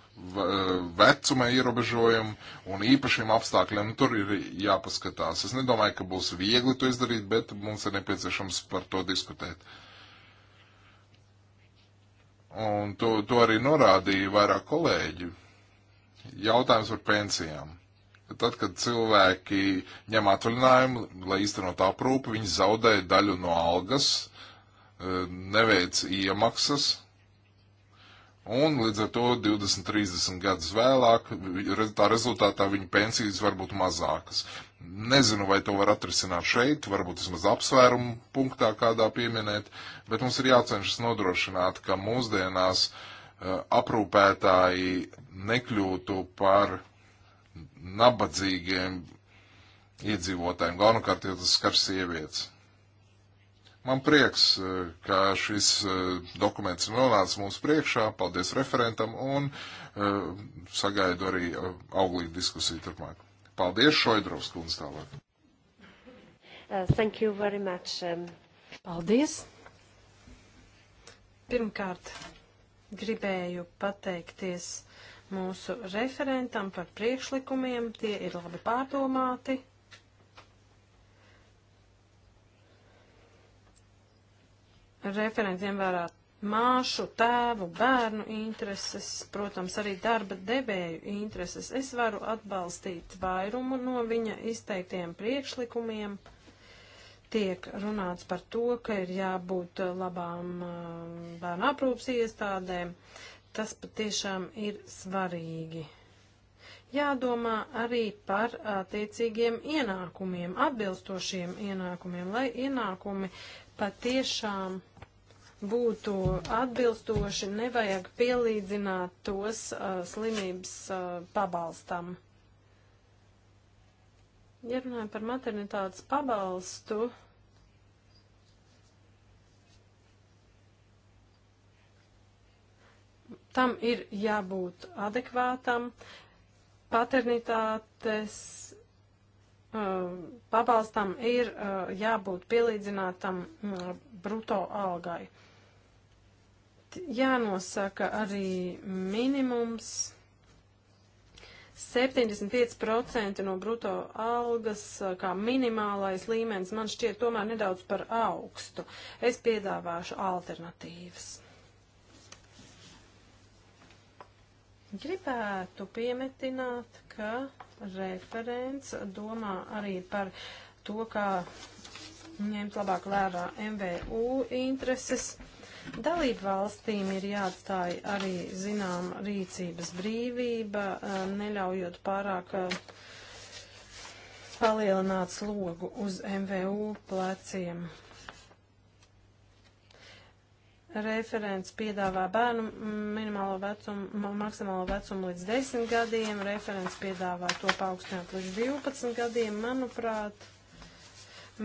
vecuma ierobežojumu un īpašiem apstākļiem. Nu, tur ir jāpaskatās. Es nedomāju, ka būs viegli to izdarīt, bet mums ir nepieciešams par to diskutēt. Un to, to arī norādīja vairāk kolēģi. Jautājums par pensijām tad, kad cilvēki ņem atvaļinājumu, lai īstenot aprūpi, viņi zaudē daļu no algas, e, neveic iemaksas, un līdz ar to 20, 30 gadus vēlāk, tā rezultātā viņa pensijas var būt mazākas. Nezinu, vai to var atrisināt šeit, varbūt vismaz apsvērumu punktā kādā pieminēt, bet mums ir jācenšas nodrošināt, ka mūsdienās e, aprūpētāji nekļūtu par nabadzīgiem iedzīvotājiem, galvenokārt jau tas skar sievietes. Man prieks, eh, ka šis eh, dokuments ir nonācis mūsu priekšā, paldies referentam un eh, sagaidu arī auglīgu diskusiju turpmāk. Paldies, Šoidrovs kundze tālāk. Uh, thank you very much. Um... Paldies. Pirmkārt, gribēju pateikties mūsu referentam par priekšlikumiem. Tie ir labi pārdomāti. Referents ņem vērā māšu, tēvu, bērnu intereses, protams, arī darba devēju intereses. Es varu atbalstīt vairumu no viņa izteiktiem priekšlikumiem. Tiek runāts par to, ka ir jābūt labām bērnu aprūpas iestādēm, Tas patiešām ir svarīgi. Jādomā arī par attiecīgiem ienākumiem, atbilstošiem ienākumiem, lai ienākumi patiešām būtu atbilstoši, nevajag pielīdzināt tos uh, slimības uh, pabalstam. Ja runājam par maternitātes pabalstu, uh, tam ir jābūt adekvātam. Paternitātes uh, pabalstam ir uh, jābūt pielīdzinātam uh, bruto algai. Jānosaka arī minimums 75% no bruto algas uh, kā minimālais līmenis man šķiet tomēr nedaudz par augstu. Es piedāvāšu alternatīvas. Gribētu piemetināt, ka referents domā arī par to, kā ņemt labāk lērā MVU intereses. Dalību valstīm ir jāatstāja arī zinām rīcības brīvība, eh, neļaujot pārāk eh, palielināt slogu uz MVU pleciem. Referents piedāvā bērnu minimālo vecumu, maksimālo vecumu līdz 10 gadiem, referents piedāvā to paaugstināt līdz 12 gadiem. Manuprāt,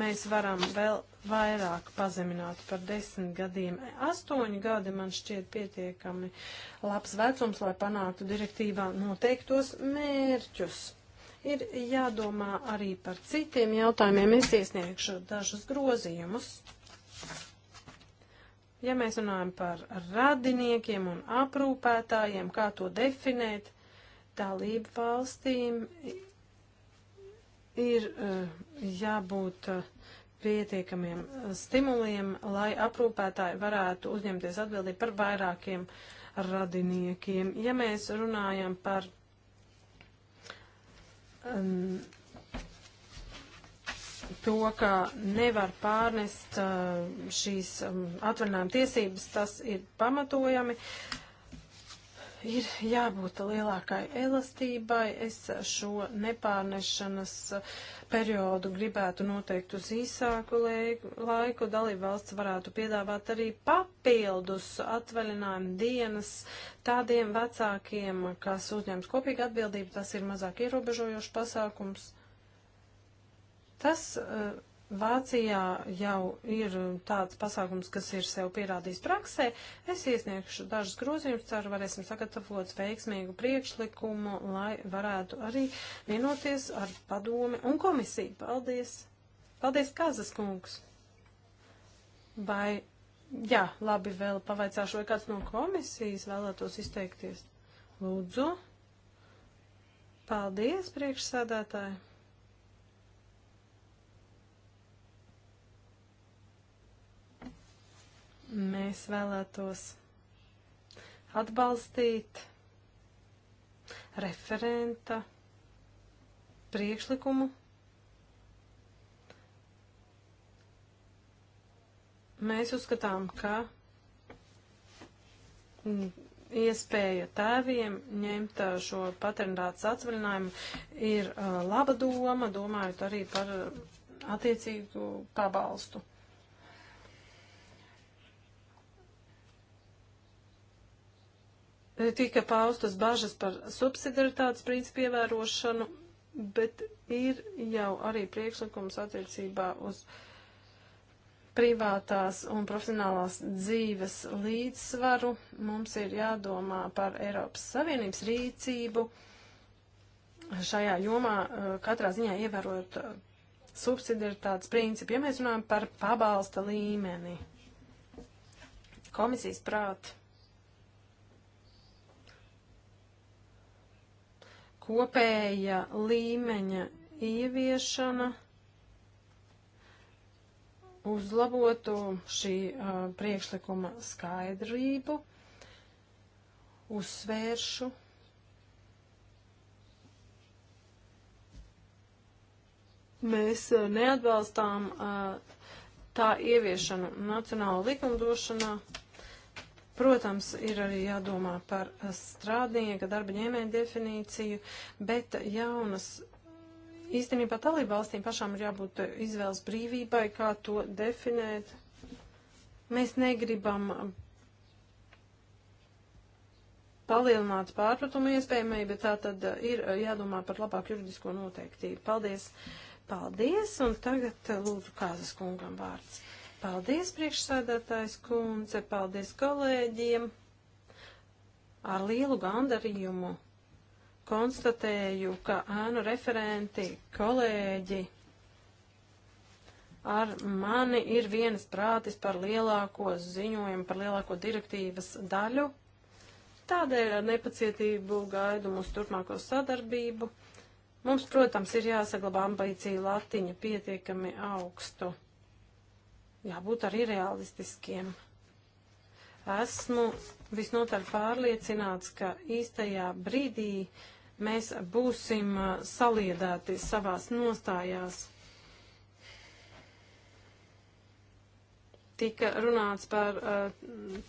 mēs varam vēl vairāk pazemināt par 10 gadiem. 8 gadi man šķiet pietiekami labs vecums, lai panāktu direktīvā noteiktos mērķus ir jādomā arī par citiem jautājumiem. Es iesniegšu dažus grozījumus. Ja mēs runājam par radiniekiem un aprūpētājiem, kā to definēt, dalību valstīm ir eh, jābūt eh, pietiekamiem stimuliem, lai aprūpētāji varētu uzņemties atbildību par vairākiem radiniekiem. Ja mēs runājam par um, to, ka nevar pārnest uh, šīs um, atvaļinājuma tiesības, tas ir pamatojami. Ir jābūt lielākai elastībai. Es šo nepārnešanas periodu gribētu noteikt uz īsāku laiku. Dalība valsts varētu piedāvāt arī papildus atvaļinājumu dienas tādiem vecākiem, kas uzņems kopīgu atbildību. Tas ir mazāk ierobežojošs pasākums. Tas uh, Vācijā jau ir tāds pasākums, kas ir sev pierādījis praksē. Es iesniegšu dažus grozījumus, ceru, varēsim sagatavot veiksmīgu priekšlikumu, lai varētu arī vienoties ar padomi un komisiju. Paldies! Paldies, Kazas kungs! Vai, jā, labi, vēl pavaicāšu, vai kāds no komisijas vēlētos izteikties? Lūdzu! Paldies, priekšsēdētāji! Mēs vēlētos atbalstīt referenta priekšlikumu. Mēs uzskatām, ka iespēja tēviem ņemt uh, šo paternitātes atvaļinājumu ir uh, laba doma, domājot arī par uh, attiecīgu pabalstu. tika paustas bažas par subsidiaritātes principu ievērošanu, bet ir jau arī priekšlikums attiecībā uz privātās un profesionālās dzīves līdzsvaru. Mums ir jādomā par Eiropas Savienības rīcību šajā jomā, eh, katrā ziņā ievērot eh, subsidiaritātes principu, ja mēs runājam par pabalsta līmeni. Komisijas prāta kopēja līmeņa ieviešana uzlabotu šī uh, priekšlikuma skaidrību, uzsvēršu. Mēs uh, neatbalstām uh, tā ieviešanu nacionāla likumdošanā. Protams, ir arī jādomā par eh, strādnieka darba ņēmēja definīciju, bet jaunas īstenībā dalība valstīm pašām ir jābūt eh, izvēles brīvībai, kā to definēt. Mēs negribam palielināt pārpratumu iespējamai, bet tā tad eh, ir jādomā par labāku juridisko noteiktību. Paldies! Paldies! Un tagad lūdzu Kāzas kungam vārds. Paldies, priekšsēdētājs kundze, paldies kolēģiem. Ar lielu gandarījumu konstatēju, ka ēnu referenti, kolēģi ar mani ir vienas prātis par lielāko ziņojumu, par lielāko direktīvas daļu. Tādēļ ar nepacietību gaidu mūsu turpmāko sadarbību. Mums, protams, ir jāsaglabā ambīcija latiņa pietiekami augstu jābūt arī realistiskiem. Esmu visnotaļ pārliecināts, ka īstajā brīdī mēs būsim uh, saliedēti savās nostājās. Tika runāts par uh,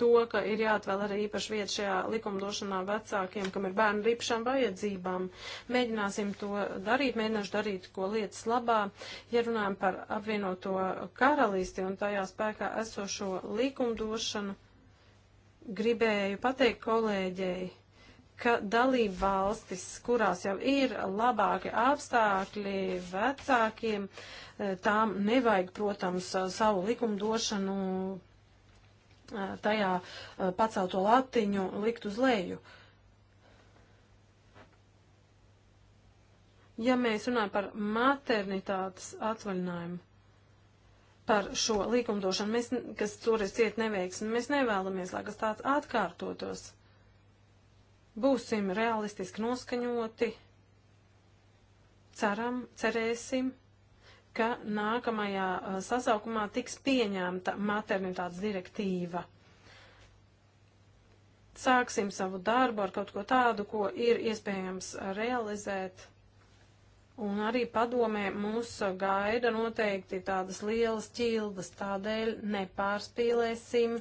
to, ka ir jāatvēl arī īpaši vieta šajā likumdošanā vecākiem, kam ir bērnu rīpšām vajadzībām. Mēģināsim to darīt, mēģināšu darīt, ko lietas labā. Ja runājam par apvienoto karalisti un tajā spēkā esošo likumdošanu, gribēju pateikt kolēģei, ka dalība valstis, kurās jau ir labāki apstākļi vecākiem, tām nevajag, protams, savu likumdošanu tajā pacelto latiņu likt uz leju. Ja mēs runājam par maternitātes atvaļinājumu, par šo likumdošanu, mēs, kas toreiz ciet neveiksmi, mēs nevēlamies, lai kas tāds atkārtotos. Būsim realistiski noskaņoti, ceram, cerēsim ka nākamajā uh, sasaukumā tiks pieņemta maternitātes direktīva. Sāksim savu darbu ar kaut ko tādu, ko ir iespējams realizēt. Un arī padomē mūs gaida noteikti tādas lielas ķildas, tādēļ nepārspīlēsim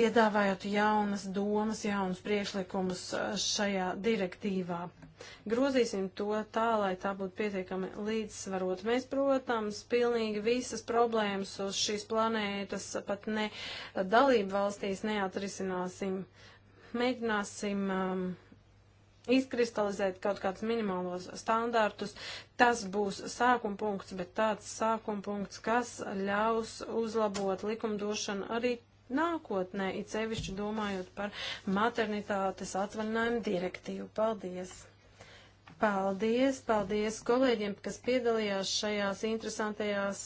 piedāvājot jaunas domas, jaunas priekšlikumus eh, šajā direktīvā. Grozīsim to tā, lai tā būtu pietiekami līdzsvarot. Mēs, protams, pilnīgi visas problēmas uz šīs planētas pat ne dalību valstīs neatrisināsim. Mēģināsim um, izkristalizēt kaut kādus minimālos standārtus. Tas būs sākuma punkts, bet tāds sākuma punkts, kas ļaus uzlabot likumdošanu arī nākotnē, it sevišķi domājot par maternitātes atvaļinājumu direktīvu. Paldies! Paldies, paldies kolēģiem, kas piedalījās šajās interesantajās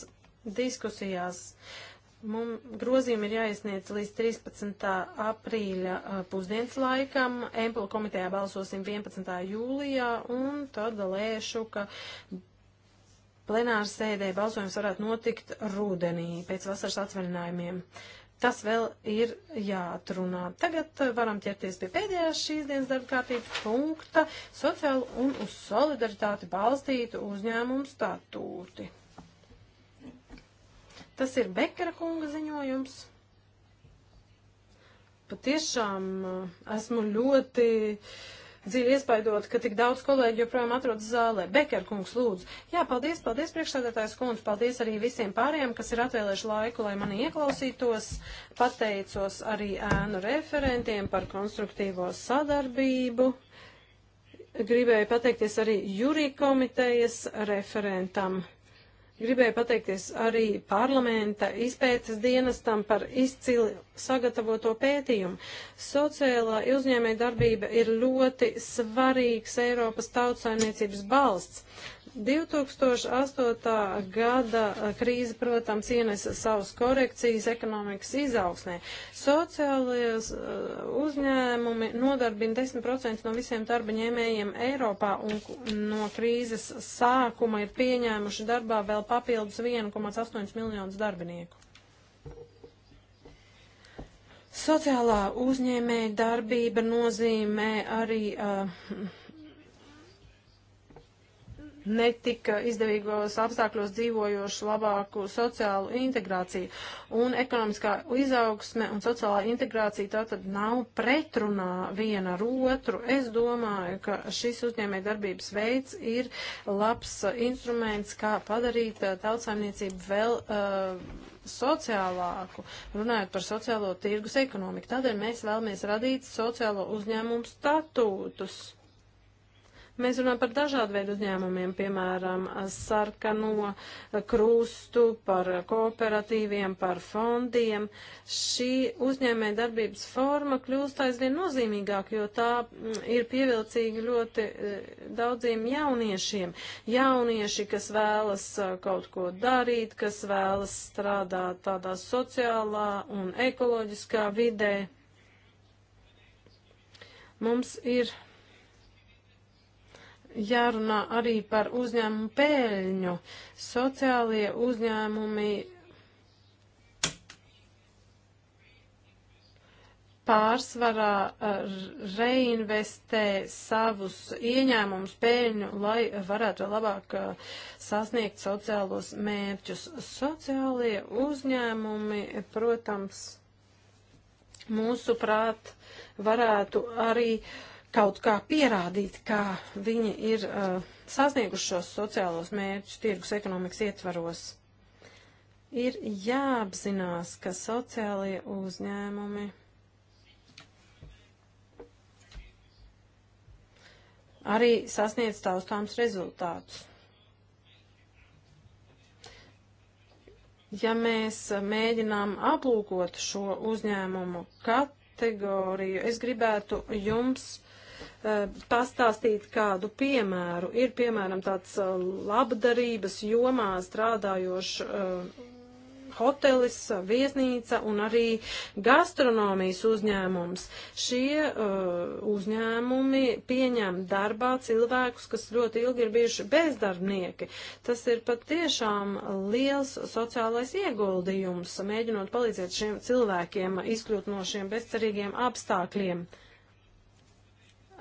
diskusijās. Mums grozījumi ir jāiesniedz līdz 13. aprīļa pusdienas laikam. Emplu komitejā balsosim 11. jūlijā un tad lēšu, ka plenāra sēdē balsojums varētu notikt rudenī pēc vasaras atvaļinājumiem. Tas vēl ir jāatrunā. Tagad uh, varam ķerties pie pēdējās šīs dienas darba kārtības punkta - sociālu un uz solidaritāti balstītu uzņēmumu statūti. Tas ir Bekara kunga ziņojums. Patiešām uh, esmu ļoti uh, dzīvi iespaidot, ka tik daudz kolēģi joprojām atrodas zālē. Beker kungs, lūdzu. Jā, paldies, paldies priekšstādātājs kungs, paldies arī visiem pārējiem, kas ir atvēlējuši laiku, lai mani ieklausītos. Pateicos arī ēnu referentiem par konstruktīvo sadarbību. Gribēju pateikties arī jūrī komitejas referentam. Gribēju pateikties arī parlamenta izpētes dienestam par izcili sagatavoto pētījumu. Sociālā uzņēmēja darbība ir ļoti svarīgs Eiropas tautsaimniecības balsts. 2008. gada krīze, protams, ienesa savus korekcijas ekonomikas izaugsmē. Sociālajās uh, uzņēmumi nodarbina 10% no visiem darba ņēmējiem Eiropā un no krīzes sākuma ir pieņēmuši darbā vēl papildus 1,8 miljonus darbinieku. Sociālā uzņēmēja darbība nozīmē arī uh, netika izdevīgos apstākļos dzīvojošu labāku sociālu integrāciju. Un ekonomiskā izaugsme un sociālā integrācija tātad nav pretrunā viena ar otru. Es domāju, ka šis uzņēmē darbības veids ir labs instruments, kā padarīt eh, tautsaimniecību vēl uh, sociālāku, runājot par sociālo tirgus ekonomiku. Tādēļ mēs vēlamies radīt sociālo uzņēmumu statūtus. Mēs runājam par dažādu veidu uzņēmumiem, piemēram, sarkano krustu, par kooperatīviem, par fondiem. Šī uzņēmē darbības forma kļūst aizvien nozīmīgāk, jo tā mm, ir pievilcīga ļoti eh, daudziem jauniešiem. Jaunieši, kas vēlas eh, kaut ko darīt, kas vēlas strādāt tādā sociālā un ekoloģiskā vidē mums ir jārunā arī par uzņēmumu pēļņu. Sociālie uzņēmumi pārsvarā reinvestē savus ieņēmumus pēļņu, lai varētu labāk sasniegt sociālos mērķus. Sociālie uzņēmumi, protams, mūsuprāt, varētu arī uh, kaut kā pierādīt, kā viņi ir uh, sasnieguši šos sociālos mērķus tirgus ekonomikas ietvaros. Ir jāapzinās, ka sociālie uzņēmumi arī sasniedz taustāms rezultātus. Ja mēs mēģinām aplūkot šo uzņēmumu kategoriju, es gribētu jums Eh, pastāstīt kādu piemēru. Ir, piemēram, tāds eh, labdarības jomā strādājošs eh, hotelis, viesnīca un arī gastronomijas uzņēmums. Šie uh, uzņēmumi pieņem darbā cilvēkus, kas ļoti ilgi ir bijuši bezdarbnieki. Tas ir pat tiešām liels sociālais ieguldījums, mēģinot palīdzēt šiem cilvēkiem izkļūt no šiem bezcerīgiem apstākļiem. Uh,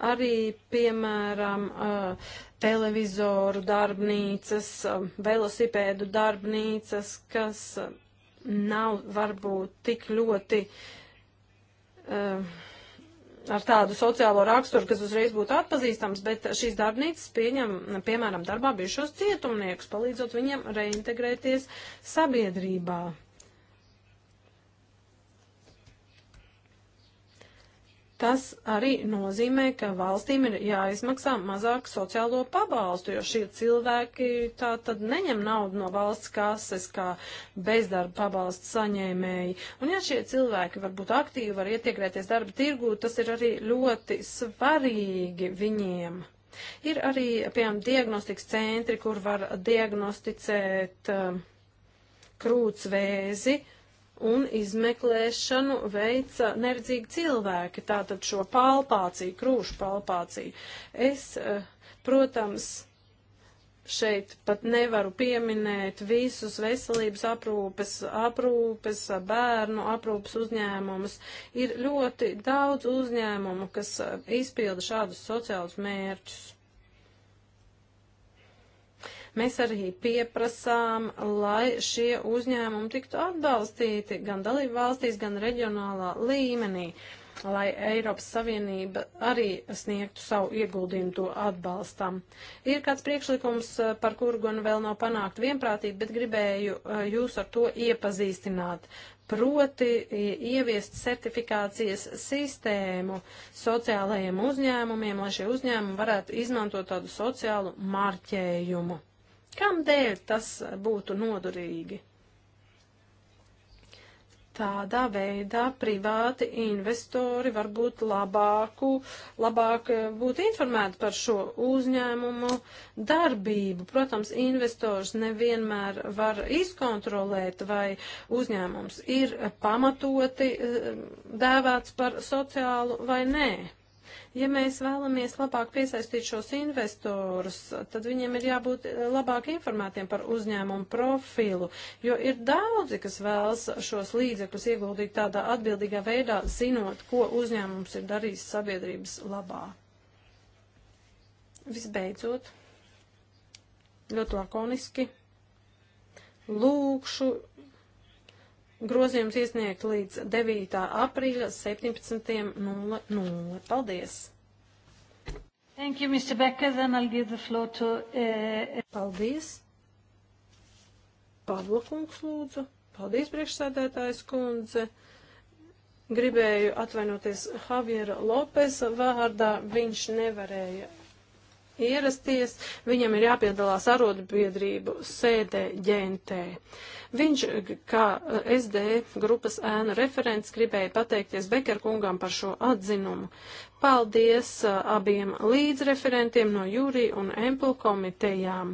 arī, piemēram, uh, televizoru darbnīcas, uh, velosipēdu darbnīcas, kas uh, nav varbūt tik ļoti ar tādu sociālo raksturu, kas uzreiz būtu atpazīstams, bet šīs darbnīcas pieņem, piemēram, darbā bijušos cietumniekus, palīdzot viņiem reintegrēties sabiedrībā. Tas arī nozīmē, ka valstīm ir jāizmaksā mazāk sociālo pabalstu, jo šie cilvēki tā tad neņem naudu no valsts kases kā bezdarba pabalstu saņēmēji. Un ja šie cilvēki var būt aktīvi, var ietiegrēties darba tirgū, tas ir arī ļoti svarīgi viņiem. Ir arī, piemēram, diagnostikas centri, kur var diagnosticēt uh, krūtsvēzi, un izmeklēšanu veica neredzīgi cilvēki, tātad šo palpāciju, krūšu palpāciju. Es, eh, protams, šeit pat nevaru pieminēt visus veselības aprūpes, aprūpes, bērnu aprūpes uzņēmumus. Ir ļoti daudz uzņēmumu, kas eh, izpilda šādus sociālus mērķus. Mēs arī pieprasām, lai šie uzņēmumi tiktu atbalstīti gan dalību valstīs, gan reģionālā līmenī, lai Eiropas Savienība arī sniegtu savu ieguldījumu to atbalstam. Ir kāds priekšlikums, par kuru gan vēl nav panākt vienprātība, bet gribēju eh, jūs ar to iepazīstināt proti ieviest certifikācijas sistēmu sociālajiem uzņēmumiem, lai šie uzņēmumi varētu izmantot tādu sociālu marķējumu. Kādēļ tas būtu noderīgi? Tādā veidā privāti investori var būt labāku, labāk eh, būt informēti par šo uzņēmumu darbību. Protams, investors nevienmēr var izkontrolēt, vai uzņēmums ir pamatoti eh, dēvēts par sociālu vai nē. Ja mēs vēlamies labāk piesaistīt šos investorus, tad viņiem ir jābūt eh, labāk informētiem par uzņēmumu profilu, jo ir daudzi, kas vēlas šos līdzekļus ieguldīt tādā atbildīgā veidā, zinot, ko uzņēmums ir darījis sabiedrības labā. Visbeidzot, ļoti lakoniski lūkšu Grozījums iesniegt līdz 9. aprīļa 17.00. Paldies! Thank you, Mr. Becker. Then I'll give the floor to... Uh, Paldies! Pavla kungs lūdzu. Paldies, priekšsēdētājs kundze. Gribēju atvainoties Javiera Lopesa vārdā. Viņš nevarēja ierasties, viņam ir jāpiedalās arotbiedrību sēdē ģentē. Viņš, kā SD grupas ēnu referents, gribēja pateikties Bekar kungam par šo atzinumu. Paldies uh, abiem līdzreferentiem no jūrī un emplu komitejām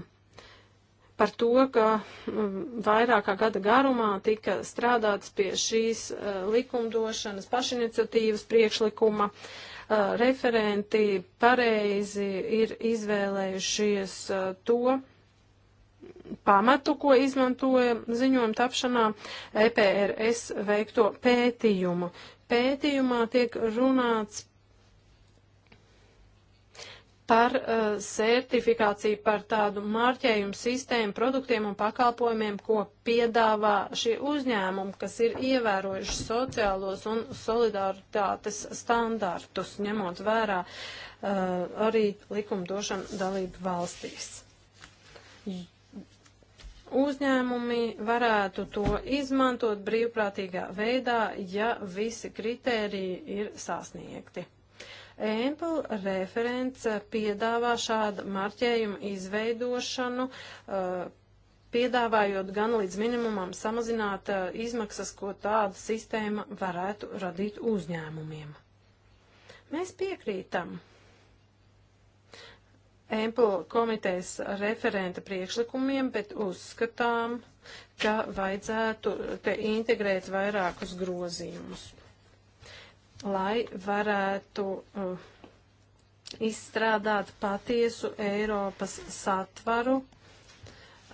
par to, ka mm, vairākā gada garumā tika strādāts pie šīs uh, likumdošanas pašiniciatīvas priekšlikuma. Uh, uh, referenti pareizi ir izvēlējušies uh, to pamatu, ko izmantoja ziņojuma tapšanā EPRS veikto pētījumu. Pētījumā tiek runāts par uh, sertifikāciju, par tādu marķējumu sistēmu produktiem un pakalpojumiem, ko piedāvā šie uzņēmumi, kas ir ievērojuši sociālos un solidaritātes standartus, ņemot vērā uh, arī likumdošanu dalību valstīs. Uzņēmumi varētu to izmantot brīvprātīgā veidā, ja visi kritēriji ir sasniegti. Empel referents eh, piedāvā šādu marķējumu izveidošanu, eh, piedāvājot gan līdz minimumam samazināt eh, izmaksas, ko tāda sistēma varētu radīt uzņēmumiem. Mēs piekrītam. Empel komitejas referenta priekšlikumiem, bet uzskatām, ka vajadzētu te integrēt vairākus grozījumus lai varētu uh, izstrādāt patiesu Eiropas satvaru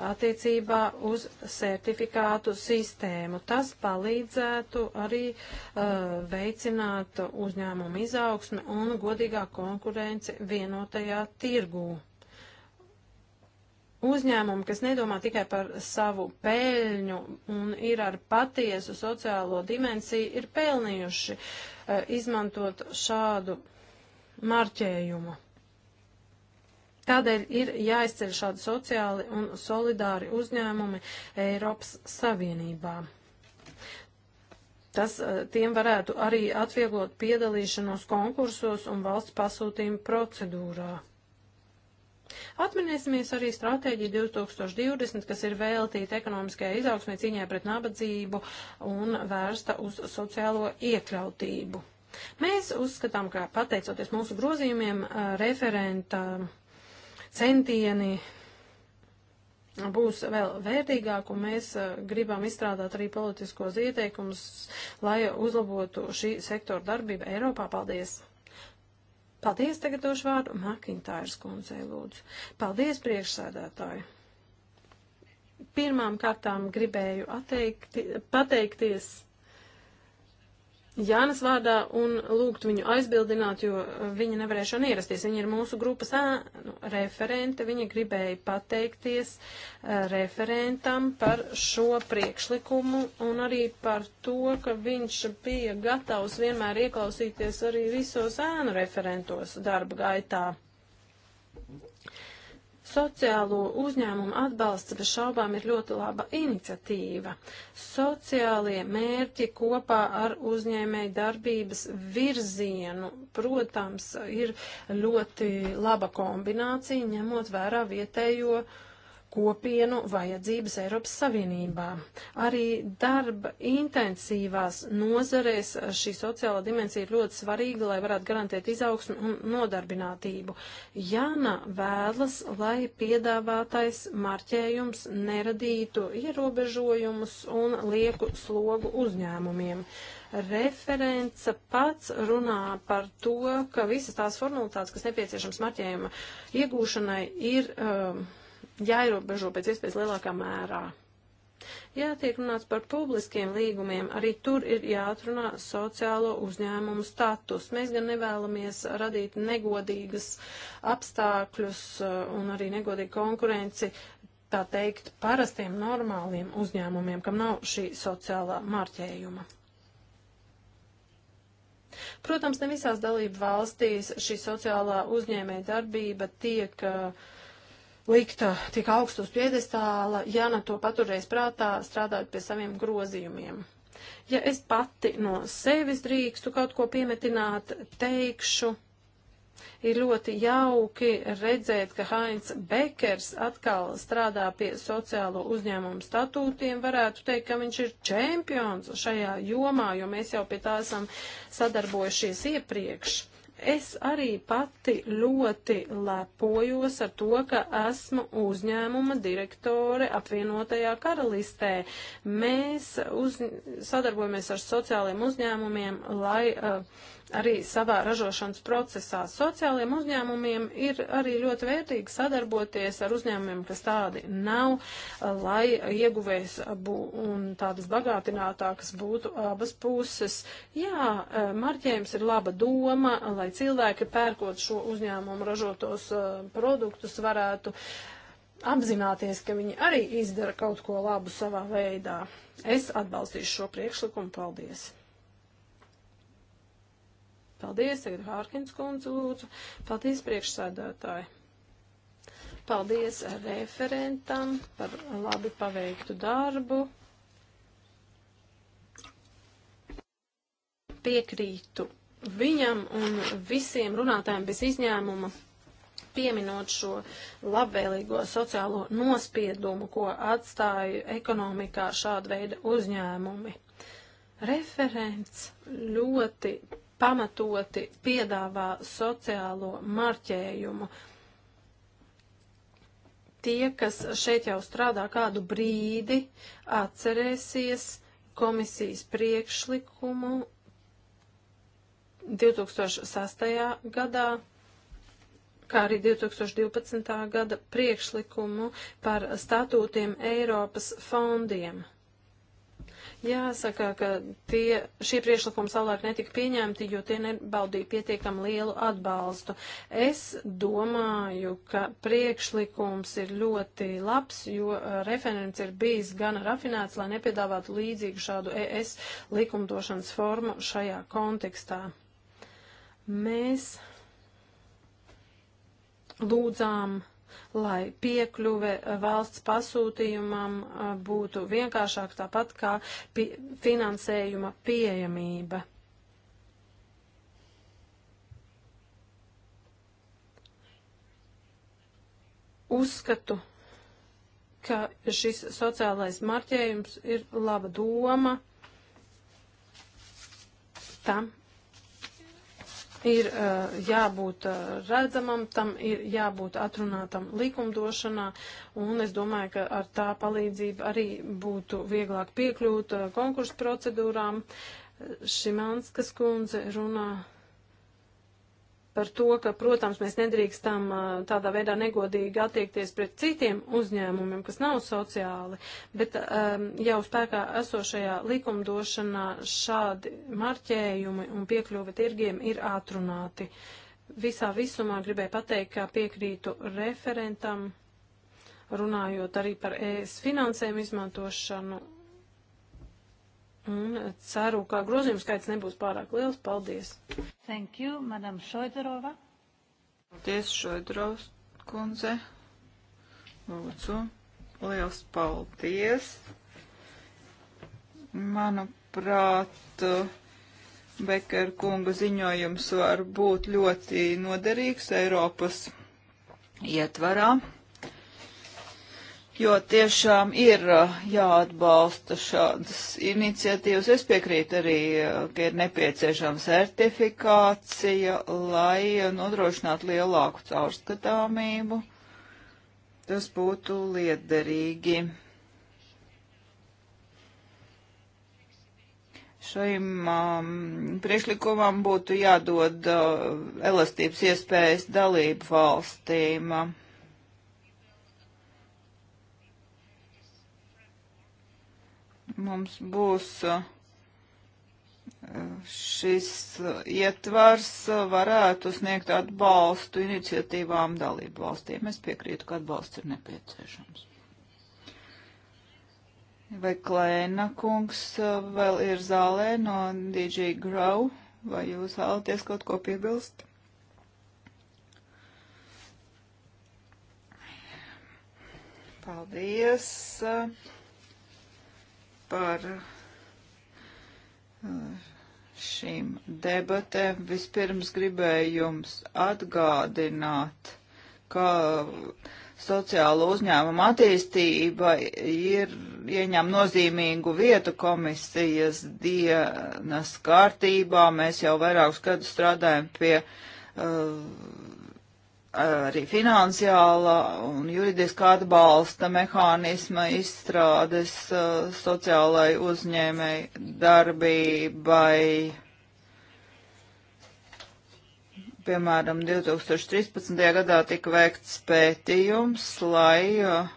attiecībā uz sertifikātu sistēmu. Tas palīdzētu arī uh, veicināt uzņēmumu izaugsmi un godīgā konkurence vienotajā tirgū uzņēmumi, kas nedomā tikai par savu peļņu un ir ar patiesu sociālo dimensiju, ir pelnījuši Eh, izmantot šādu marķējumu. Tādēļ ir jāizceļ šādi sociāli un solidāri uzņēmumi Eiropas Savienībā. Tas eh, tiem varētu arī atvieglot piedalīšanos konkursos un valsts pasūtījuma procedūrā. Atminēsimies arī stratēģiju 2020, kas ir vēltīta ekonomiskajai izaugsmē cīņā pret nabadzību un vērsta uz sociālo iekļautību. Mēs uzskatām, ka pateicoties mūsu grozījumiem, referenta centieni būs vēl vērtīgāk, un mēs gribam izstrādāt arī politiskos ieteikumus, lai uzlabotu šī sektora darbību Eiropā. Paldies! Paldies, tagad došu vārdu Makintājas kundzei, lūdzu. Paldies, priekšsēdētāji. Pirmām kārtām gribēju atteikt, pateikties Jānis vārdā un lūgt viņu aizbildināt, jo uh, viņa nevarēšana ierasties. Viņa ir mūsu grupas ēnu referente. Viņa gribēja pateikties uh, referentam par šo priekšlikumu un arī par to, ka viņš bija gatavs vienmēr ieklausīties arī visos ēnu referentos darba gaitā. Sociālo uzņēmumu atbalsts bez šaubām ir ļoti laba iniciatīva. Sociālie mērķi kopā ar uzņēmēju darbības virzienu, protams, ir ļoti laba kombinācija, ņemot vērā vietējo uh, kopienu vajadzības Eiropas Savienībā. Arī darba intensīvās nozarēs šī sociāla dimensija ir ļoti svarīga, lai varētu garantēt izaugsmu un nodarbinātību. Jāna vēlas, lai piedāvātais marķējums neradītu ierobežojumus un lieku slogu uzņēmumiem referents pats runā par to, ka visas tās formulācijas, kas nepieciešams marķējuma iegūšanai, ir uh, um, jāierobežo pēc iespējas lielākā mērā. Jā, tiek runāts par publiskiem līgumiem, arī tur ir jāatrunā sociālo uzņēmumu status. Mēs gan nevēlamies radīt negodīgas apstākļus uh, un arī negodīgu konkurenci, tā teikt, parastiem normāliem uzņēmumiem, kam nav šī sociālā marķējuma. Protams, ne visās dalību valstīs šī sociālā uzņēmēja darbība tiek uh, likta tik augstu uz piedestāla, ja ne to paturēs prātā, strādājot pie saviem grozījumiem. Ja es pati no sevis drīkstu kaut ko piemetināt, teikšu, ir ļoti jauki redzēt, ka Hainz Bekers atkal strādā pie sociālo uzņēmumu statūtiem. Varētu teikt, ka viņš ir čempions šajā jomā, jo mēs jau pie tā esam sadarbojušies iepriekš. Es arī pati ļoti lepojos ar to, ka esmu uzņēmuma direktore apvienotajā karalistē. Mēs uz, sadarbojamies ar sociāliem uzņēmumiem, lai uh, arī savā ražošanas procesā. Sociāliem uzņēmumiem ir arī ļoti vērtīgi sadarboties ar uzņēmumiem, kas tādi nav, lai ieguvējs un tādas bagātinātākas būtu abas puses. Jā, e, marķējums ir laba doma, lai cilvēki pērkot šo uzņēmumu ražotos e, produktus varētu apzināties, ka viņi arī izdara kaut ko labu savā veidā. Es atbalstīšu šo priekšlikumu. Paldies! Paldies, tagad Hārkins kundze lūdzu. Paldies, priekšsēdētāji. Paldies referentam par labi paveiktu darbu. Piekrītu viņam un visiem runātājiem bez izņēmuma pieminot šo labvēlīgo sociālo nospiedumu, ko atstāja ekonomikā šāda veida uzņēmumi. Referents ļoti pamatoti piedāvā sociālo marķējumu. Tie, kas šeit jau strādā kādu brīdi, atcerēsies komisijas priekšlikumu 2008. gadā kā arī 2012. gada priekšlikumu par statūtiem Eiropas fondiem. Jāsaka, ka tie, šie priešlikumi savulaik netika pieņemti, jo tie nebaudīja pietiekam lielu atbalstu. Es domāju, ka priekšlikums ir ļoti labs, jo referents ir bijis gana rafinēts, lai nepiedāvātu līdzīgu šādu ES likumdošanas formu šajā kontekstā. Mēs lūdzām lai piekļuve valsts pasūtījumam būtu vienkāršāk, tāpat kā pi finansējuma pieejamība. Uzskatu, ka šis sociālais marķējums ir laba doma tam, ir uh, jābūt uh, redzamam, tam ir jābūt atrunātam likumdošanā, un es domāju, ka ar tā palīdzību arī būtu vieglāk piekļūt uh, konkursu procedūrām. Šimanskas kundze runā par to, ka, protams, mēs nedrīkstam tādā veidā negodīgi attiekties pret citiem uzņēmumiem, kas nav sociāli, bet um, jau spēkā esošajā likumdošanā šādi marķējumi un piekļuve tirgiem ir atrunāti. Visā visumā gribēju pateikt, ka piekrītu referentam, runājot arī par ES finansēm izmantošanu Un ceru, ka grozījums skaits nebūs pārāk liels. Paldies! Thank you, Madam Šoidrova. Paldies, Šoidrovs kundze. Lūdzu, liels paldies. Manuprāt, Bekera kunga ziņojums var būt ļoti noderīgs Eiropas ietvarā jo tiešām ir uh, jāatbalsta šādas iniciatīvas. Es piekrītu arī, uh, ka ir nepieciešama certifikācija, lai uh, nodrošinātu lielāku caurskatāmību. Tas būtu liederīgi. Šajam um, priekšlikumam būtu jādod uh, elastības iespējas dalību valstīm. Uh, mums būs eh, šis ietvars, varētu sniegt atbalstu iniciatīvām dalību valstīm. Es piekrītu, ka atbalsts ir nepieciešams. Vai Klēna kungs vēl ir zālē no DJ Grow? Vai jūs vēlaties kaut ko piebilst? Paldies! Uh, par uh, šīm debatēm. Vispirms gribēju jums atgādināt, ka sociāla uzņēmuma attīstība ir ieņem nozīmīgu vietu komisijas dienas kārtībā. Mēs jau vairākus gadus strādājam pie uh, arī finansiāla un juridiska atbalsta mehānisma izstrādes uh, sociālai uzņēmēji darbībai. Piemēram, 2013. gadā tika veikts pētījums, lai uh,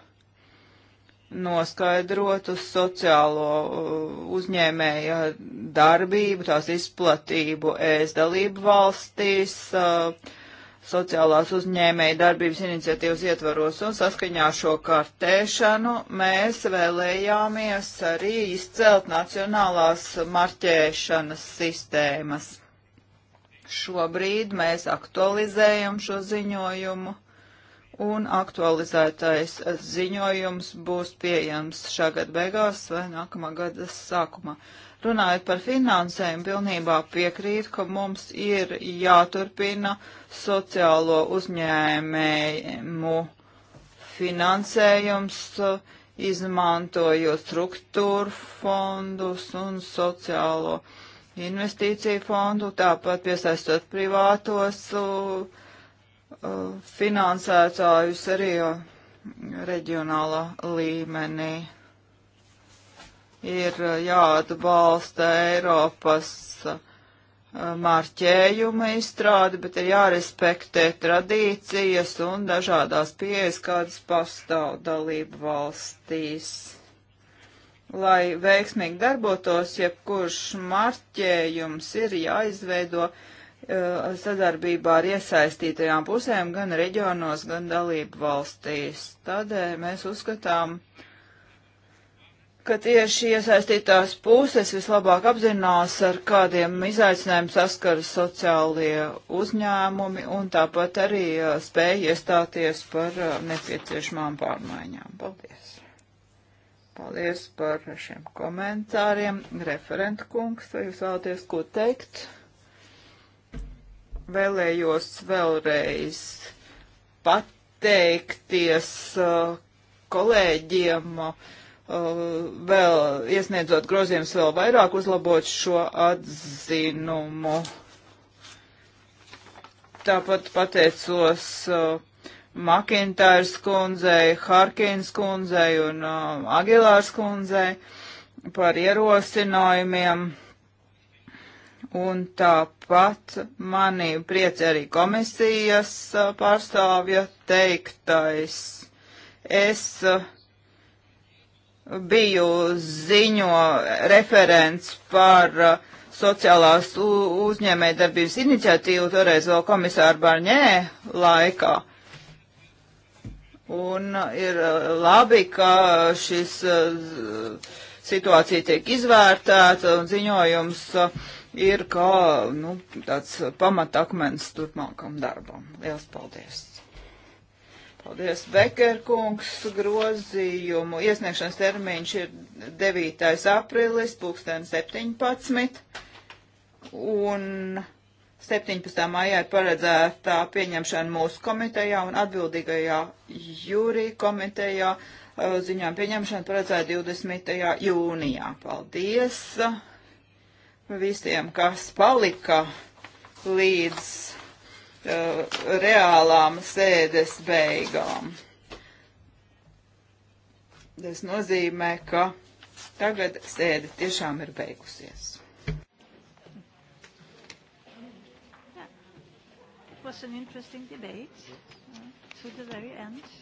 noskaidrotu sociālo uh, uzņēmēja darbību, tās izplatību ēst dalību valstīs. Uh, sociālās uzņēmēja darbības iniciatīvas ietvaros un saskaņā šo kartēšanu mēs vēlējāmies arī izcelt nacionālās marķēšanas sistēmas. Šobrīd mēs aktualizējam šo ziņojumu un aktualizētais ziņojums būs pieejams šā gada beigās vai nākamā gada sākumā. Runājot par finansējumu, pilnībā piekrīt, ka mums ir jāturpina uh, sociālo uzņēmējumu finansējums, izmantojot struktūru fondus un sociālo investīciju fondu, tāpat piesaistot privātos uh, finansētājus arī reģionālā līmenī. Ir jāatbalsta Eiropas uh, marķējuma izstrādi, bet ir jārespektē tradīcijas un dažādās pieejas, kādas pastāv dalību valstīs. Lai veiksmīgi darbotos, jebkurš marķējums ir jāizveido uh, sadarbībā ar iesaistītajām pusēm gan reģionos, gan dalību valstīs. Tādēļ mēs uzskatām, uh, ka tieši iesaistītās puses vislabāk apzinās, ar kādiem izaicinājumiem saskaras sociālie uzņēmumi un tāpat arī spēja iestāties par nepieciešamām pārmaiņām. Paldies! Paldies par šiem komentāriem. Referenta kungs, vai jūs vēlaties ko teikt? Vēlējos vēlreiz pateikties kolēģiem. Uh, Uh, vēl iesniedzot grozījums vēl vairāk uzlabot šo atzinumu. Tāpat pateicos uh, Makintārs kundzei, Harkins kundzei un uh, Agilārs kundzei par ierosinājumiem. Un tāpat mani priec arī komisijas uh, pārstāvja teiktais. Es uh, biju ziņo referents par uh, sociālās uzņēmējdarbības iniciatīvu, toreiz vēl komisāra Barņē laikā. Un uh, ir uh, labi, ka šis situācija tiek izvērtēta un ziņojums ir kā nu, tāds pamatakmens turpmākam darbam. Lielas paldies! Paldies, Bekerkungs, grozījumu. Iesniegšanas termiņš ir 9. aprīlis, pulksten 17. Un 17. maijā ir paredzēta pieņemšana mūsu komitejā un atbildīgajā jūrī komitejā uh, ziņām pieņemšana paredzēta 20. jūnijā. Paldies visiem, kas palika līdz Uh, reālām sēdes beigām. Tas nozīmē, ka tagad sēde tiešām ir beigusies. It was an interesting debate uh, to the very end.